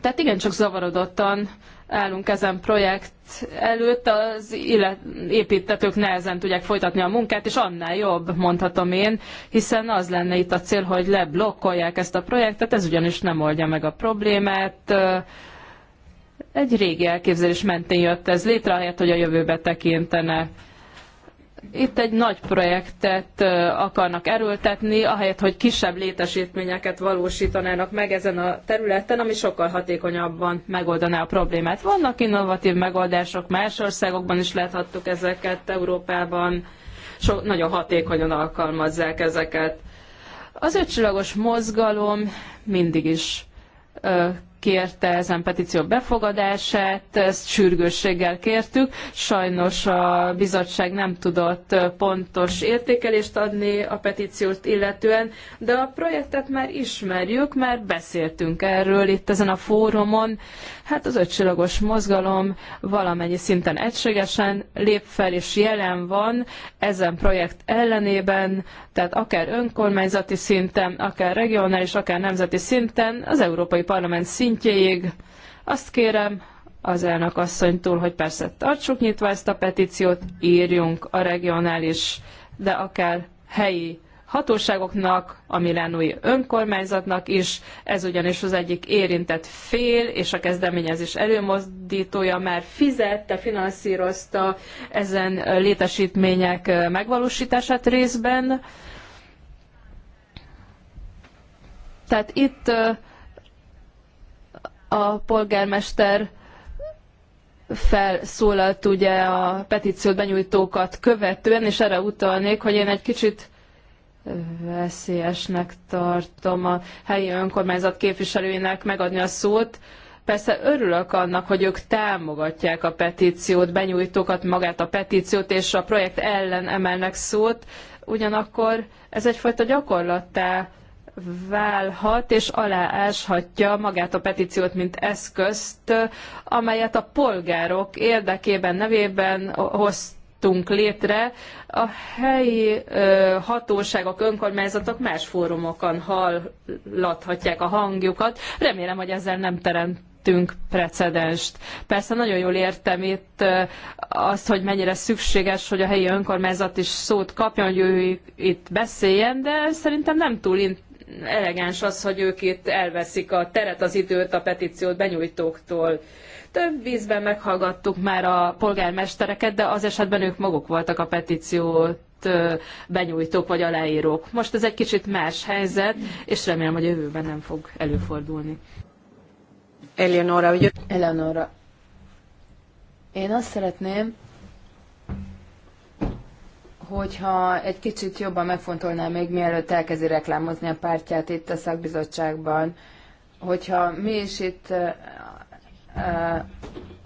Tehát igencsak zavarodottan állunk ezen projekt előtt, az illet, építetők nehezen tudják folytatni a munkát, és annál jobb, mondhatom én, hiszen az lenne itt a cél, hogy leblokkolják ezt a projektet, ez ugyanis nem oldja meg a problémát. Egy régi elképzelés mentén jött ez létre, ahelyett, hogy a jövőbe tekintene itt egy nagy projektet akarnak erőltetni, ahelyett, hogy kisebb létesítményeket valósítanának meg ezen a területen, ami sokkal hatékonyabban megoldaná a problémát. Vannak innovatív megoldások, más országokban is láthattuk ezeket, Európában so, nagyon hatékonyan alkalmazzák ezeket. Az ötcsillagos mozgalom mindig is kérte ezen petíció befogadását, ezt sürgősséggel kértük. Sajnos a bizottság nem tudott pontos értékelést adni a petíciót illetően, de a projektet már ismerjük, már beszéltünk erről itt ezen a fórumon. Hát az ötcsillagos mozgalom valamennyi szinten egységesen lép fel és jelen van ezen projekt ellenében, tehát akár önkormányzati szinten, akár regionális, akár nemzeti szinten, az Európai Parlament szintjén, szintjéig. Azt kérem az elnök asszonytól, hogy persze tartsuk nyitva ezt a petíciót, írjunk a regionális, de akár helyi hatóságoknak, a milánói önkormányzatnak is, ez ugyanis az egyik érintett fél, és a kezdeményezés előmozdítója már fizette, finanszírozta ezen létesítmények megvalósítását részben. Tehát itt a polgármester felszólalt ugye a petíciót benyújtókat követően, és erre utalnék, hogy én egy kicsit veszélyesnek tartom a helyi önkormányzat képviselőinek megadni a szót. Persze örülök annak, hogy ők támogatják a petíciót, benyújtókat, magát a petíciót, és a projekt ellen emelnek szót, ugyanakkor ez egyfajta gyakorlattá válhat és alááshatja magát a petíciót, mint eszközt, amelyet a polgárok érdekében, nevében hoztunk létre, a helyi ö, hatóságok, önkormányzatok más fórumokon hallathatják a hangjukat. Remélem, hogy ezzel nem teremtünk precedenst. Persze nagyon jól értem itt azt, hogy mennyire szükséges, hogy a helyi önkormányzat is szót kapjon, hogy ő itt beszéljen, de szerintem nem túl elegáns az, hogy ők itt elveszik a teret, az időt a petíciót benyújtóktól. Több vízben meghallgattuk már a polgármestereket, de az esetben ők maguk voltak a petíciót benyújtók vagy aláírók. Most ez egy kicsit más helyzet, és remélem, hogy jövőben nem fog előfordulni. Eleonora, ugye? Eleonora. Én azt szeretném, hogyha egy kicsit jobban megfontolná még mielőtt elkezdi reklámozni a pártját itt a szakbizottságban, hogyha mi is itt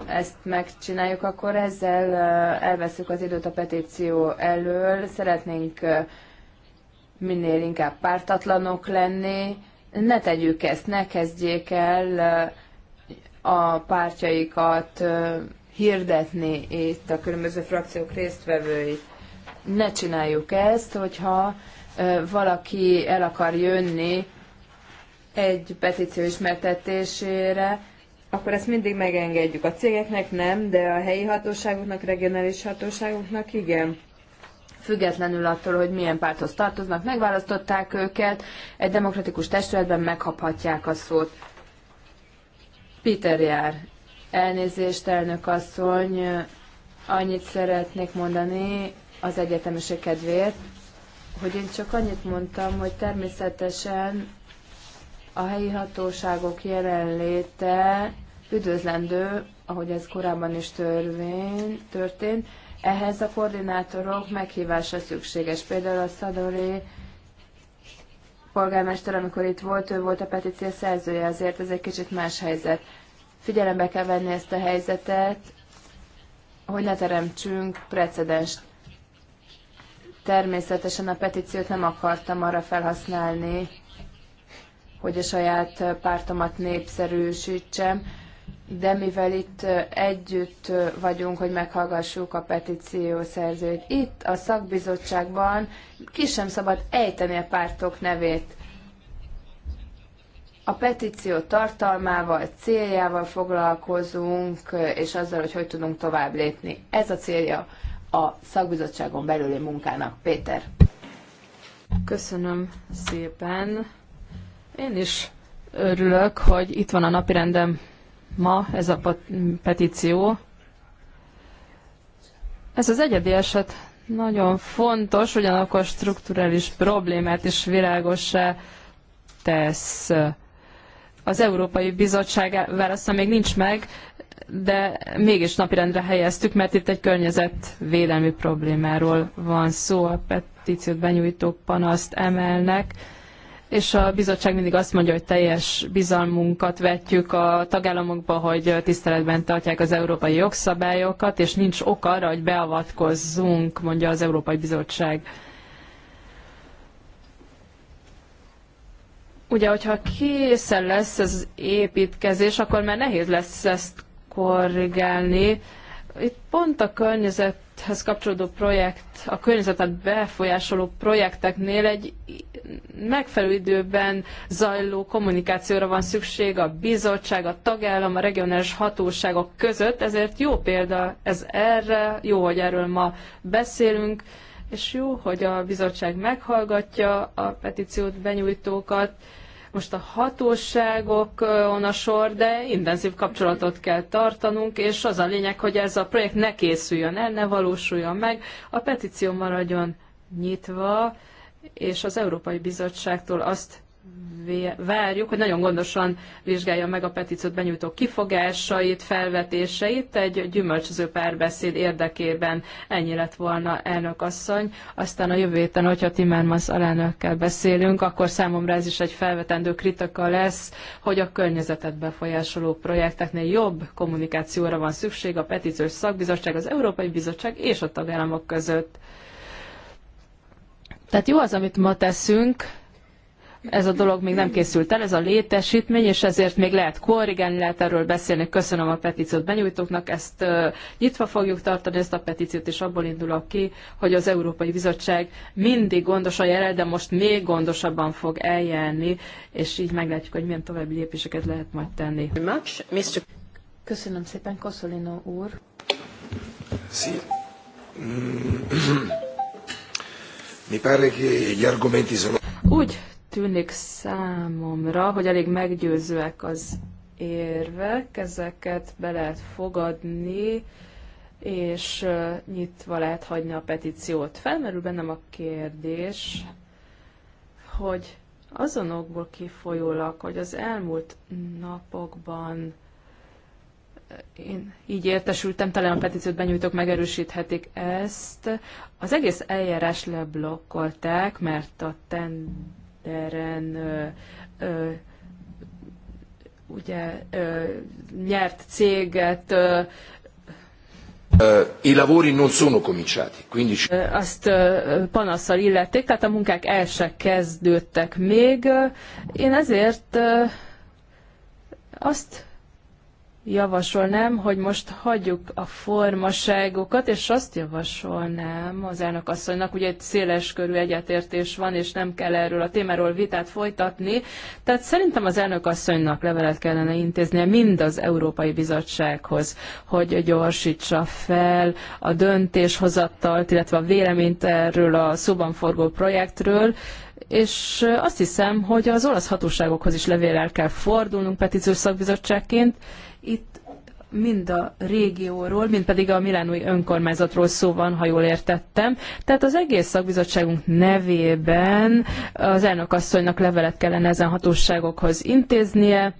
ezt megcsináljuk, akkor ezzel elveszük az időt a petíció elől. Szeretnénk minél inkább pártatlanok lenni. Ne tegyük ezt, ne kezdjék el a pártjaikat hirdetni itt a különböző frakciók résztvevőit ne csináljuk ezt, hogyha valaki el akar jönni egy petíció ismertetésére, akkor ezt mindig megengedjük. A cégeknek nem, de a helyi hatóságoknak, regionális hatóságoknak igen. Függetlenül attól, hogy milyen párthoz tartoznak, megválasztották őket, egy demokratikus testületben megkaphatják a szót. Peter jár. Elnézést, elnök asszony, annyit szeretnék mondani, az egyetemese kedvéért, hogy én csak annyit mondtam, hogy természetesen a helyi hatóságok jelenléte üdvözlendő, ahogy ez korábban is törvény, történt, ehhez a koordinátorok meghívása szükséges. Például a Szadori polgármester, amikor itt volt, ő volt a petíció szerzője, azért ez egy kicsit más helyzet. Figyelembe kell venni ezt a helyzetet, hogy ne teremtsünk precedenst. Természetesen a petíciót nem akartam arra felhasználni, hogy a saját pártomat népszerűsítsem, de mivel itt együtt vagyunk, hogy meghallgassuk a petíció szerzőt, itt a szakbizottságban ki sem szabad ejteni a pártok nevét. A petíció tartalmával, céljával foglalkozunk, és azzal, hogy hogy tudunk tovább lépni. Ez a célja a szakbizottságon belüli munkának. Péter. Köszönöm szépen. Én is örülök, hogy itt van a napirendem ma ez a petíció. Ez az egyedi eset nagyon fontos, ugyanakkor strukturális problémát is világosá tesz. Az Európai Bizottság válasza még nincs meg, de mégis napirendre helyeztük, mert itt egy környezetvédelmi problémáról van szó. A petíciót benyújtók panaszt emelnek, és a bizottság mindig azt mondja, hogy teljes bizalmunkat vetjük a tagállamokba, hogy tiszteletben tartják az európai jogszabályokat, és nincs ok arra, hogy beavatkozzunk, mondja az Európai Bizottság. Ugye, hogyha készen lesz az építkezés, akkor már nehéz lesz ezt korrigálni. Itt pont a környezethez kapcsolódó projekt, a környezetet befolyásoló projekteknél egy megfelelő időben zajló kommunikációra van szükség a bizottság, a tagállam, a regionális hatóságok között, ezért jó példa ez erre, jó, hogy erről ma beszélünk, és jó, hogy a bizottság meghallgatja a petíciót benyújtókat, most a hatóságokon a sor, de intenzív kapcsolatot kell tartanunk, és az a lényeg, hogy ez a projekt ne készüljön el, ne valósuljon meg, a petíció maradjon nyitva, és az Európai Bizottságtól azt várjuk, hogy nagyon gondosan vizsgálja meg a petíciót benyújtó kifogásait, felvetéseit egy gyümölcsöző párbeszéd érdekében. Ennyi lett volna elnök asszony. Aztán a jövő héten, hogyha Timmermans alelnökkel beszélünk, akkor számomra ez is egy felvetendő kritika lesz, hogy a környezetet befolyásoló projekteknél jobb kommunikációra van szükség a petíciós szakbizottság, az Európai Bizottság és a tagállamok között. Tehát jó az, amit ma teszünk, ez a dolog még nem készült el, ez a létesítmény, és ezért még lehet korrigálni, lehet erről beszélni. Köszönöm a petíciót benyújtóknak, ezt nyitva fogjuk tartani, ezt a petíciót, és abból indulok ki, hogy az Európai Bizottság mindig gondosan jel, de most még gondosabban fog eljárni, és így meglátjuk, hogy milyen további lépéseket lehet majd tenni. Köszönöm szépen, Koszolino úr. Mm. Mi pare che gli argomenti sono... Úgy tűnik számomra, hogy elég meggyőzőek az érvek, ezeket be lehet fogadni, és nyitva lehet hagyni a petíciót. Felmerül bennem a kérdés, hogy azonokból kifolyólag, hogy az elmúlt napokban én így értesültem, talán a petíciót benyújtok, megerősíthetik ezt. Az egész eljárás leblokkolták, mert a ten teren ö, ö, ugye ö, nyert céget. Ö, I lavori non sono cominciati, quindi... Azt panaszsal illették, tehát a munkák el se kezdődtek még. Én ezért azt javasolnám, hogy most hagyjuk a formaságokat, és azt javasolnám az elnök asszonynak, ugye egy széles körű egyetértés van, és nem kell erről a témáról vitát folytatni. Tehát szerintem az elnök asszonynak levelet kellene intéznie mind az Európai Bizottsághoz, hogy gyorsítsa fel a döntéshozattalt, illetve a véleményt erről a szóban forgó projektről, és azt hiszem, hogy az olasz hatóságokhoz is levélel kell fordulnunk petíciós szakbizottságként, itt mind a régióról, mind pedig a milánói önkormányzatról szó van, ha jól értettem. Tehát az egész szakbizottságunk nevében az elnökasszonynak levelet kellene ezen hatóságokhoz intéznie,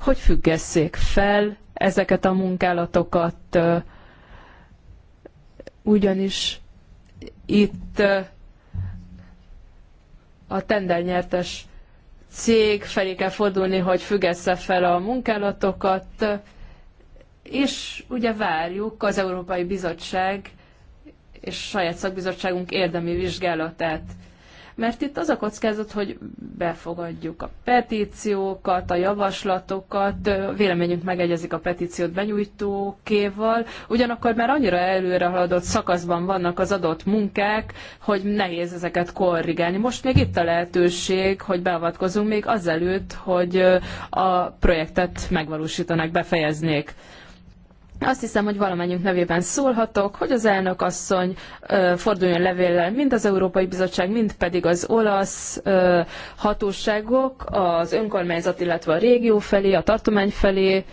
hogy függesszék fel ezeket a munkálatokat, ugyanis itt a tendernyertes cég felé kell fordulni, hogy függessze fel a munkálatokat, és ugye várjuk az Európai Bizottság és saját szakbizottságunk érdemi vizsgálatát. Mert itt az a kockázat, hogy befogadjuk a petíciókat, a javaslatokat, véleményünk megegyezik a petíciót benyújtókéval, ugyanakkor már annyira előre haladott szakaszban vannak az adott munkák, hogy nehéz ezeket korrigálni. Most még itt a lehetőség, hogy beavatkozunk még azelőtt, hogy a projektet megvalósítanak, befejeznék. Azt hiszem, hogy valamennyünk nevében szólhatok, hogy az elnök asszony forduljon levéllel mind az Európai Bizottság, mind pedig az olasz hatóságok, az önkormányzat, illetve a régió felé, a tartomány felé,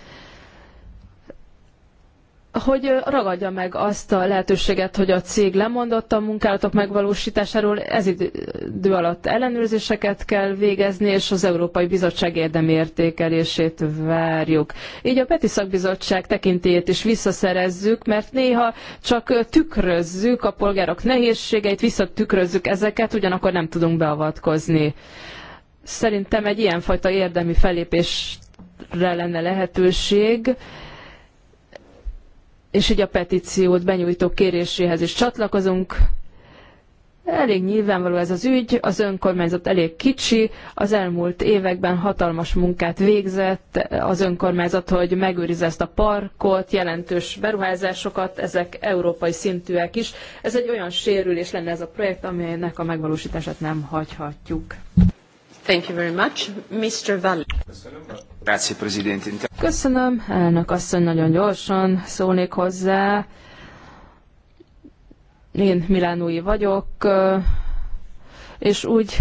hogy ragadja meg azt a lehetőséget, hogy a cég lemondott a munkálatok megvalósításáról, ez idő alatt ellenőrzéseket kell végezni, és az Európai Bizottság érdemértékelését várjuk. Így a Peti Szakbizottság tekintélyét is visszaszerezzük, mert néha csak tükrözzük a polgárok nehézségeit, visszatükrözzük ezeket, ugyanakkor nem tudunk beavatkozni. Szerintem egy ilyenfajta érdemi felépésre lenne lehetőség, és így a petíciót benyújtók kéréséhez is csatlakozunk. Elég nyilvánvaló ez az ügy, az önkormányzat elég kicsi, az elmúlt években hatalmas munkát végzett az önkormányzat, hogy megőrizze ezt a parkot, jelentős beruházásokat, ezek európai szintűek is. Ez egy olyan sérülés lenne ez a projekt, amelynek a megvalósítását nem hagyhatjuk. Köszönöm, elnök asszony, nagyon gyorsan szólnék hozzá. Én Milánói vagyok, és úgy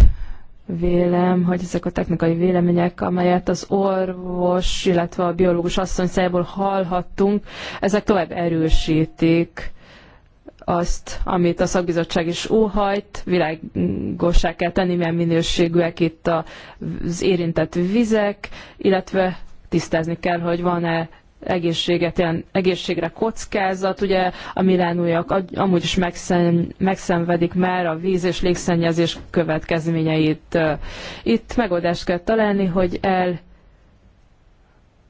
vélem, hogy ezek a technikai vélemények, amelyet az orvos, illetve a biológus asszony szájából hallhattunk, ezek tovább erősítik azt, amit a szakbizottság is óhajt, világossá kell tenni, milyen minőségűek itt az érintett vizek, illetve tisztázni kell, hogy van-e egészséget, ilyen egészségre kockázat, ugye a milánóiak amúgy is megszen, megszenvedik már a víz és légszennyezés következményeit. Itt megoldást kell találni, hogy el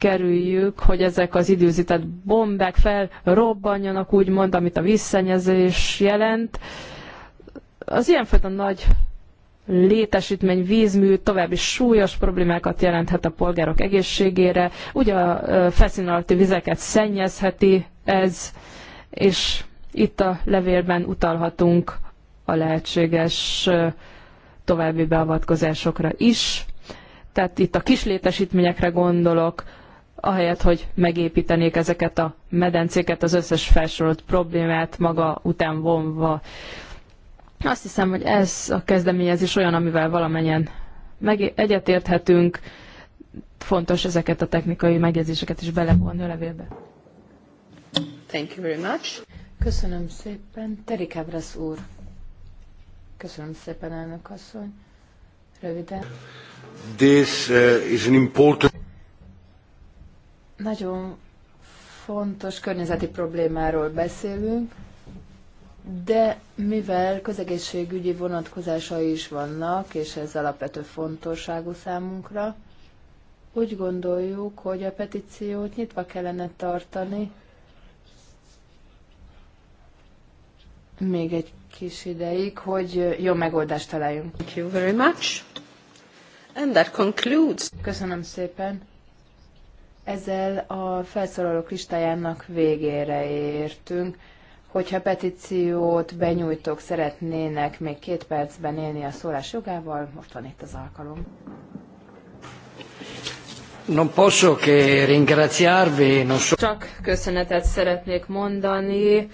kerüljük, hogy ezek az időzített bombák felrobbanjanak, úgymond, amit a visszanyezés jelent. Az ilyenfajta nagy létesítmény, vízmű további súlyos problémákat jelenthet a polgárok egészségére. Ugye a felszín alatti vizeket szennyezheti ez, és itt a levélben utalhatunk a lehetséges további beavatkozásokra is. Tehát itt a kis létesítményekre gondolok, ahelyett, hogy megépítenék ezeket a medencéket, az összes felsorolt problémát maga után vonva. Azt hiszem, hogy ez a kezdeményezés olyan, amivel valamennyien meg egyetérthetünk, fontos ezeket a technikai megjegyzéseket is belevonni a levélbe. Thank you very much. Köszönöm szépen. Teri úr. Köszönöm szépen, elnök asszony. Röviden. This uh, is an important... Nagyon fontos környezeti problémáról beszélünk, de mivel közegészségügyi vonatkozásai is vannak, és ez alapvető fontosságú számunkra, úgy gondoljuk, hogy a petíciót nyitva kellene tartani még egy kis ideig, hogy jó megoldást találjunk. Thank you very much. And that concludes. Köszönöm szépen. Ezzel a felszólalók listájának végére értünk. Hogyha petíciót benyújtók szeretnének még két percben élni a szólás jogával, most van itt az alkalom. Non posso che ringraziarvi, non so... Csak köszönetet szeretnék mondani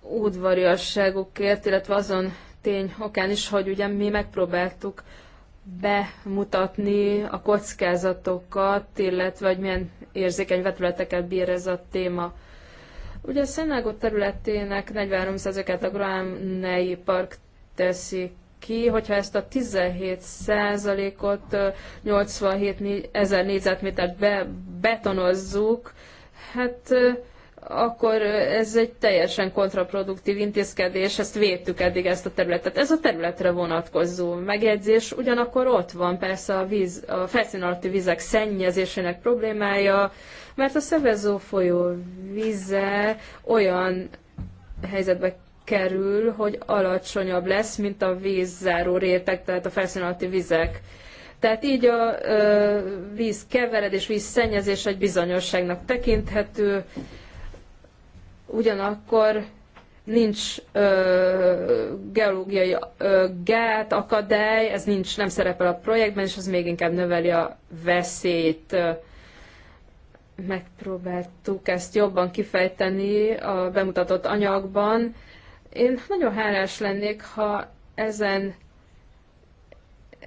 udvariasságukért, illetve azon tény okán is, hogy ugye mi megpróbáltuk bemutatni a kockázatokat, illetve hogy milyen érzékeny vetületeket bír ez a téma. Ugye a Szenágot területének 43%-át a Nei Park teszi ki, hogyha ezt a 17 százalékot 87 ezer négyzetmétert be, betonozzuk, hát akkor ez egy teljesen kontraproduktív intézkedés, ezt védtük eddig ezt a területet. Ez a területre vonatkozó megjegyzés, ugyanakkor ott van persze a, víz, a felszín alatti vizek szennyezésének problémája, mert a Szevezó folyó vize olyan helyzetbe kerül, hogy alacsonyabb lesz, mint a vízzáró réteg, tehát a felszín alatti vizek. Tehát így a ö, víz keveredés, víz szennyezés egy bizonyosságnak tekinthető, ugyanakkor nincs ö, geológiai ö, gát, akadály, ez nincs, nem szerepel a projektben, és ez még inkább növeli a veszélyt. Megpróbáltuk ezt jobban kifejteni a bemutatott anyagban. Én nagyon hálás lennék, ha ezen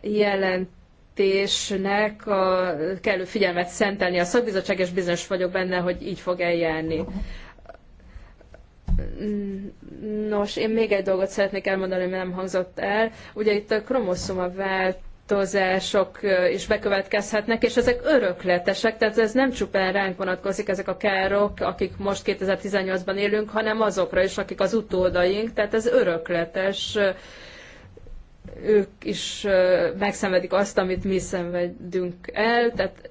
jelentésnek a kellő figyelmet szentelni a szakbizottság, és bizonyos vagyok benne, hogy így fog eljárni. Nos, én még egy dolgot szeretnék elmondani, mert nem hangzott el. Ugye itt a kromoszoma vált változások is bekövetkezhetnek, és ezek örökletesek, tehát ez nem csupán ránk vonatkozik ezek a károk, akik most 2018-ban élünk, hanem azokra is, akik az utódaink, tehát ez örökletes, ők is megszenvedik azt, amit mi szenvedünk el, tehát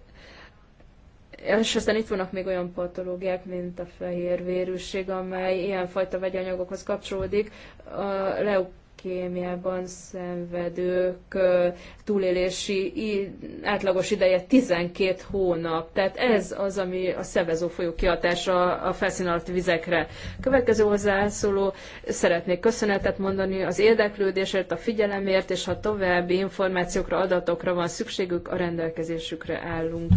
és aztán itt vannak még olyan patológiák, mint a fehér vérűség, amely ilyenfajta vegyanyagokhoz kapcsolódik. A leukémiában szenvedők túlélési átlagos ideje 12 hónap. Tehát ez az, ami a szervező folyó kihatása a felszín alatti vizekre. Következő hozzászóló, szeretnék köszönetet mondani az érdeklődésért, a figyelemért, és ha további információkra, adatokra van szükségük, a rendelkezésükre állunk.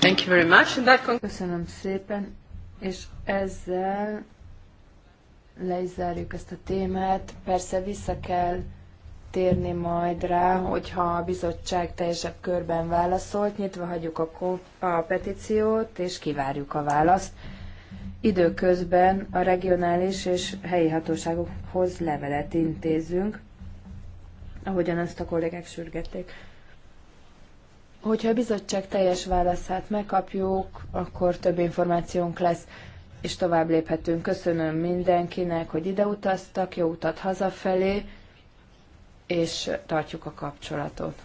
Thank you very much. That Köszönöm szépen, és ezzel le is zárjuk ezt a témát. Persze vissza kell térni majd rá, hogyha a bizottság teljesebb körben válaszolt, nyitva hagyjuk a, a petíciót, és kivárjuk a választ. Időközben a regionális és helyi hatóságokhoz levelet intézünk, ahogyan ezt a kollégák sürgették. Hogyha a bizottság teljes válaszát megkapjuk, akkor több információnk lesz, és tovább léphetünk. Köszönöm mindenkinek, hogy ide utaztak, jó utat hazafelé, és tartjuk a kapcsolatot.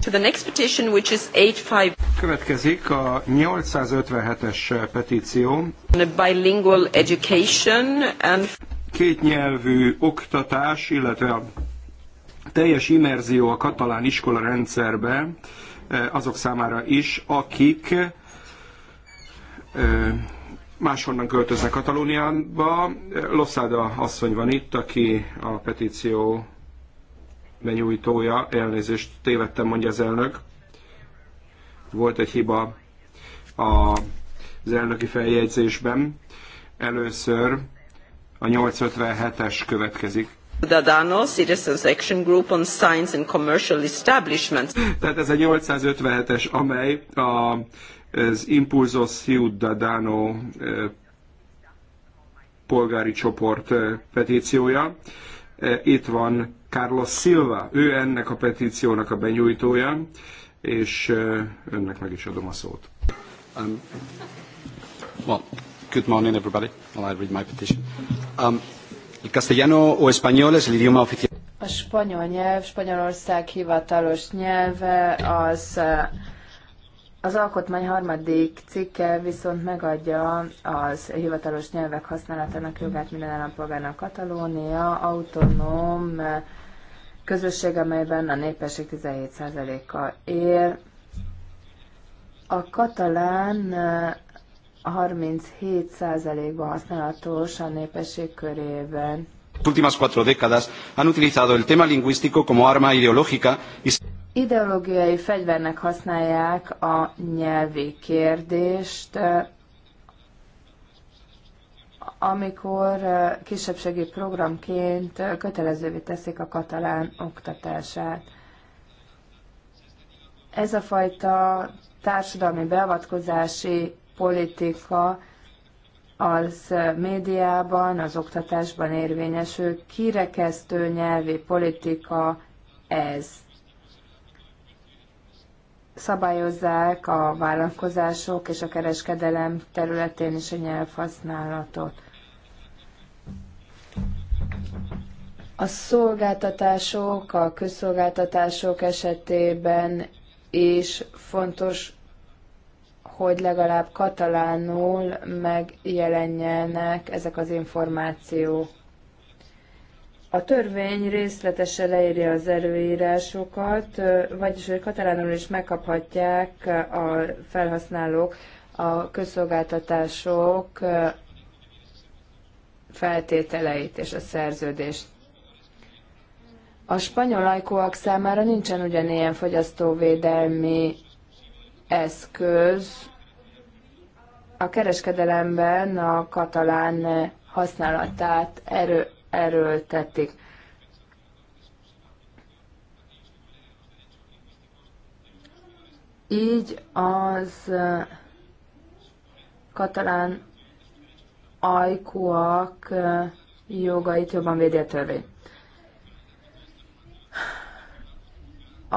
To the next petition, which is 85. Következik a 857-es petíció. A Bilingual education and... Kétnyelvű oktatás, illetve a teljes immerzió a katalán iskola rendszerbe eh, azok számára is, akik eh, máshonnan költöznek Katalóniába. Losszáda asszony van itt, aki a petíció benyújtója, elnézést tévedtem, mondja az elnök. Volt egy hiba az elnöki feljegyzésben. Először a 857-es következik. Dadano, Citizens Action Group on Science and Commercial Establishments. Tehát ez a 857-es, amely a, az Impulso Ciudadano polgári csoport petíciója. Itt van Carlos Silva, ő ennek a petíciónak a benyújtója, és önnek meg is adom a szót. Um, well, good morning everybody. I'll read my petition. Um, el castellano o español es el idioma oficial. A spanyol nyelv, Spanyolország hivatalos nyelve az az alkotmány harmadik cikke viszont megadja az hivatalos nyelvek használatának jogát minden állampolgárnak Katalónia, autonóm közösség, amelyben a népesség 17%-a él. A katalán 37%-ban használatos a népesség körében. Últimas cuatro décadas han utilizado el tema lingüístico como arma ideológica y ideológiai fegyvernek használják a nyelvi kérdést, eh, amikor eh, kisebbségi programként eh, kötelezővé teszik a katalán oktatását. Ez a fajta társadalmi beavatkozási politika az médiában, az oktatásban érvényesül, kirekesztő nyelvi politika ez. Szabályozzák a vállalkozások és a kereskedelem területén is a nyelvhasználatot. A szolgáltatások, a közszolgáltatások esetében is fontos hogy legalább katalánul megjelenjenek ezek az információk. A törvény részletesen leírja az előírásokat, vagyis hogy katalánul is megkaphatják a felhasználók a közszolgáltatások feltételeit és a szerződést. A spanyol ajkóak számára nincsen ugyanilyen fogyasztóvédelmi eszköz a kereskedelemben a katalán használatát erő, erőltetik. Így az katalán ajkúak jogait jobban védi a törvény.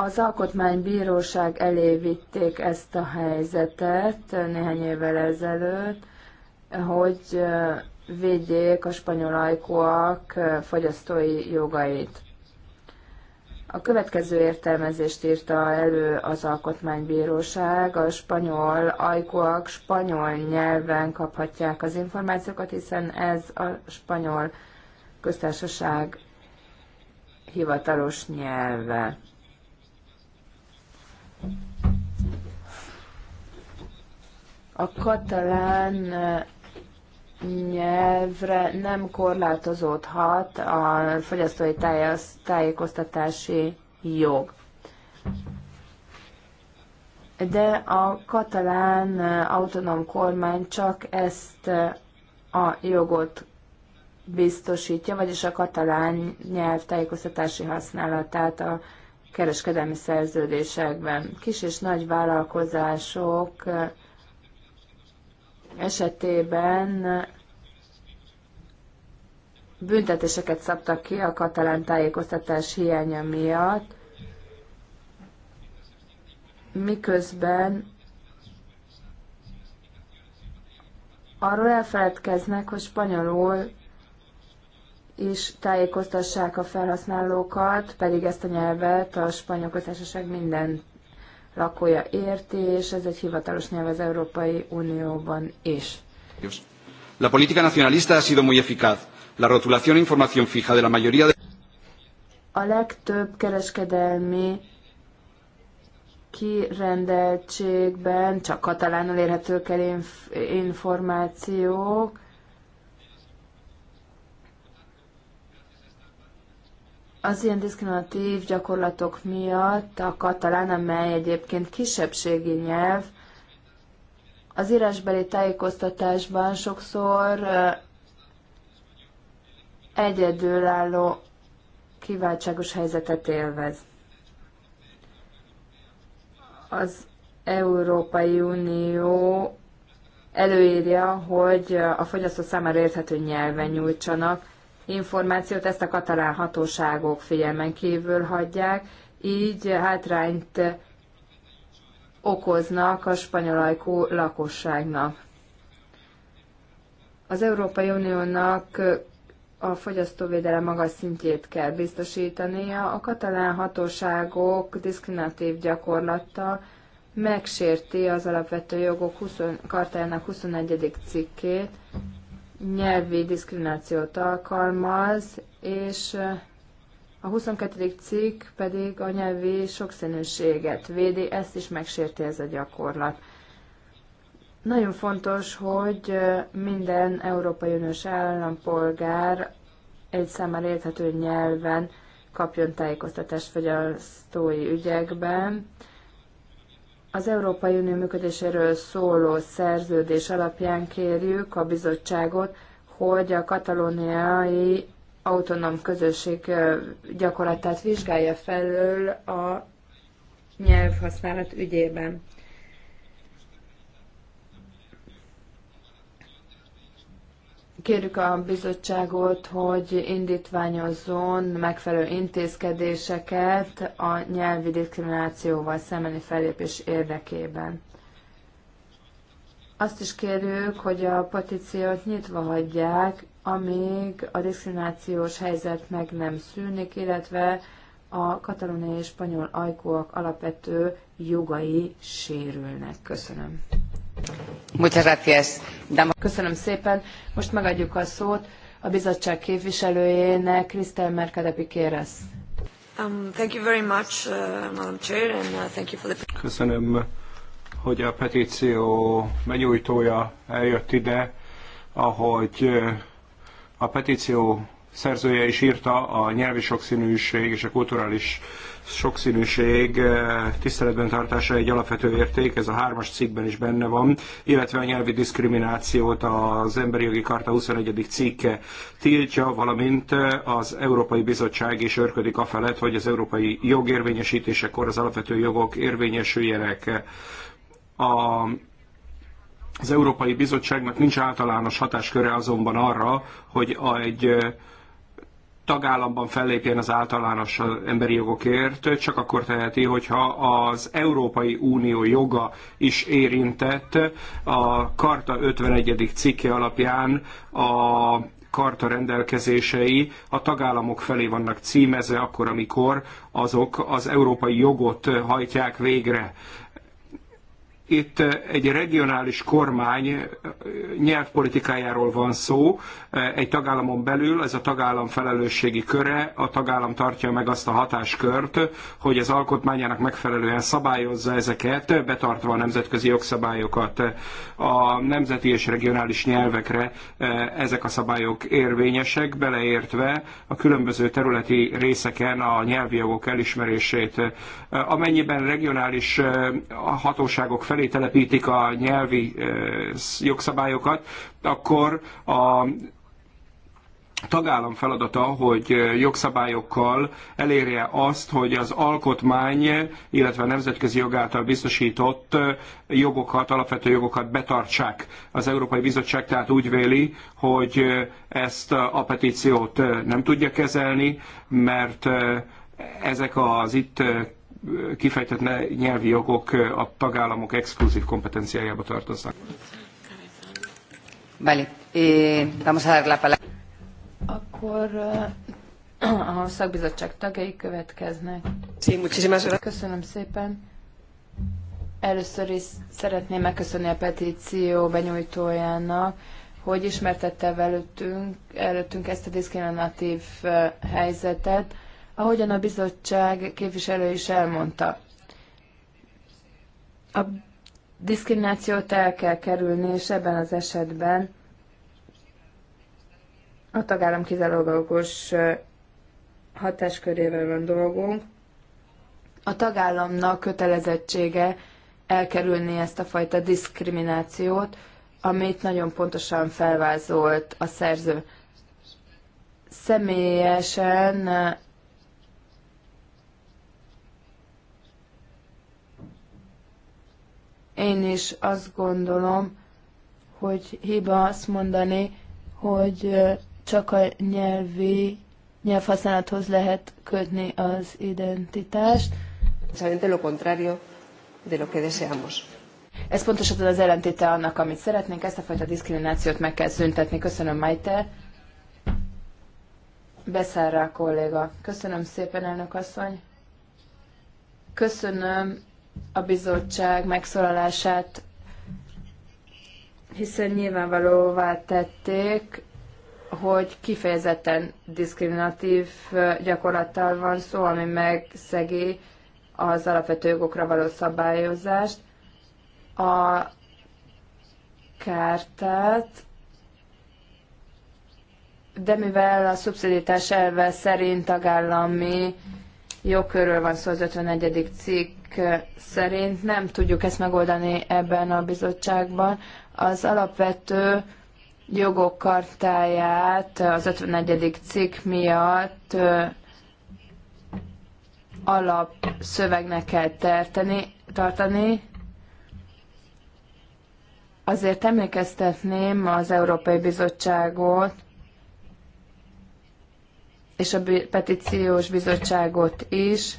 Az alkotmánybíróság elé vitték ezt a helyzetet néhány évvel ezelőtt, hogy védjék a spanyol ajkóak fogyasztói jogait. A következő értelmezést írta elő az Alkotmánybíróság. A spanyol ajkóak spanyol nyelven kaphatják az információkat, hiszen ez a spanyol köztársaság hivatalos nyelve. A katalán eh, nyelvre nem korlátozódhat a fogyasztói tájékoztatási jog. De a katalán eh, autonóm kormány csak ezt eh, a jogot biztosítja, vagyis a katalán nyelv tájékoztatási használatát a kereskedelmi szerződésekben. Kis és nagy vállalkozások esetében büntetéseket szabtak ki a katalán tájékoztatás hiánya miatt, miközben arról elfeledkeznek, hogy spanyolul és tájékoztassák a felhasználókat, pedig ezt a nyelvet a spanyol köztársaság minden lakója érti, és ez egy hivatalos nyelv az Európai Unióban is. La política nacionalista ha sido muy eficaz. La rotulación e información fija de la mayoría de... A legtöbb kereskedelmi kirendeltségben csak katalánul érhetők el inf- információk, az ilyen diszkriminatív gyakorlatok miatt a katalán, amely egyébként kisebbségi nyelv, az írásbeli tájékoztatásban sokszor egyedülálló kiváltságos helyzetet élvez. Az Európai Unió előírja, hogy a fogyasztó számára érthető nyelven nyújtsanak információt, ezt a katalán hatóságok figyelmen kívül hagyják, így hátrányt okoznak a spanyolajkú lakosságnak. Az Európai Uniónak a fogyasztóvédelem magas szintjét kell biztosítania, a katalán hatóságok diszkriminatív gyakorlata megsérti az alapvető jogok 20, kartájának 21. cikkét, nyelvi diszkriminációt alkalmaz, és a 22. cikk pedig a nyelvi sokszínűséget védi, ezt is megsérti ez a gyakorlat. Nagyon fontos, hogy minden Európai Uniós állampolgár egy számára érthető nyelven kapjon tájékoztatást fogyasztói ügyekben. Az Európai Unió működéséről szóló szerződés alapján kérjük a bizottságot, hogy a katalóniai autonóm közösség gyakorlatát vizsgálja felől a nyelvhasználat ügyében. kérjük a bizottságot, hogy indítványozzon megfelelő intézkedéseket a nyelvi diszkriminációval szembeni fellépés érdekében. Azt is kérjük, hogy a petíciót nyitva hagyják, amíg a diszkriminációs helyzet meg nem szűnik, illetve a katalóniai és spanyol ajkóak alapvető jogai sérülnek. Köszönöm. Köszönöm szépen. Most megadjuk a szót a bizottság képviselőjének, Krisztel Merkadepi Kéresz. Um, thank you very much, uh, Madam Chair, and uh, thank you for the... Köszönöm, hogy a petíció benyújtója eljött ide, ahogy uh, a petíció szerzője is írta, a nyelvi sokszínűség és a kulturális sokszínűség eh, tiszteletben tartása egy alapvető érték, ez a hármas cikkben is benne van, illetve a nyelvi diszkriminációt az Emberi Jogi Karta 21. cikke tiltja, valamint eh, az Európai Bizottság is örködik afelett, hogy az európai jog érvényesítésekor az alapvető jogok érvényesüljenek. A az Európai Bizottságnak nincs általános hatásköre azonban arra, hogy egy eh, tagállamban fellépjen az általános emberi jogokért, csak akkor teheti, hogyha az Európai Unió joga is érintett a Karta 51. cikke alapján a karta rendelkezései a tagállamok felé vannak címezve akkor, amikor azok az európai jogot hajtják végre. Itt eh, egy regionális kormány eh, nyelvpolitikájáról van szó, eh, egy tagállamon belül ez a tagállam felelősségi köre, a tagállam tartja meg azt a hatáskört, hogy az alkotmányának megfelelően szabályozza ezeket, betartva a nemzetközi jogszabályokat a nemzeti és regionális nyelvekre ezek a szabályok érvényesek, beleértve a különböző területi részeken a nyelvi jogok elismerését. Amennyiben regionális hatóságok felé elé telepítik a nyelvi jogszabályokat, akkor a tagállam feladata, hogy jogszabályokkal elérje azt, hogy az alkotmány, illetve a nemzetközi jog által biztosított jogokat, alapvető jogokat betartsák. Az Európai Bizottság tehát úgy véli, hogy ezt a petíciót nem tudja kezelni, mert ezek az itt kifejtett nyelvi jogok a tagállamok exkluzív kompetenciájába tartoznak. Vale, eh, vamos a dar la palabra. Akkor a szakbizottság tagjai következnek. Sí, Köszönöm szépen. Először is szeretném megköszönni a petíció benyújtójának, hogy ismertette velőttünk, előttünk ezt a diszkriminatív helyzetet ahogyan a bizottság képviselő is elmondta. A diszkriminációt el kell kerülni, és ebben az esetben a tagállam kizárólagos hatáskörével van dolgunk. A tagállamnak kötelezettsége elkerülni ezt a fajta diszkriminációt, amit nagyon pontosan felvázolt a szerző. Személyesen Én is azt gondolom, hogy hiba azt mondani, hogy csak a nyelvi nyelvhasználathoz lehet kötni az identitást. Precisamente lo contrario de lo que deseamos. Ez pontosan az ellentéte annak, amit szeretnénk, ezt a fajta diszkriminációt meg kell szüntetni. Köszönöm, Majte. Beszáll rá, kolléga. Köszönöm szépen, elnök asszony. Köszönöm a bizottság megszólalását, hiszen nyilvánvalóvá tették, hogy kifejezetten diszkriminatív gyakorlattal van szó, ami megszegi az alapvető jogokra való szabályozást. A kártát, de mivel a szubszidítás elve szerint tagállami jogkörről van szó az 51. cikk véleményünk eh, szerint nem tudjuk ezt megoldani ebben a bizottságban. Az alapvető jogok kartáját az 51. cikk miatt eh, alapszövegnek kell terteni, tartani. Azért emlékeztetném az Európai Bizottságot és a Petíciós Bizottságot is,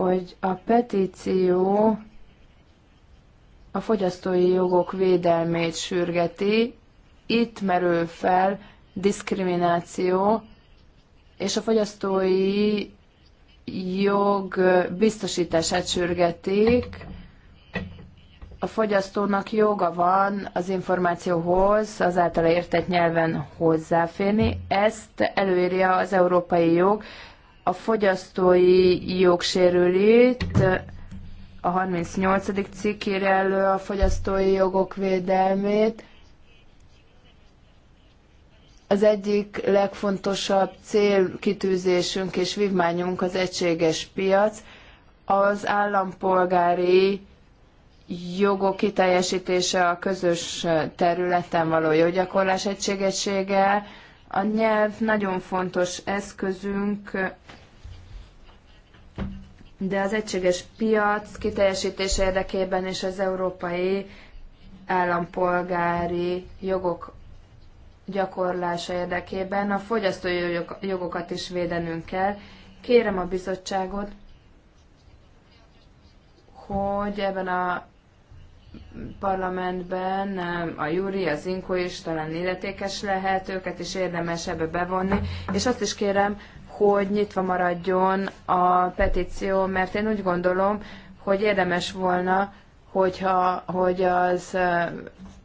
hogy a petíció a fogyasztói jogok védelmét sürgeti, itt merül fel diszkrimináció, és a fogyasztói jog biztosítását sürgetik. A fogyasztónak joga van az információhoz, az általa értett nyelven hozzáférni. Ezt előírja az európai jog, a fogyasztói jogsérülét, a 38. cikk írja elő a fogyasztói jogok védelmét. Az egyik legfontosabb célkitűzésünk és vívmányunk az egységes piac, az állampolgári jogok kiteljesítése a közös területen való joggyakorlás egységessége, a nyelv nagyon fontos eszközünk, de az egységes piac kiteljesítése érdekében és az európai állampolgári jogok gyakorlása érdekében a fogyasztói jogokat is védenünk kell. Kérem a bizottságot, hogy ebben a parlamentben a Júri, az Inko is talán illetékes lehet, őket is érdemes ebbe bevonni, és azt is kérem, hogy nyitva maradjon a petíció, mert én úgy gondolom, hogy érdemes volna, hogyha, hogy az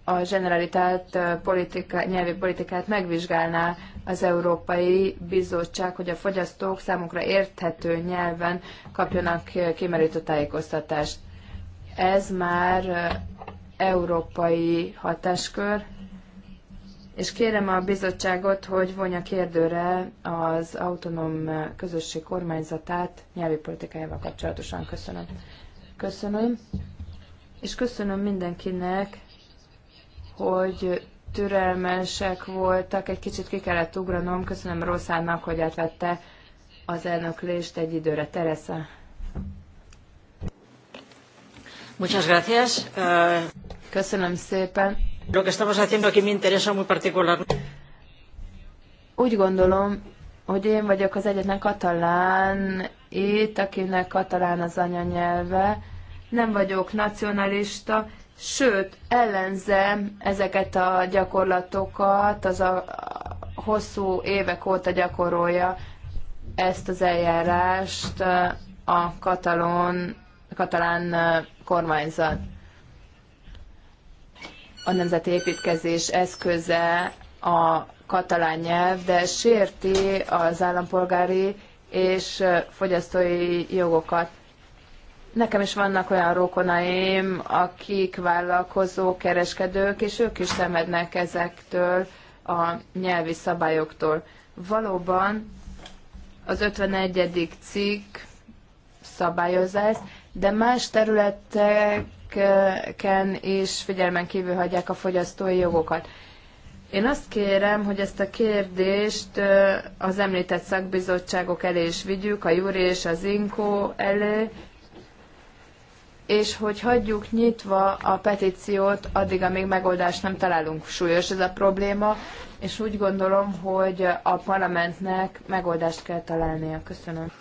a generalitált politika, nyelvi politikát megvizsgálná az Európai Bizottság, hogy a fogyasztók számukra érthető nyelven kapjanak kimerítő tájékoztatást ez már európai hatáskör, és kérem a bizottságot, hogy vonja kérdőre az autonóm közösség kormányzatát nyelvi politikájával kapcsolatosan. Köszönöm. Köszönöm. És köszönöm mindenkinek, hogy türelmesek voltak, egy kicsit ki kellett ugranom. Köszönöm Rosszának, hogy átvette az elnöklést egy időre. Teresa. Muchas gracias. Eh, Köszönöm szépen. Lo que estamos haciendo aquí me interesa muy particular. Úgy gondolom, hogy én vagyok az egyetlen katalán itt, akinek katalán az anyanyelve. Nem vagyok nacionalista, sőt, ellenzem ezeket a gyakorlatokat, az a hosszú évek óta gyakorolja ezt az eljárást a katalon katalán kormányzat. A nemzeti építkezés eszköze a katalán nyelv, de sérti az állampolgári és fogyasztói jogokat. Nekem is vannak olyan rokonaim, akik vállalkozó kereskedők, és ők is szenvednek ezektől a nyelvi szabályoktól. Valóban az 51. cikk szabályozza de más területeken is figyelmen kívül hagyják a fogyasztói jogokat. Én azt kérem, hogy ezt a kérdést az említett szakbizottságok elé is vigyük, a Júri és az Inkó elé, és hogy hagyjuk nyitva a petíciót addig, amíg megoldást nem találunk. Súlyos ez a probléma, és úgy gondolom, hogy a parlamentnek megoldást kell találnia. Köszönöm.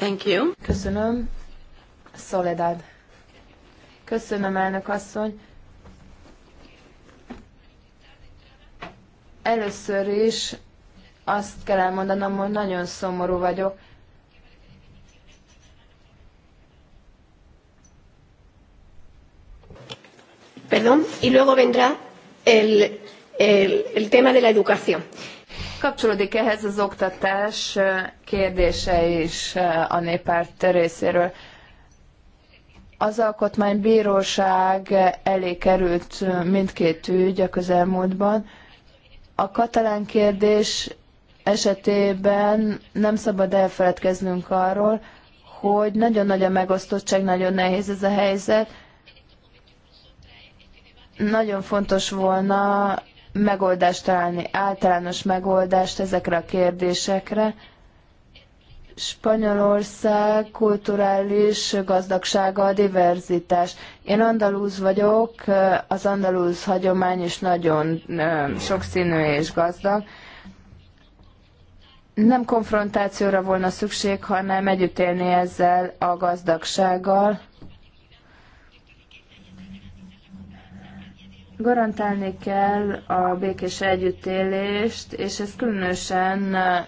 Thank you. Köszönöm. Soledad. Köszönöm, elnök asszony. Először is azt kell elmondanom, hogy nagyon szomorú vagyok. Perdón, y luego vendrá el, el, el tema de la educación. Kapcsolódik ehhez az oktatás kérdése is a néppárt részéről. Az alkotmánybíróság elé került mindkét ügy a közelmúltban. A katalán kérdés esetében nem szabad elfeledkeznünk arról, hogy nagyon nagy a megosztottság, nagyon nehéz ez a helyzet. Nagyon fontos volna megoldást találni, általános megoldást ezekre a kérdésekre. Spanyolország kulturális gazdagsága a diverzitás. Én andalúz vagyok, az andalúz hagyomány is nagyon sokszínű és gazdag. Nem konfrontációra volna szükség, hanem együtt élni ezzel a gazdagsággal. Garantálni kell a békés együttélést, és ez különösen eh,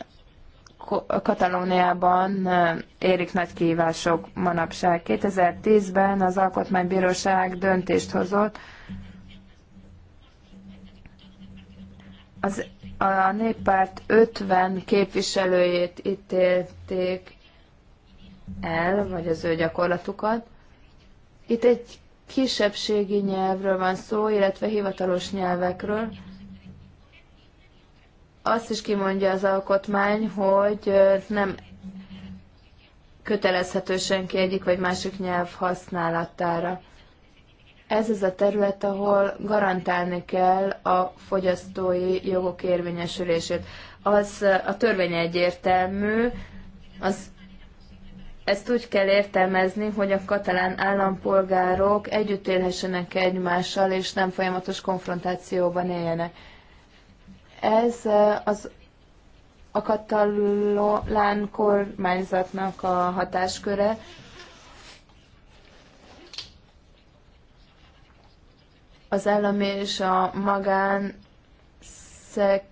Katalóniában eh, érik nagy kihívások manapság. 2010-ben az Alkotmánybíróság döntést hozott, az, a néppárt 50 képviselőjét ítélték el, vagy az ő gyakorlatukat. Itt egy kisebbségi nyelvről van szó, illetve hivatalos nyelvekről. Azt is kimondja az alkotmány, hogy nem kötelezhető senki egyik vagy másik nyelv használatára. Ez az a terület, ahol garantálni kell a fogyasztói jogok érvényesülését. Az a törvény egyértelmű, az ezt úgy kell értelmezni, hogy a katalán állampolgárok együtt élhessenek egymással, és nem folyamatos konfrontációban éljenek. Ez az a katalán kormányzatnak a hatásköre. Az állam és a magán szek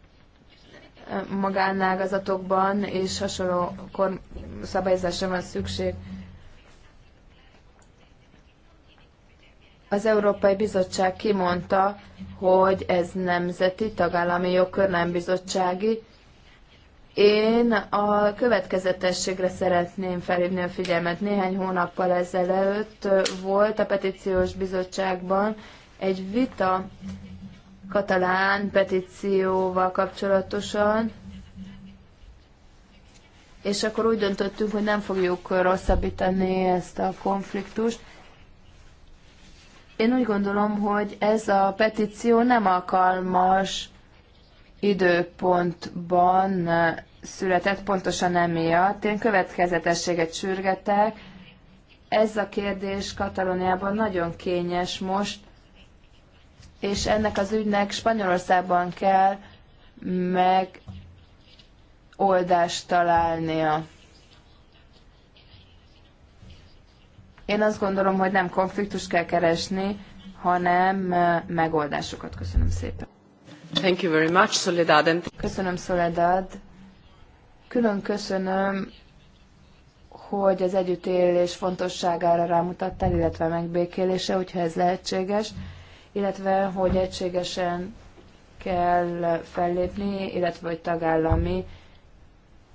magánágazatokban és hasonló szabályozásra van szükség. Az Európai Bizottság kimondta, hogy ez nemzeti, tagállami jogkör, nem bizottsági. Én a következetességre szeretném felhívni a figyelmet. Néhány hónappal ezelőtt volt a petíciós bizottságban egy vita katalán petícióval kapcsolatosan, és akkor úgy döntöttünk, hogy nem fogjuk rosszabbítani ezt a konfliktust. Én úgy gondolom, hogy ez a petíció nem alkalmas időpontban született, pontosan emiatt. Én következetességet sürgetek. Ez a kérdés Katalóniában nagyon kényes most, és ennek az ügynek Spanyolországban kell megoldást találnia. Én azt gondolom, hogy nem konfliktus kell keresni, hanem megoldásokat. Köszönöm szépen. Thank you very much, Soledad. Köszönöm, Soledad. Külön köszönöm, hogy az együttélés fontosságára rámutattál, illetve megbékélése, hogyha ez lehetséges illetve hogy egységesen kell fellépni, illetve hogy tagállami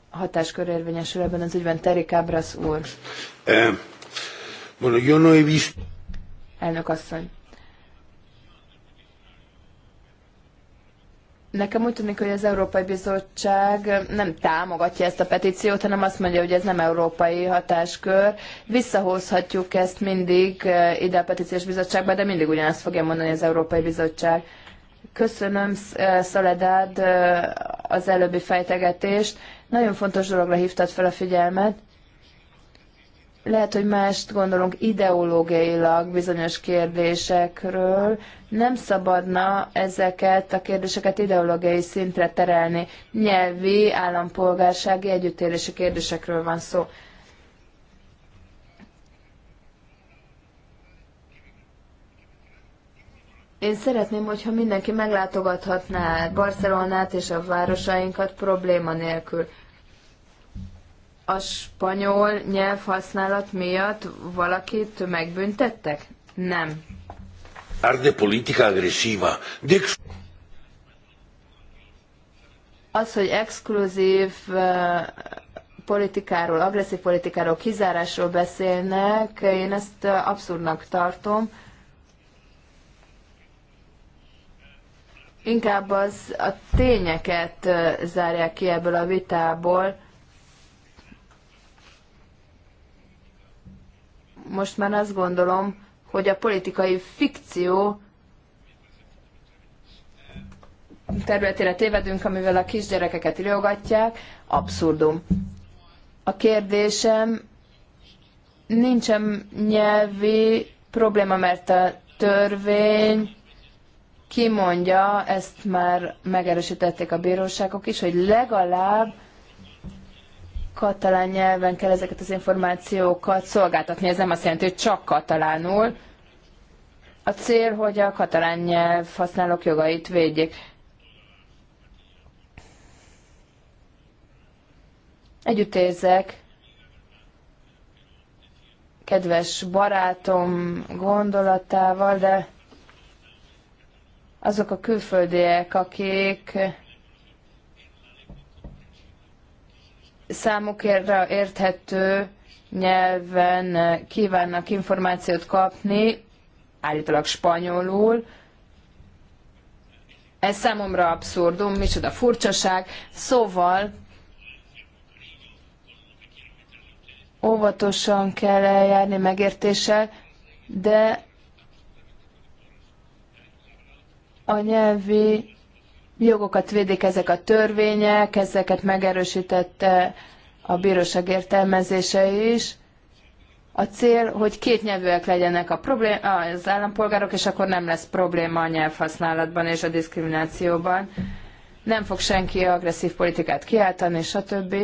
hatáskör érvényesül ebben az ügyben. Terry Cabras úr. Eh, bueno, yo no he visto... Elnök asszony. Nekem úgy tűnik, hogy az Európai Bizottság nem támogatja ezt a petíciót, hanem azt mondja, hogy ez nem európai hatáskör. Visszahozhatjuk ezt mindig eh, ide a petíciós bizottságba, de mindig ugyanazt fogja mondani az Európai Bizottság. Köszönöm, Szoledád, eh, eh, az előbbi fejtegetést. Nagyon fontos dologra hívtad fel a figyelmet lehet, hogy mást gondolunk ideológiailag bizonyos kérdésekről, nem szabadna ezeket a kérdéseket ideológiai szintre terelni. Nyelvi, állampolgársági, együttélési kérdésekről van szó. Én szeretném, hogyha mindenki meglátogathatná Barcelonát és a városainkat probléma nélkül a spanyol nyelvhasználat miatt valakit megbüntettek? Nem. Arde politika agresíva. Az, hogy exkluzív politikáról, agresszív politikáról, kizárásról beszélnek, én ezt abszurdnak tartom. Inkább az a tényeket zárják ki ebből a vitából, most már azt gondolom, hogy a politikai fikció területére tévedünk, amivel a kisgyerekeket riogatják, abszurdum. A kérdésem, nincsen nyelvi probléma, mert a törvény kimondja, ezt már megerősítették a bíróságok is, hogy legalább katalán nyelven kell ezeket az információkat szolgáltatni. Ez nem azt jelenti, hogy csak katalánul. A cél, hogy a katalán nyelv használók jogait védjék. Együtt érzek kedves barátom gondolatával, de azok a külföldiek, akik számukra érthető nyelven kívánnak információt kapni, állítólag spanyolul. Ez számomra abszurdum, micsoda furcsaság. Szóval óvatosan kell eljárni megértéssel, de a nyelvi jogokat védik ezek a törvények, ezeket megerősítette a bíróság értelmezése is. A cél, hogy két nyelvűek legyenek a problém, az állampolgárok, és akkor nem lesz probléma a nyelvhasználatban és a diszkriminációban. Nem fog senki agresszív politikát kiáltani, stb.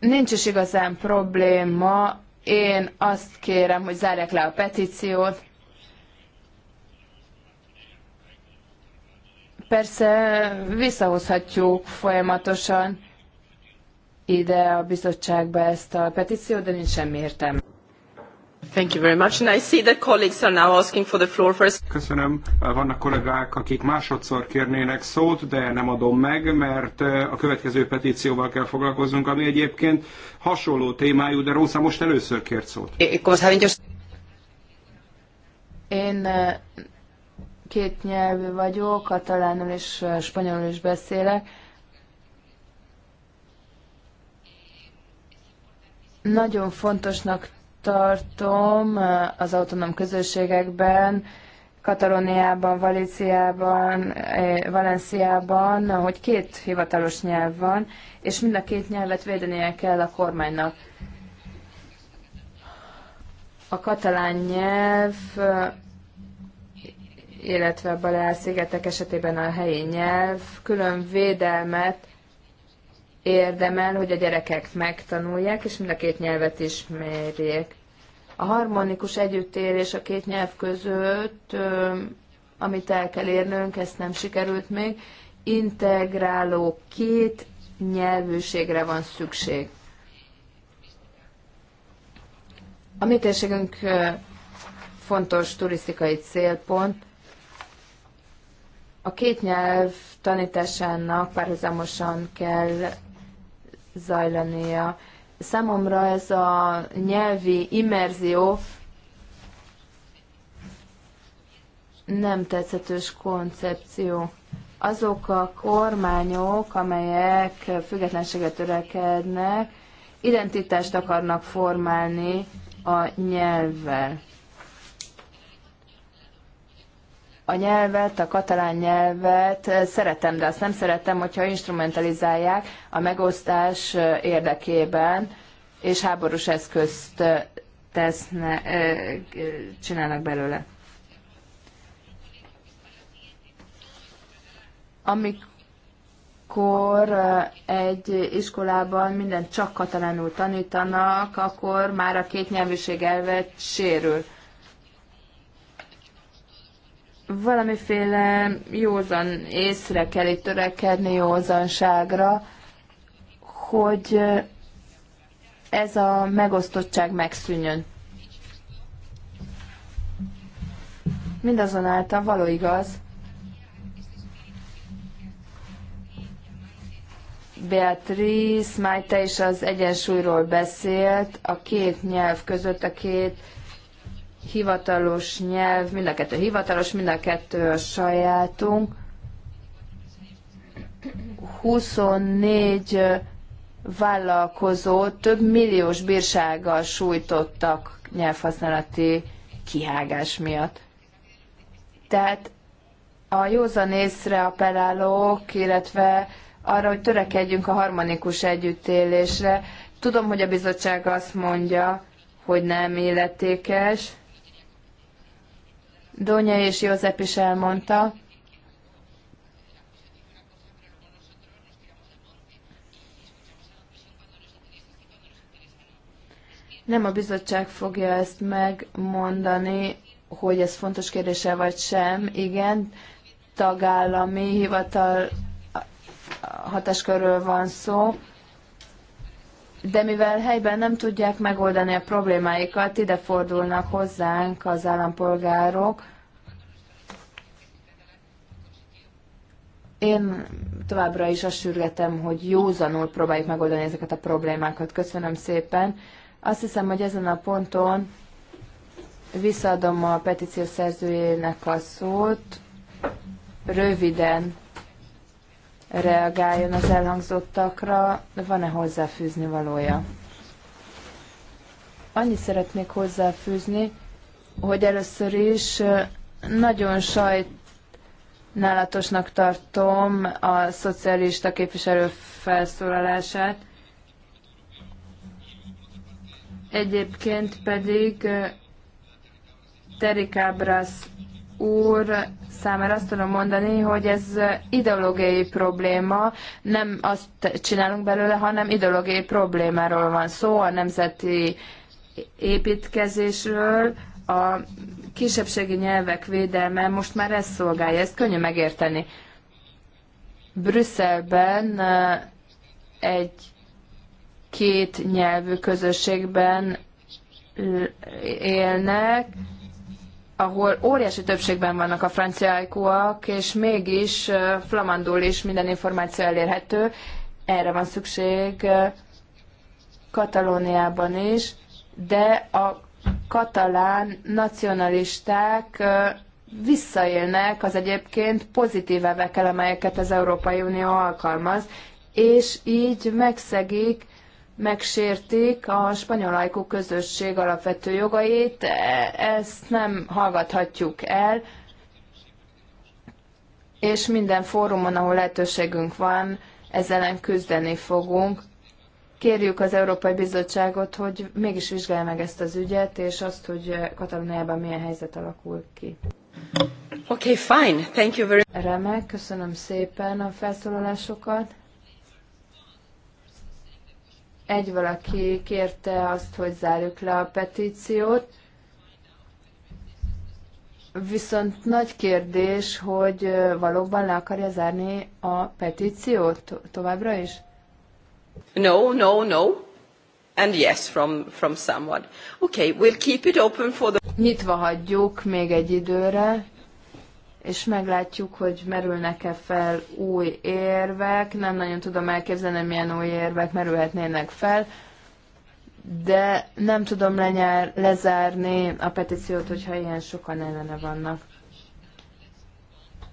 Nincs is igazán probléma. Én azt kérem, hogy zárják le a petíciót, persze visszahozhatjuk folyamatosan ide a bizottságba ezt a petíciót, de nincs semmi értelme. Thank you very much. And I see that colleagues are now asking for the floor first. Köszönöm. Vannak kollégák, akik másodszor kérnének szót, de nem adom meg, mert eh, a következő petícióval kell foglalkoznunk, ami egyébként hasonló témájú, de Rósa most először kért szót. Eh, Én eh, két nyelvű vagyok, katalánul és spanyolul is beszélek. Nagyon fontosnak tartom az autonóm közösségekben, Katalóniában, Valíciában, Valenciában, hogy két hivatalos nyelv van, és mind a két nyelvet védenie kell a kormánynak. A katalán nyelv illetve a Baleár-szigetek esetében a helyi nyelv külön védelmet érdemel, hogy a gyerekek megtanulják, és mind a két nyelvet ismerjék. A harmonikus együttélés a két nyelv között, amit el kell érnünk, ezt nem sikerült még, integráló két nyelvűségre van szükség. A mi térségünk fontos turisztikai célpont, a két nyelv tanításának párhuzamosan kell zajlania. Számomra ez a nyelvi immerzió nem tetszetős koncepció. Azok a kormányok, amelyek függetlenséget törekednek, identitást akarnak formálni a nyelvvel. a nyelvet, a katalán nyelvet szeretem, de azt nem szeretem, hogyha instrumentalizálják a megosztás érdekében, és háborús eszközt eh, teszne, eh, csinálnak belőle. Amikor eh, egy iskolában mindent csak katalánul tanítanak, akkor már a két nyelvűség elve sérül valamiféle józan észre kell itt törekedni józanságra, hogy ez a megosztottság megszűnjön. Mindazonáltal való igaz, Beatrice Májte is az egyensúlyról beszélt, a két nyelv között, a két hivatalos nyelv, mind a kettő hivatalos, mind a kettő a sajátunk. 24 vállalkozó több milliós bírsággal sújtottak nyelvhasználati kihágás miatt. Tehát a józan észre appellálók, illetve arra, hogy törekedjünk a harmonikus együttélésre. Tudom, hogy a bizottság azt mondja, hogy nem életékes, Donya és József is elmondta, nem a bizottság fogja ezt megmondani, hogy ez fontos kérdése vagy sem. Igen, tagállami hivatal hatáskörről van szó, de mivel helyben nem tudják megoldani a problémáikat, ide fordulnak hozzánk az állampolgárok. Én továbbra is azt sürgetem, hogy józanul próbáljuk megoldani ezeket a problémákat. Köszönöm szépen. Azt hiszem, hogy ezen a ponton visszaadom a petíció szerzőjének a szót. Röviden reagáljon az elhangzottakra, van-e hozzáfűzni valója? Annyit szeretnék hozzáfűzni, hogy először is nagyon sajnálatosnak tartom a szocialista képviselő felszólalását. Egyébként pedig Terry Cabras úr számára azt tudom mondani, hogy ez ideológiai probléma, nem azt csinálunk belőle, hanem ideológiai problémáról van szó, a nemzeti építkezésről, a kisebbségi nyelvek védelme most már ezt szolgálja, ezt könnyű megérteni. Brüsszelben eh, egy két nyelvű közösségben eh, élnek, ahol óriási többségben vannak a francia ajkúak, és mégis flamandul is minden információ elérhető. Erre van szükség Katalóniában is, de a katalán nacionalisták visszaélnek az egyébként pozitív evekkel, amelyeket az Európai Unió alkalmaz, és így megszegik megsértik a spanyol ajkú közösség alapvető jogait, e, ezt nem hallgathatjuk el, és minden fórumon, ahol lehetőségünk van, ezzel ellen küzdeni fogunk. Kérjük az Európai Bizottságot, hogy mégis vizsgálja meg ezt az ügyet, és azt, hogy Katalóniában milyen helyzet alakul ki. Okay, fine. Thank you very... Remek, köszönöm szépen a felszólalásokat egy valaki kérte azt, hogy zárjuk le a petíciót, viszont nagy kérdés, hogy valóban le akarja zárni a petíciót továbbra is? No, no, no. And yes, from, from someone. Okay, we'll keep it open for the... Nyitva hagyjuk még egy időre, és meglátjuk, hogy merülnek-e fel új érvek. Nem nagyon tudom elképzelni, milyen új érvek merülhetnének fel, de nem tudom lenyár, lezárni a petíciót, hogyha ilyen sokan ellene vannak.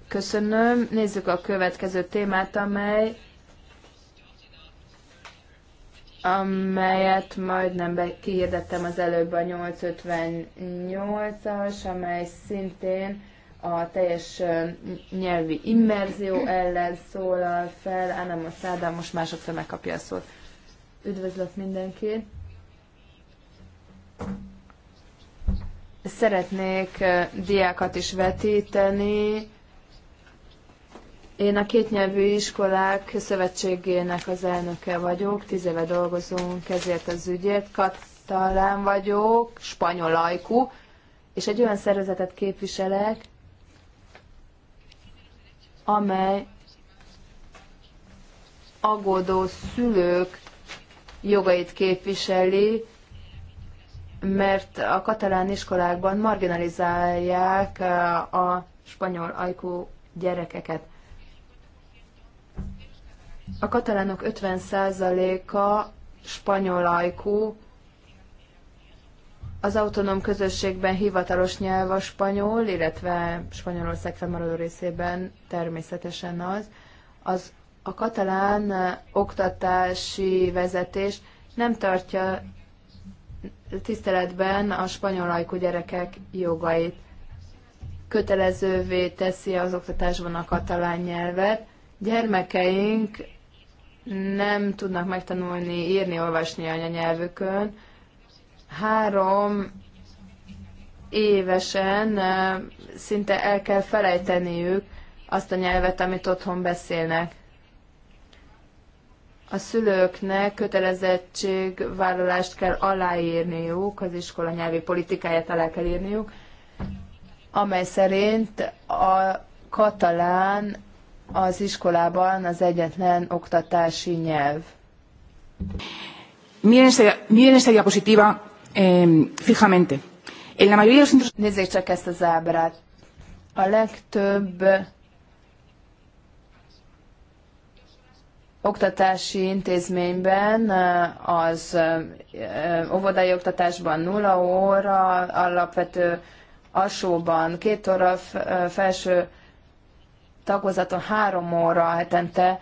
Köszönöm. Nézzük a következő témát, amely amelyet majdnem be, kihirdettem az előbb a 858-as, amely szintén a teljes nyelvi immerzió ellen szólal fel. Ánám a szádám, most másodszor megkapja a szót. Üdvözlök mindenkit! Szeretnék diákat is vetíteni. Én a kétnyelvű iskolák szövetségének az elnöke vagyok, tíz éve dolgozunk ezért az ügyért. Katalán vagyok, spanyol ajkú, és egy olyan szervezetet képviselek, amely aggódó szülők jogait képviseli, mert a katalán iskolákban marginalizálják eh, a spanyol ajkú gyerekeket. A katalánok 50%-a spanyol ajkú, az autonóm közösségben hivatalos nyelv a spanyol, illetve Spanyolország fennmaradó részében természetesen az. az a katalán oktatási vezetés nem tartja tiszteletben a spanyol ajkú gyerekek jogait. Kötelezővé teszi az oktatásban a katalán nyelvet. Gyermekeink nem tudnak megtanulni írni, olvasni anyanyelvükön, három évesen szinte el kell felejteniük azt a nyelvet, amit otthon beszélnek. A szülőknek kötelezettségvállalást kell aláírniuk, az iskola nyelvi politikáját alá kell írniuk, amely szerint a katalán az iskolában az egyetlen oktatási nyelv. Miren esta, miren esta diapositiva fijamente. En la mayoría de los centros... Nézzék csak ezt az ábrát. A legtöbb oktatási intézményben, az óvodai oktatásban nulla óra, alapvető alsóban két óra, felső tagozaton három óra hetente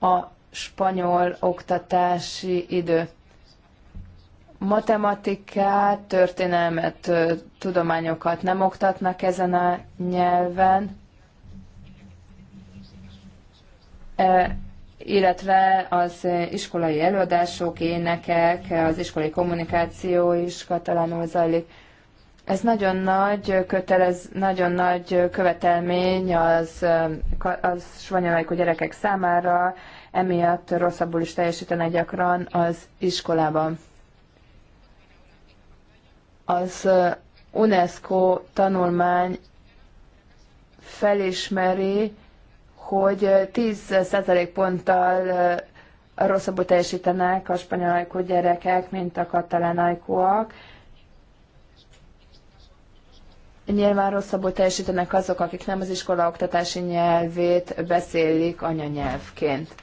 a spanyol oktatási idő matematikát, történelmet, tudományokat nem oktatnak ezen a nyelven, e, illetve az iskolai előadások, énekek, az iskolai kommunikáció is katalánul zajlik. Ez nagyon nagy kötelez, nagyon nagy követelmény az, az svanyalájkú gyerekek számára, emiatt rosszabbul is teljesítenek gyakran az iskolában az UNESCO tanulmány felismeri, hogy 10 ponttal rosszabbul teljesítenek a spanyol ajkú gyerekek, mint a katalán ajkúak. Nyilván rosszabbul teljesítenek azok, akik nem az iskola oktatási nyelvét beszélik anyanyelvként.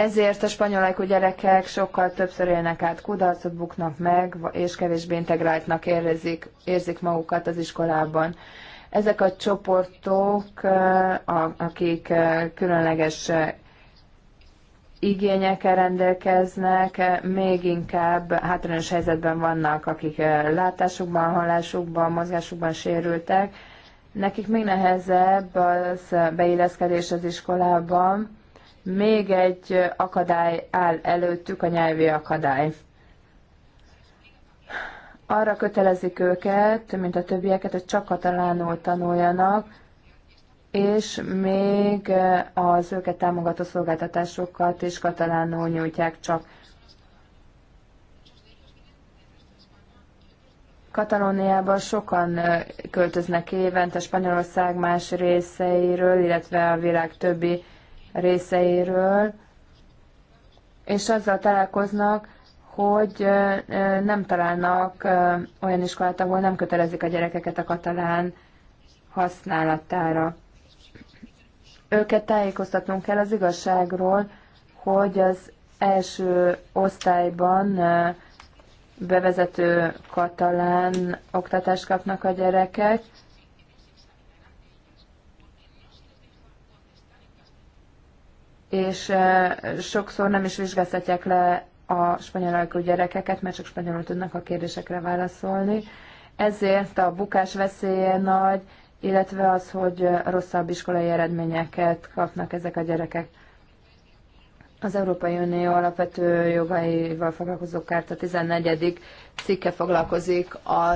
Ezért a spanyol gyerekek sokkal többször élnek át kudarcot, buknak meg, és kevésbé integráltnak érzik, érzik magukat az iskolában. Ezek a csoportok, akik különleges igényekkel rendelkeznek, még inkább hátrányos helyzetben vannak, akik látásukban, hallásukban, mozgásukban sérültek. Nekik még nehezebb az beilleszkedés az iskolában, még egy akadály áll előttük, a nyelvi akadály. Arra kötelezik őket, mint a többieket, hogy csak katalánul tanuljanak, és még az őket támogató szolgáltatásokat is katalánul nyújtják csak. Katalóniában sokan költöznek évente Spanyolország más részeiről, illetve a világ többi részeiről, és azzal találkoznak, hogy nem találnak olyan iskolát, ahol nem kötelezik a gyerekeket a katalán használatára. Őket tájékoztatnunk kell az igazságról, hogy az első osztályban bevezető katalán oktatást kapnak a gyerekek, és eh, sokszor nem is vizsgáztatják le a spanyol ajkú gyerekeket, mert csak spanyolul tudnak a kérdésekre válaszolni. Ezért a bukás veszélye nagy, illetve az, hogy eh, rosszabb iskolai eredményeket kapnak ezek a gyerekek. Az Európai Unió alapvető jogaival foglalkozó kárta 14. cikke foglalkozik a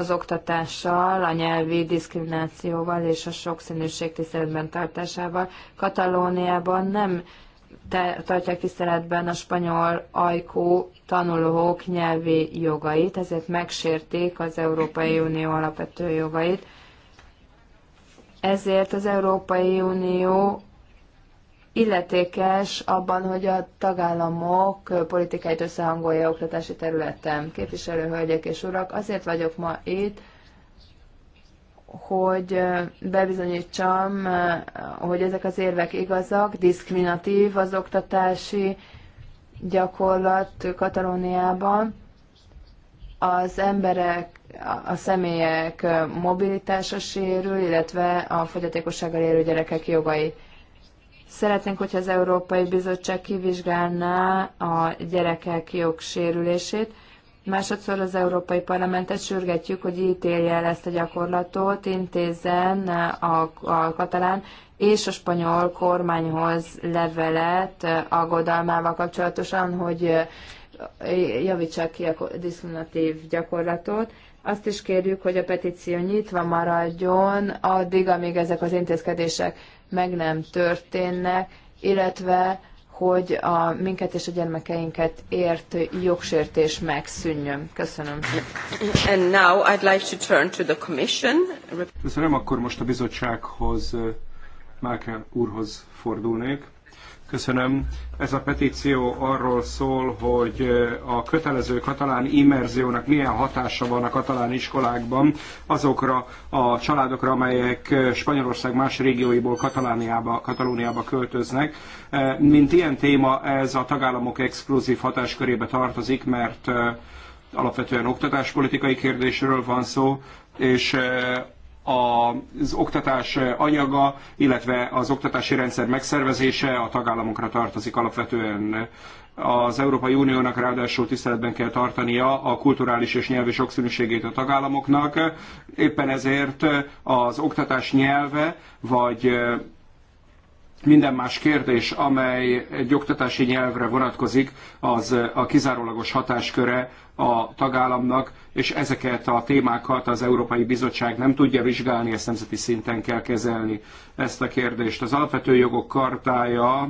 az oktatással, a nyelvi diszkriminációval és a sokszínűség tiszteletben tartásával. Katalóniában nem te, tartják tiszteletben a spanyol ajkú tanulók nyelvi jogait, ezért megsérték az Európai Unió alapvető jogait. Ezért az Európai Unió illetékes abban, hogy a tagállamok politikáit összehangolja oktatási területen. Képviselő hölgyek és urak, azért vagyok ma itt, hogy bebizonyítsam, hogy ezek az érvek igazak, diszkriminatív az oktatási gyakorlat Katalóniában. Az emberek, a személyek mobilitása sérül, illetve a fogyatékossággal élő gyerekek jogai Szeretnénk, hogyha az Európai Bizottság kivizsgálná a gyerekek jogsérülését. Másodszor az Európai Parlamentet sürgetjük, hogy ítélje el ezt a gyakorlatot, intézzen a, a katalán és a spanyol kormányhoz levelet aggodalmával kapcsolatosan, hogy javítsák ki a diszkriminatív gyakorlatot. Azt is kérjük, hogy a petíció nyitva maradjon addig, amíg ezek az intézkedések meg nem történnek, illetve hogy a minket és a gyermekeinket ért jogsértés megszűnjön. Köszönöm. And now I'd like to turn to the commission. Köszönöm, akkor most a bizottsághoz, Márkán úrhoz fordulnék. Köszönöm. Ez a petíció arról szól, hogy a kötelező katalán immerziónak milyen hatása van a katalán iskolákban azokra a családokra, amelyek Spanyolország más régióiból Katalániába, Katalóniába költöznek. Mint ilyen téma, ez a tagállamok exkluzív hatáskörébe tartozik, mert alapvetően oktatáspolitikai kérdésről van szó, és az oktatás anyaga, illetve az oktatási rendszer megszervezése a tagállamokra tartozik alapvetően. Az Európai Uniónak ráadásul tiszteletben kell tartania a kulturális és nyelvi sokszínűségét a tagállamoknak. Éppen ezért az oktatás nyelve, vagy minden más kérdés, amely egy oktatási nyelvre vonatkozik, az a kizárólagos hatásköre a tagállamnak, és ezeket a témákat az Európai Bizottság nem tudja vizsgálni, ezt nemzeti szinten kell kezelni ezt a kérdést. Az alapvető jogok kartája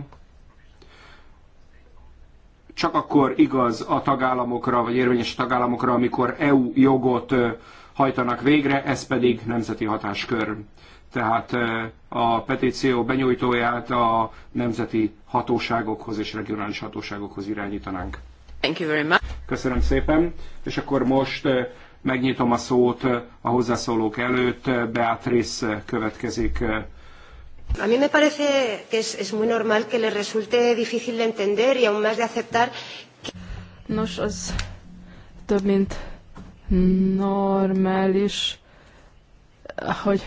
csak akkor igaz a tagállamokra, vagy érvényes a tagállamokra, amikor EU jogot hajtanak végre, ez pedig nemzeti hatáskör tehát a petíció benyújtóját a nemzeti hatóságokhoz és regionális hatóságokhoz irányítanánk. Thank you very much. Köszönöm szépen, és akkor most megnyitom a szót a hozzászólók előtt. Beatrice következik. A mí me parece que es, es muy normal que le resulte difícil de entender y aún más de aceptar. Que... Nos, az több mint normális hogy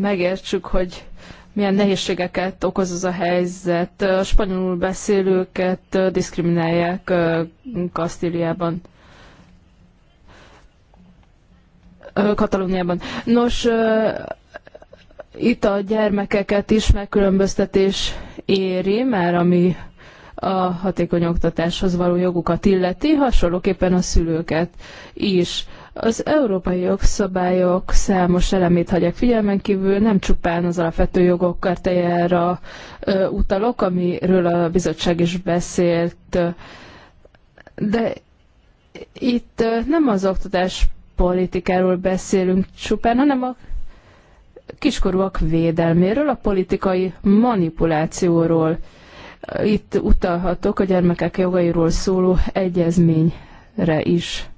megértsük, hogy milyen nehézségeket okoz az a helyzet. A spanyolul beszélőket diszkriminálják Kasztíliában. Katalóniában. Nos, itt a gyermekeket is megkülönböztetés éri, már ami a hatékony oktatáshoz való jogukat illeti, hasonlóképpen a szülőket is. Az európai jogszabályok számos elemét hagyják figyelmen kívül, nem csupán az alapvető jogok kartájára utalok, amiről a bizottság is beszélt, de itt nem az oktatás politikáról beszélünk csupán, hanem a kiskorúak védelméről, a politikai manipulációról. Itt utalhatok a gyermekek jogairól szóló egyezményre is.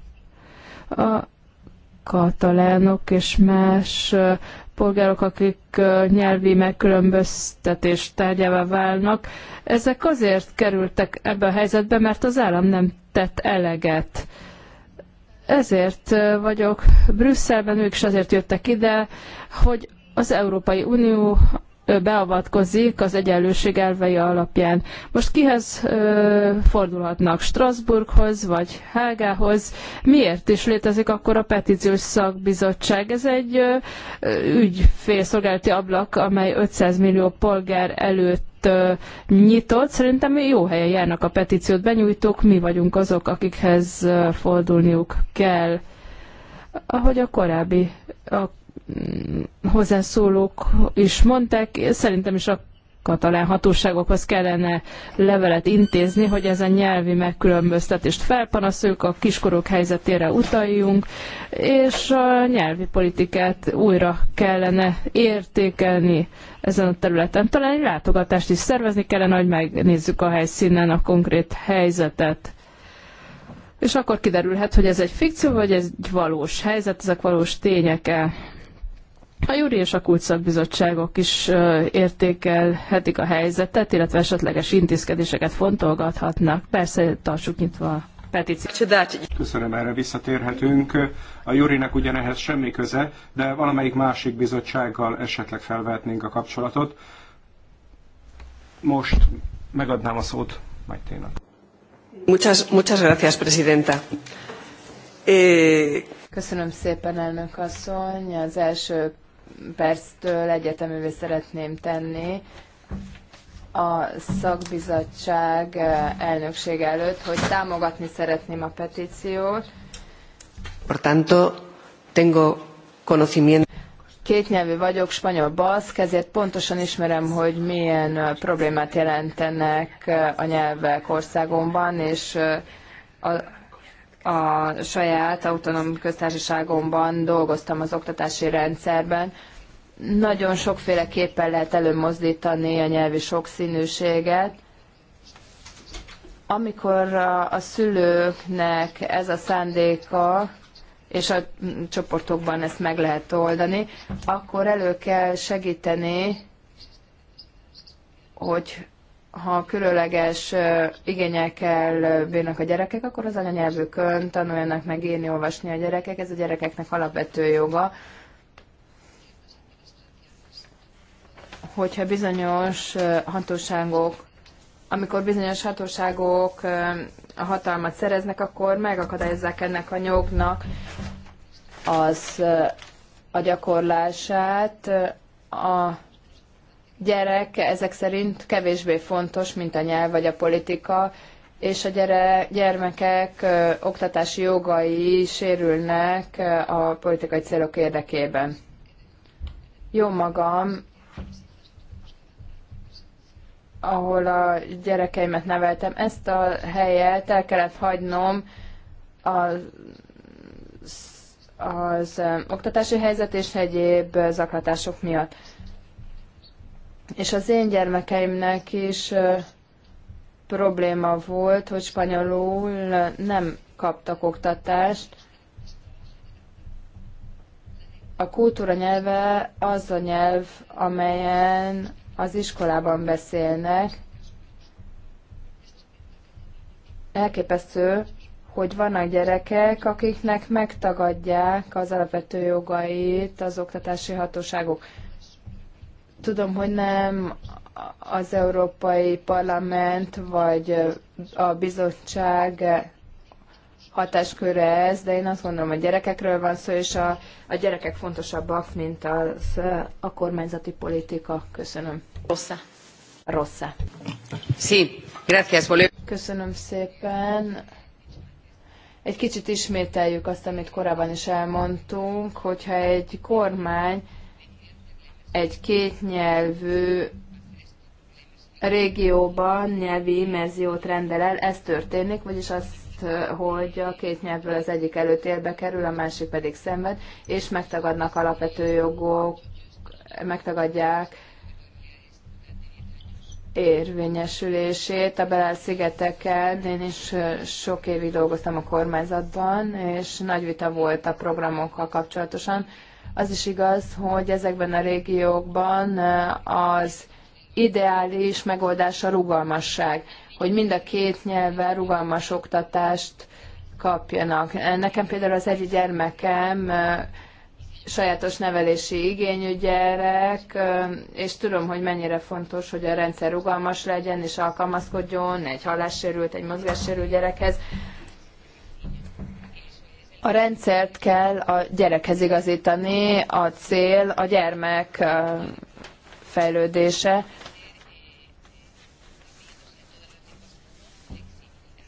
A katalánok és más polgárok, akik nyelvi megkülönböztetés tárgyává válnak, ezek azért kerültek ebbe a helyzetbe, mert az állam nem tett eleget. Ezért vagyok Brüsszelben, ők is azért jöttek ide, hogy az Európai Unió beavatkozik az egyenlőség elvei alapján. Most kihez ö, fordulhatnak? Strasbourghoz vagy Hágához? Miért is létezik akkor a petíciós szakbizottság? Ez egy ö, ügyfélszolgálati ablak, amely 500 millió polgár előtt ö, nyitott. Szerintem jó helyen járnak a petíciót benyújtók, mi vagyunk azok, akikhez fordulniuk kell. Ahogy a korábbi, a hozzászólók is mondták, szerintem is a katalán hatóságokhoz kellene levelet intézni, hogy ezen nyelvi megkülönböztetést felpanaszoljuk, a kiskorúk helyzetére utaljunk, és a nyelvi politikát újra kellene értékelni ezen a területen. Talán egy látogatást is szervezni kellene, hogy megnézzük a helyszínen a konkrét helyzetet. És akkor kiderülhet, hogy ez egy fikció, vagy ez egy valós helyzet, ezek valós tények-e. A Júri és a Kultszakbizottságok is értékelhetik a helyzetet, illetve esetleges intézkedéseket fontolgathatnak. Persze tartsuk nyitva a petíciót. Köszönöm, erre visszatérhetünk. A Jurinek ugyanehhez semmi köze, de valamelyik másik bizottsággal esetleg felvehetnénk a kapcsolatot. Most megadnám a szót Majténak. Muchas, muchas gracias, presidenta. Eh, Köszönöm szépen, elnök asszony. Az első perctől egyeteművé szeretném tenni a szakbizottság eh, elnökség előtt, hogy támogatni szeretném a petíciót. Por tanto, tengo conocimiento. Kétnyelvű vagyok, spanyol baszk, ezért pontosan ismerem, hogy milyen eh, problémát jelentenek eh, a nyelvek országomban, és a a saját autonóm köztársaságomban dolgoztam az oktatási rendszerben. Nagyon sokféleképpen lehet előmozdítani a nyelvi sokszínűséget. Amikor a szülőknek ez a szándéka, és a csoportokban ezt meg lehet oldani, akkor elő kell segíteni, hogy ha különleges igényekkel bírnak a gyerekek, akkor az anyanyelvükön tanuljanak meg írni, olvasni a gyerekek. Ez a gyerekeknek alapvető joga. Hogyha bizonyos hatóságok, amikor bizonyos hatóságok a hatalmat szereznek, akkor megakadályozzák ennek a jognak az a gyakorlását. A gyerek ezek szerint kevésbé fontos, mint a nyelv vagy a politika, és a gyere, gyermekek ö, oktatási jogai sérülnek ö, a politikai célok érdekében. Jó magam, ahol a gyerekeimet neveltem, ezt a helyet el kellett hagynom az, az, ö, oktatási helyzet és egyéb zaklatások miatt. És az én gyermekeimnek is probléma volt, hogy spanyolul nem kaptak oktatást. A kultúra nyelve az a nyelv, amelyen az iskolában beszélnek. Elképesztő, hogy vannak gyerekek, akiknek megtagadják az alapvető jogait az oktatási hatóságok. Tudom, hogy nem az Európai Parlament vagy a bizottság hatásköre ez, de én azt gondolom, hogy gyerekekről van szó, és a, a gyerekek fontosabbak, mint az, a kormányzati politika. Köszönöm. Rossza. Rossza. Sí, gracias, Köszönöm szépen. Egy kicsit ismételjük azt, amit korábban is elmondtunk, hogyha egy kormány egy kétnyelvű régióban nyelvi immerziót rendel el, ez történik, vagyis azt hogy a két nyelvből az egyik előtérbe kerül, a másik pedig szenved, és megtagadnak alapvető jogok, megtagadják érvényesülését. A Belel szigeteken én is sok évig dolgoztam a kormányzatban, és nagy vita volt a programokkal kapcsolatosan, az is igaz, hogy ezekben a régiókban az ideális megoldás a rugalmasság, hogy mind a két nyelven rugalmas oktatást kapjanak. Nekem például az egyik gyermekem sajátos nevelési igényű gyerek, és tudom, hogy mennyire fontos, hogy a rendszer rugalmas legyen és alkalmazkodjon egy hallássérült, egy mozgássérült gyerekhez. A rendszert kell a gyerekhez igazítani, a cél a gyermek fejlődése.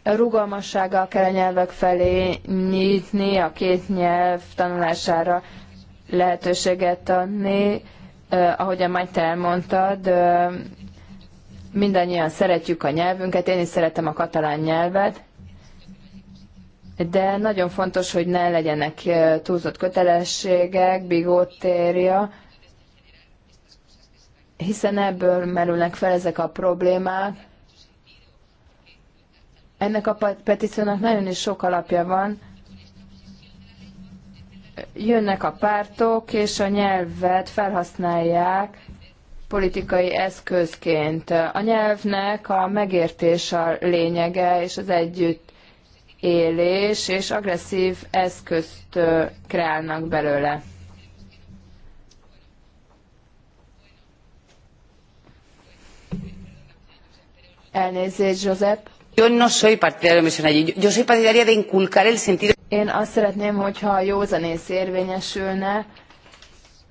A rugalmassággal kell a nyelvek felé nyitni, a két nyelv tanulására lehetőséget adni. Ahogy a te elmondtad, mindannyian szeretjük a nyelvünket, én is szeretem a katalán nyelvet, de nagyon fontos, hogy ne legyenek túlzott kötelességek, bigottéria, hiszen ebből merülnek fel ezek a problémák. Ennek a petíciónak nagyon is sok alapja van. Jönnek a pártok, és a nyelvet felhasználják politikai eszközként. A nyelvnek a megértés a lényege, és az együtt élés, és agresszív eszközt kreálnak belőle. Elnézést, Josep. Yo no soy partidaria de misionar allí. Yo soy partidaria de inculcar el sentido. Én azt szeretném, hogyha a józanész érvényesülne.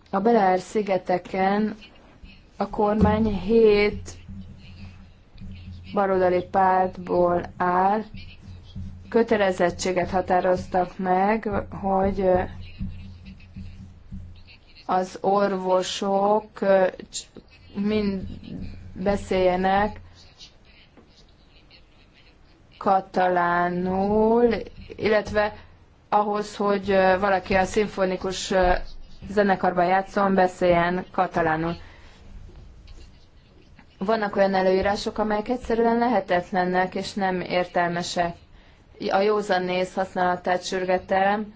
A Beleár szigeteken a kormány hét baroldali pártból áll, kötelezettséget határoztak meg, hogy az orvosok mind beszéljenek katalánul, illetve ahhoz, hogy valaki a szimfonikus zenekarban játszon, beszéljen katalánul. Vannak olyan előírások, amelyek egyszerűen lehetetlennek és nem értelmesek a józan néz használatát sürgetem.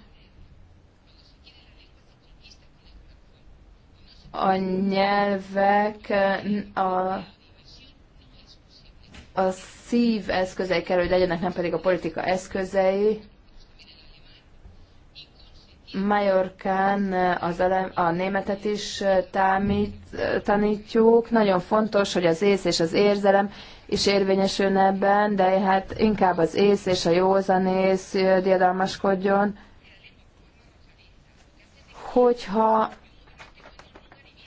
A nyelvek a, a szív eszközei kell, hogy legyenek, nem pedig a politika eszközei. Majorkán az elem, a németet is támít, tanítjuk. Nagyon fontos, hogy az ész és az érzelem is érvényesülne ebben, de hát inkább az ész és a józanész diadalmaskodjon, hogyha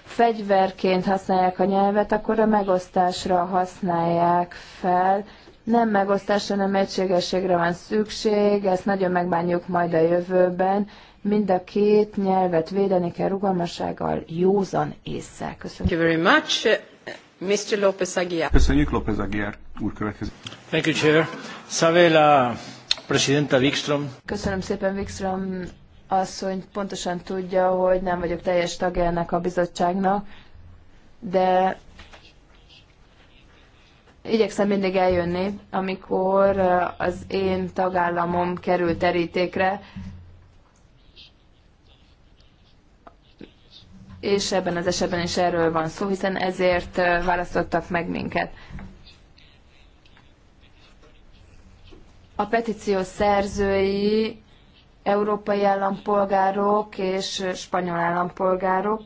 fegyverként használják a nyelvet, akkor a megosztásra használják fel. Nem megosztásra, hanem egységességre van szükség, ezt nagyon megbánjuk majd a jövőben. Mind a két nyelvet védeni kell rugalmassággal, józan észre. Köszönöm. Thank you very much. Mr. López Aguiar. Köszönjük, López Aguiar úr következik. Thank you, Chair. Sabe la Presidenta Wikström. Köszönöm szépen, Wikström asszony pontosan tudja, hogy nem vagyok teljes tagja ennek a bizottságnak, de igyekszem mindig eljönni, amikor az én tagállamom kerül terítékre, és ebben az esetben is erről van szó, hiszen ezért választottak meg minket. A petíció szerzői európai állampolgárok és spanyol állampolgárok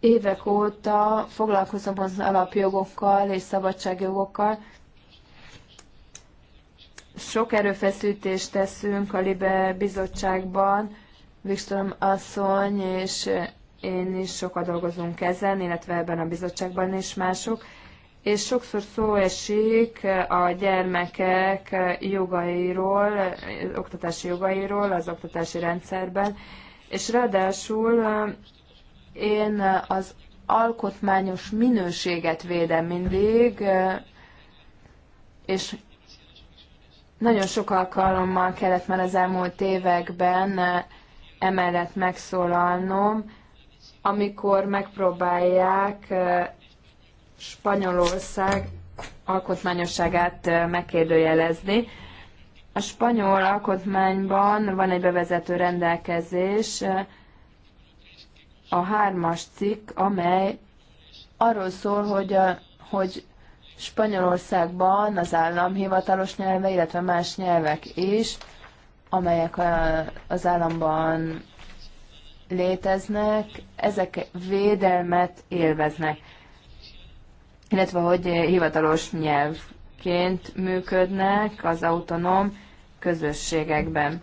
évek óta foglalkozom az alapjogokkal és szabadságjogokkal, sok erőfeszítést teszünk a Libe bizottságban Wikström asszony, és én is sokat dolgozunk ezen, illetve ebben a bizottságban is mások, és sokszor szó esik a gyermekek jogairól, oktatási jogairól az oktatási rendszerben, és ráadásul eh, én az alkotmányos minőséget védem mindig, eh, és nagyon sok alkalommal kellett már az elmúlt években eh, emellett megszólalnom, amikor megpróbálják Spanyolország alkotmányosságát megkérdőjelezni. A spanyol alkotmányban van egy bevezető rendelkezés, a hármas cikk, amely arról szól, hogy, a, hogy Spanyolországban az állam hivatalos nyelve, illetve más nyelvek is amelyek az államban léteznek, ezek védelmet élveznek, illetve hogy hivatalos nyelvként működnek az autonóm közösségekben.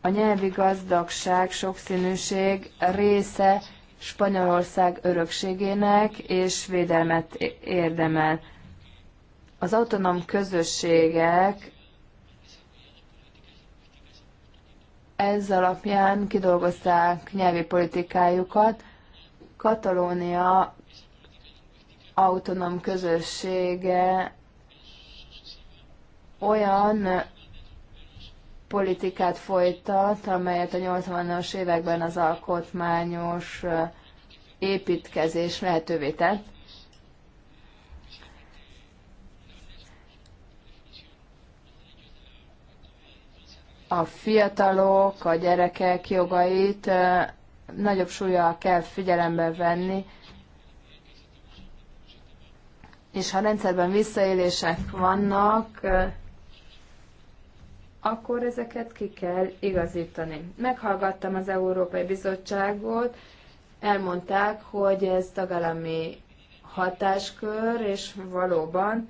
A nyelvi gazdagság, sokszínűség része Spanyolország örökségének és védelmet érdemel. Az autonóm közösségek ez alapján kidolgozták nyelvi politikájukat. Katalónia autonóm közössége olyan politikát folytat, amelyet a 80-as években az alkotmányos építkezés lehetővé tett. a fiatalok, a gyerekek jogait nagyobb súlya kell figyelembe venni, és ha rendszerben visszaélések vannak, akkor ezeket ki kell igazítani. Meghallgattam az Európai Bizottságot, elmondták, hogy ez tagállami hatáskör, és valóban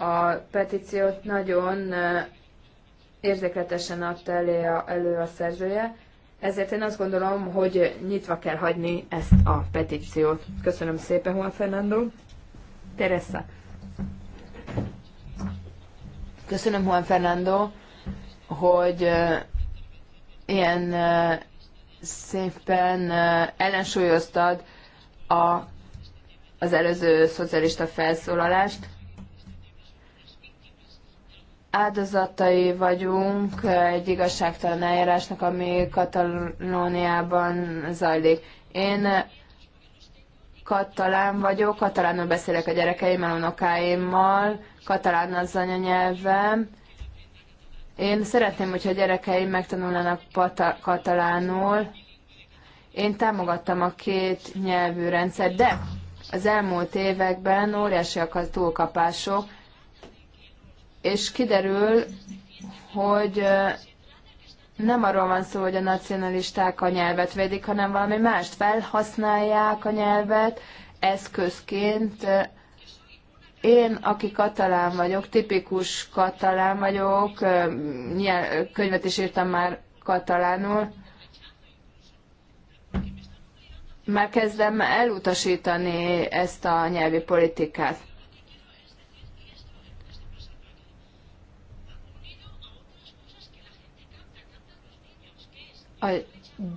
a petíciót nagyon érzékletesen adta elő a, elő a szerzője, ezért én azt gondolom, hogy nyitva kell hagyni ezt a petíciót. Köszönöm szépen, Juan Fernando. Teresa. Köszönöm, Juan Fernando, hogy ilyen szépen ellensúlyoztad a, az előző szocialista felszólalást áldozatai vagyunk egy igazságtalan eljárásnak, ami Katalóniában zajlik. Én katalán vagyok, katalánul beszélek a gyerekeimmel, unokáimmal, katalán az anyanyelvem. Én szeretném, hogyha a gyerekeim megtanulnának katalánul. Én támogattam a két nyelvű rendszert, de az elmúlt években óriásiak a túlkapások, és kiderül, hogy nem arról van szó, hogy a nacionalisták a nyelvet védik, hanem valami mást felhasználják a nyelvet eszközként. Én, aki katalán vagyok, tipikus katalán vagyok, könyvet is írtam már katalánul, már kezdem elutasítani ezt a nyelvi politikát. a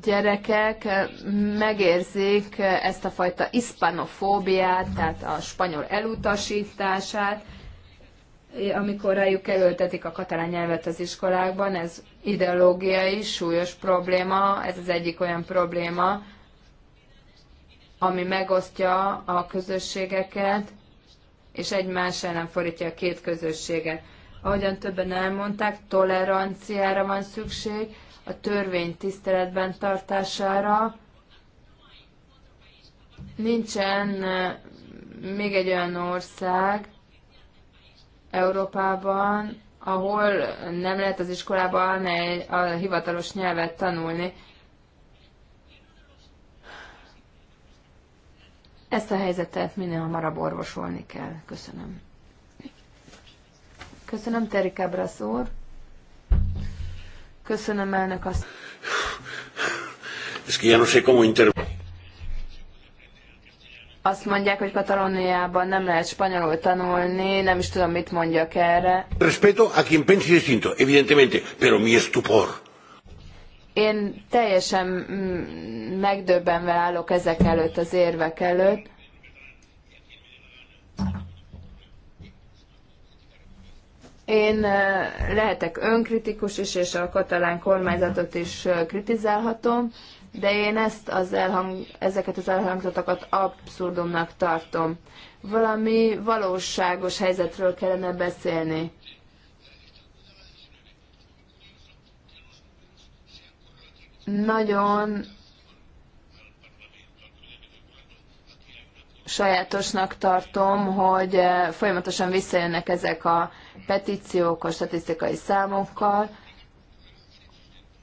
gyerekek megérzik ezt a fajta iszpanofóbiát, tehát a spanyol elutasítását, amikor rájuk elöltetik a katalán nyelvet az iskolákban, ez ideológiai, súlyos probléma, ez az egyik olyan probléma, ami megosztja a közösségeket, és egymás ellen forítja a két közösséget. Ahogyan többen elmondták, toleranciára van szükség, a törvény tiszteletben tartására. Nincsen eh, még egy olyan ország Európában, ahol nem lehet az iskolában a hivatalos nyelvet tanulni. Ezt a helyzetet minél hamarabb orvosolni kell. Köszönöm. Köszönöm, Terika Brasz Köszönöm, elnök azt. Es que ya no sé cómo inter... Azt mondják, hogy Katalóniában nem lehet spanyolul tanulni, nem is tudom, mit mondjak erre. Respeto a quien pense distinto, evidentemente, pero mi estupor. Én teljesen mm, megdöbbenve állok ezek előtt, az érvek előtt. Én lehetek önkritikus is, és a katalán kormányzatot is kritizálhatom, de én ezt az elhang, ezeket az elhangzatokat abszurdumnak tartom. Valami valóságos helyzetről kellene beszélni. Nagyon sajátosnak tartom, hogy eh, folyamatosan visszajönnek ezek a petíciók a statisztikai számokkal,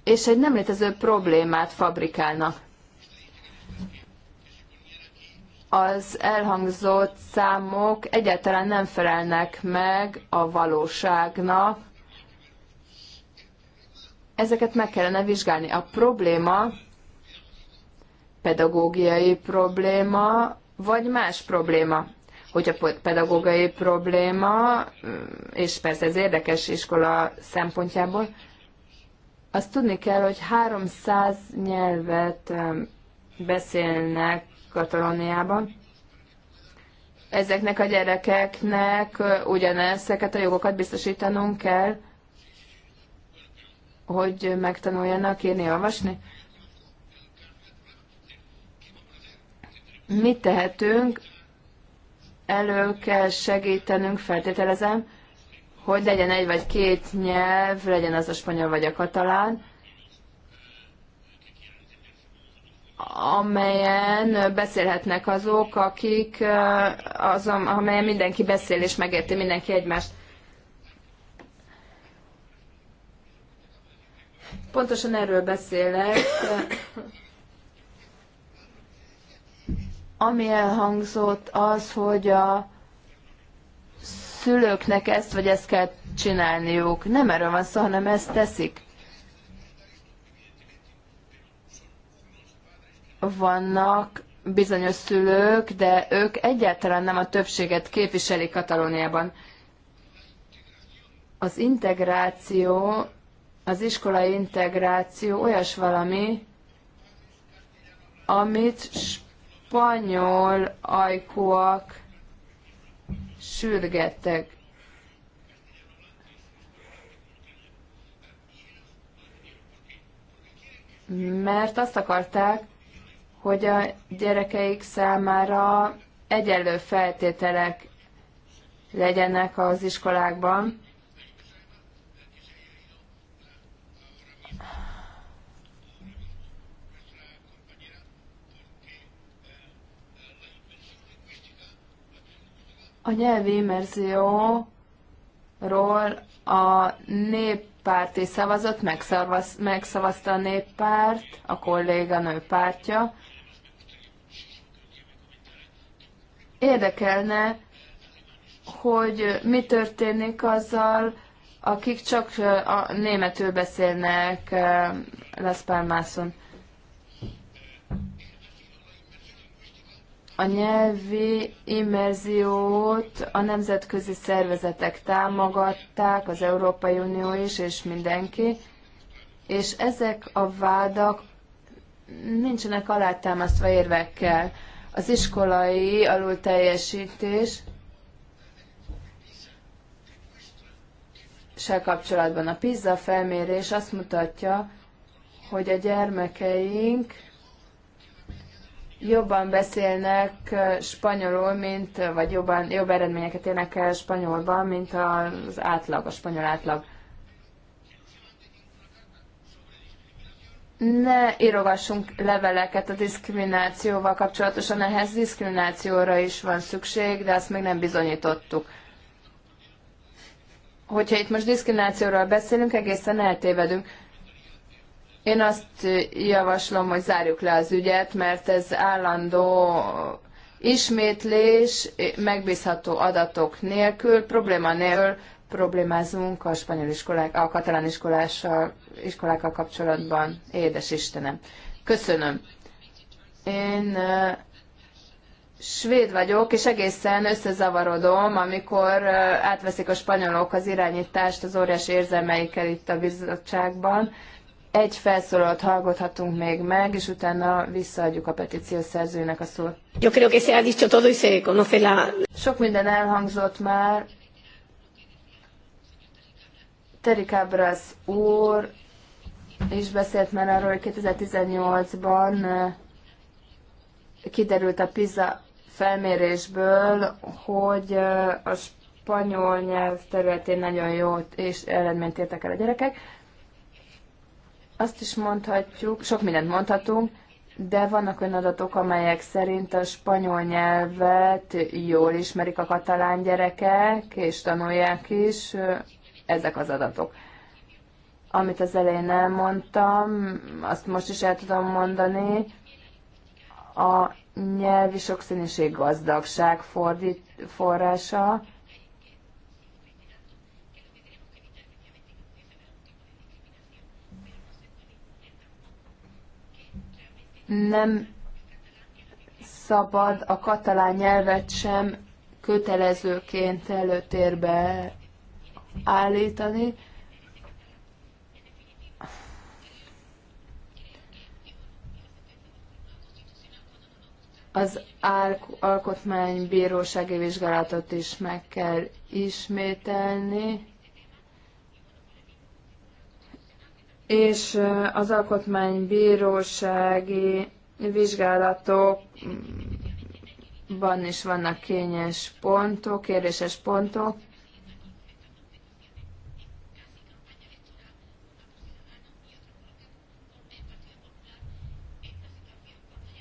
és egy nem létező problémát fabrikálnak. Az elhangzott számok egyáltalán nem felelnek meg a valóságnak. Ezeket meg kellene vizsgálni. A probléma, pedagógiai probléma, vagy más probléma. Hogyha pedagógai probléma, és persze ez érdekes iskola szempontjából, azt tudni kell, hogy 300 nyelvet beszélnek Katalóniában. Ezeknek a gyerekeknek ugyanezeket a jogokat biztosítanunk kell, hogy megtanuljanak írni, olvasni. Mit tehetünk? Elő kell segítenünk, feltételezem, hogy legyen egy vagy két nyelv, legyen az a spanyol vagy a katalán, amelyen beszélhetnek azok, akik, az, amelyen mindenki beszél és megérti mindenki egymást. Pontosan erről beszélek, ami elhangzott az, hogy a szülőknek ezt vagy ezt kell csinálniuk. Nem erről van szó, hanem ezt teszik. Vannak bizonyos szülők, de ők egyáltalán nem a többséget képviselik Katalóniában. Az integráció, az iskolai integráció olyas valami, amit spanyol ajkúak sürgettek. Mert azt akarták, hogy a gyerekeik számára egyenlő feltételek legyenek az iskolákban. A nyelvi immerzióról a néppárti szavazat megszavaz, megszavazta a néppárt, a kolléganő pártja. Érdekelne, hogy mi történik azzal, akik csak a németül beszélnek Las Palmason. a nyelvi immerziót a nemzetközi szervezetek támogatták, az Európai Unió is, és mindenki, és ezek a vádak nincsenek alátámasztva érvekkel. Az iskolai alulteljesítés se kapcsolatban a PISA felmérés azt mutatja, hogy a gyermekeink jobban beszélnek spanyolul, mint, vagy jobban, jobb eredményeket érnek el spanyolban, mint az átlag, a spanyol átlag. Ne írogassunk leveleket a diszkriminációval kapcsolatosan, ehhez diszkriminációra is van szükség, de azt még nem bizonyítottuk. Hogyha itt most diszkriminációról beszélünk, egészen eltévedünk én azt javaslom, hogy zárjuk le az ügyet, mert ez állandó ismétlés, megbízható adatok nélkül, probléma nélkül problémázunk a spanyol iskolák, a katalán iskolással, iskolákkal kapcsolatban. Édes Istenem. Köszönöm. Én svéd vagyok, és egészen összezavarodom, amikor átveszik a spanyolok az irányítást az óriási érzelmeikkel itt a bizottságban, egy felszólalt hallgathatunk még meg, és utána visszaadjuk a petíció szerzőnek a szót. Yo creo que se ha dicho todo y se conoce la... Sok minden elhangzott már. Terry Cabras úr is beszélt már arról, hogy 2018-ban eh, kiderült a PISA felmérésből, hogy eh, a spanyol nyelv területén nagyon jó és eredményt értek el a gyerekek. Azt is mondhatjuk, sok mindent mondhatunk, de vannak olyan adatok, amelyek szerint a spanyol nyelvet jól ismerik a katalán gyerekek, és tanulják is. Ezek az adatok. Amit az elején elmondtam, azt most is el tudom mondani. A nyelvi sokszínűség gazdagság fordít, forrása, nem szabad a katalán nyelvet sem kötelezőként előtérbe állítani. Az alkotmánybírósági vizsgálatot is meg kell ismételni. és az alkotmánybírósági vizsgálatokban is vannak kényes pontok, kérdéses pontok.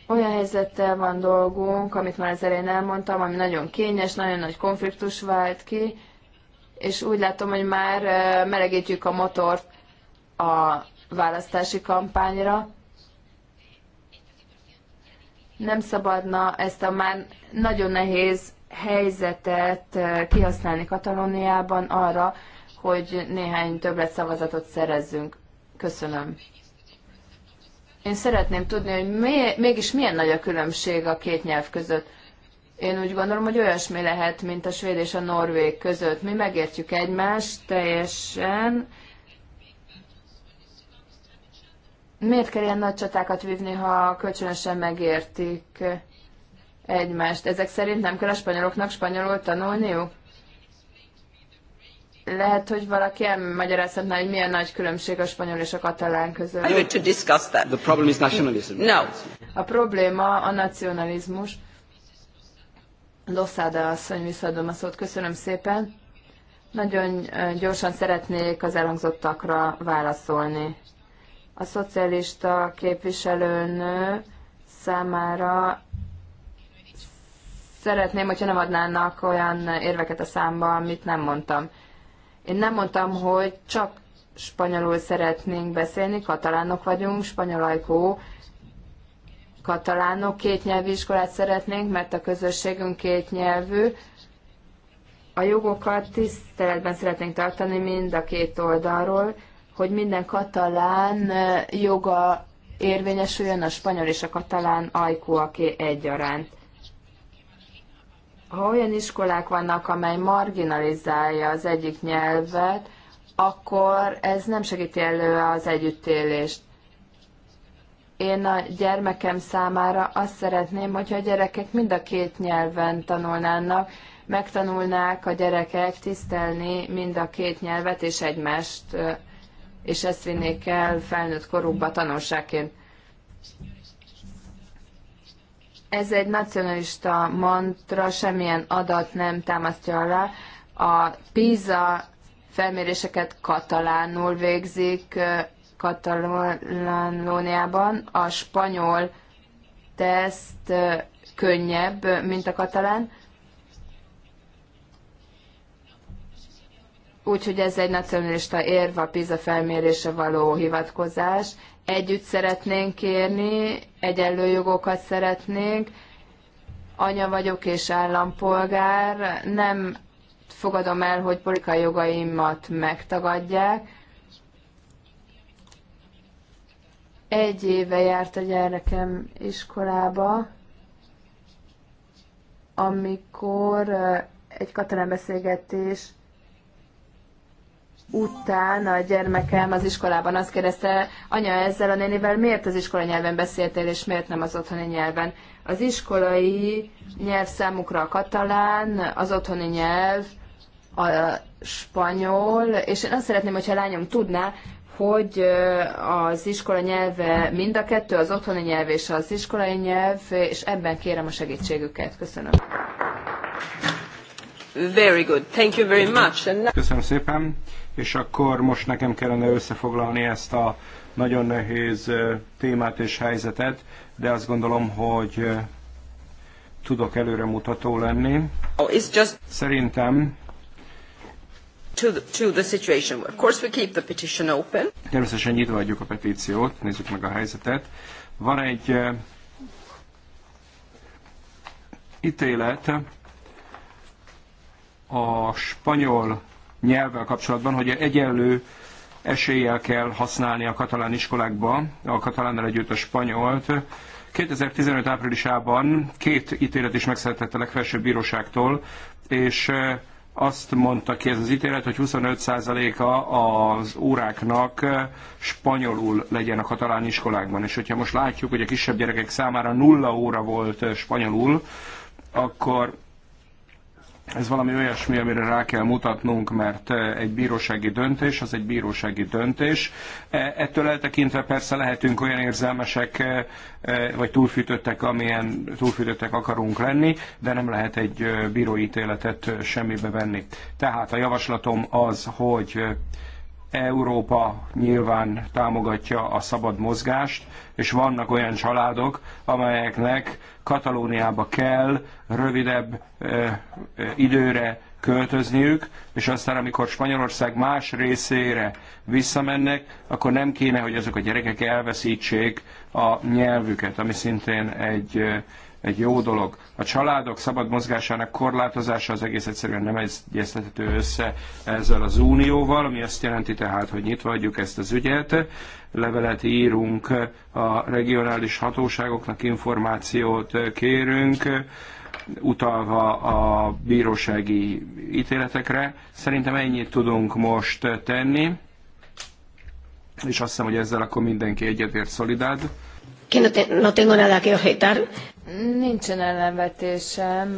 olyan helyzettel van dolgunk, amit már az elején elmondtam, ami nagyon kényes, nagyon nagy konfliktus vált ki, és úgy látom, hogy már melegítjük a motort a választási kampányra. Nem szabadna ezt a már nagyon nehéz helyzetet eh, kihasználni Katalóniában arra, hogy néhány többlet szavazatot szerezzünk. Köszönöm. Én szeretném tudni, hogy mi, mégis milyen nagy a különbség a két nyelv között. Én úgy gondolom, hogy olyasmi lehet, mint a svéd és a norvég között. Mi megértjük egymást teljesen, Miért kell ilyen nagy csatákat vívni, ha kölcsönösen megértik egymást? Ezek szerint nem kell a spanyoloknak spanyolul tanulniuk? Lehet, hogy valaki elmagyarázhatná, hogy milyen nagy különbség a spanyol és a katalán között. I to discuss that. The problem is nationalism. No. A probléma a nacionalizmus. Losszáda asszony, visszaadom a szót. Köszönöm szépen. Nagyon gyorsan szeretnék az elhangzottakra válaszolni a szocialista képviselőnő számára szeretném, hogyha nem adnának olyan érveket a számba, amit nem mondtam. Én nem mondtam, hogy csak spanyolul szeretnénk beszélni, katalánok vagyunk, spanyolajkó katalánok, két nyelvi iskolát szeretnénk, mert a közösségünk két nyelvű, A jogokat tiszteletben szeretnénk tartani mind a két oldalról, hogy minden katalán joga érvényesüljön a spanyol és a katalán ajkúaké egyaránt. Ha olyan iskolák vannak, amely marginalizálja az egyik nyelvet, akkor ez nem segíti elő az együttélést. Én a gyermekem számára azt szeretném, hogyha a gyerekek mind a két nyelven tanulnának, megtanulnák a gyerekek tisztelni mind a két nyelvet és egymást és ezt vinnék el felnőtt korukba tanulságként. Ez egy nacionalista mantra, semmilyen adat nem támasztja alá. A PISA felméréseket katalánul végzik Katalóniában. A spanyol teszt könnyebb, mint a katalán. Úgyhogy ez egy nacionalista érv a PISA felmérése való hivatkozás. Együtt szeretnénk kérni, egyenlő jogokat szeretnénk. Anya vagyok és állampolgár, nem fogadom el, hogy politikai jogaimat megtagadják. Egy éve járt a gyerekem iskolába, amikor egy katonai beszélgetés után a gyermekem az iskolában azt kérdezte, anya ezzel a nénivel miért az iskola nyelven beszéltél, és miért nem az otthoni nyelven? Az iskolai nyelv számukra a katalán, az otthoni nyelv a spanyol, és én azt szeretném, hogyha a lányom tudná, hogy az iskola nyelve mind a kettő, az otthoni nyelv és az iskolai nyelv, és ebben kérem a segítségüket. Köszönöm. Very good. Thank you very much. Köszönöm szépen és akkor most nekem kellene összefoglalni ezt a nagyon nehéz témát és helyzetet, de azt gondolom, hogy tudok előremutató lenni. Oh, it's just... Szerintem to the, to the situation. Of course we keep the petition open. Természetesen nyitva adjuk a petíciót, nézzük meg a helyzetet. Van egy uh, ítélet a spanyol nyelvvel kapcsolatban, hogy egyenlő eséllyel kell használni a katalán iskolákba, a katalánnal együtt a spanyolt. 2015 áprilisában két ítélet is megszületett a legfelsőbb bíróságtól, és eh, azt mondta ki ez az ítélet, hogy 25%-a az óráknak eh, spanyolul legyen a katalán iskolákban. És hogyha most látjuk, hogy a kisebb gyerekek számára nulla óra volt eh, spanyolul, akkor ez valami olyasmi, amire rá kell mutatnunk, mert eh, egy bírósági döntés, az egy bírósági döntés. E, ettől eltekintve persze lehetünk olyan érzelmesek, eh, eh, vagy túlfűtöttek, amilyen túlfűtöttek akarunk lenni, de nem lehet egy bíróítéletet semmibe venni. Tehát a javaslatom az, hogy Európa nyilván támogatja a szabad mozgást, és vannak olyan családok, amelyeknek Katalóniába kell rövidebb ö, ö, időre költözniük, és aztán amikor Spanyolország más részére visszamennek, akkor nem kéne, hogy azok a gyerekek elveszítsék a nyelvüket, ami szintén egy egy jó dolog. A családok szabad mozgásának korlátozása az egész egyszerűen nem egyeztethető össze ezzel az unióval, ami azt jelenti tehát, hogy nyitva adjuk ezt az ügyet, levelet írunk a regionális hatóságoknak, információt kérünk, utalva a bírósági ítéletekre. Szerintem ennyit tudunk most tenni, és azt hiszem, hogy ezzel akkor mindenki egyetért szolidád que no, te, no tengo nada que objetar. Nincsen ellenvetésem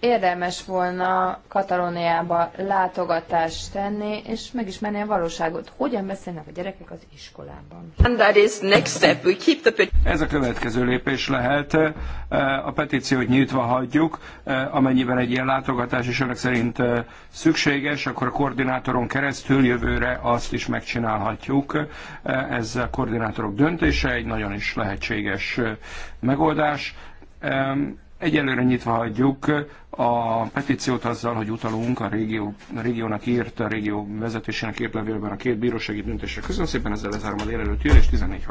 érdemes volna Katalóniába látogatást tenni, és megismerni a valóságot. Hogyan beszélnek a gyerekek az iskolában? And that is next step. We keep the Ez a következő lépés lehet. Eh, a petíciót nyitva hagyjuk. Eh, amennyiben egy ilyen látogatás is önök szerint eh, szükséges, akkor a koordinátoron keresztül jövőre azt is megcsinálhatjuk. Ez a koordinátorok döntése, egy nagyon is lehetséges megoldás Egyelőre nyitva hagyjuk a petíciót azzal, hogy utalunk a, régió, a régiónak írt, a régió vezetésének írt levélben a két bírósági döntésre. Köszönöm szépen, ezzel lezárom a délelőtt és 14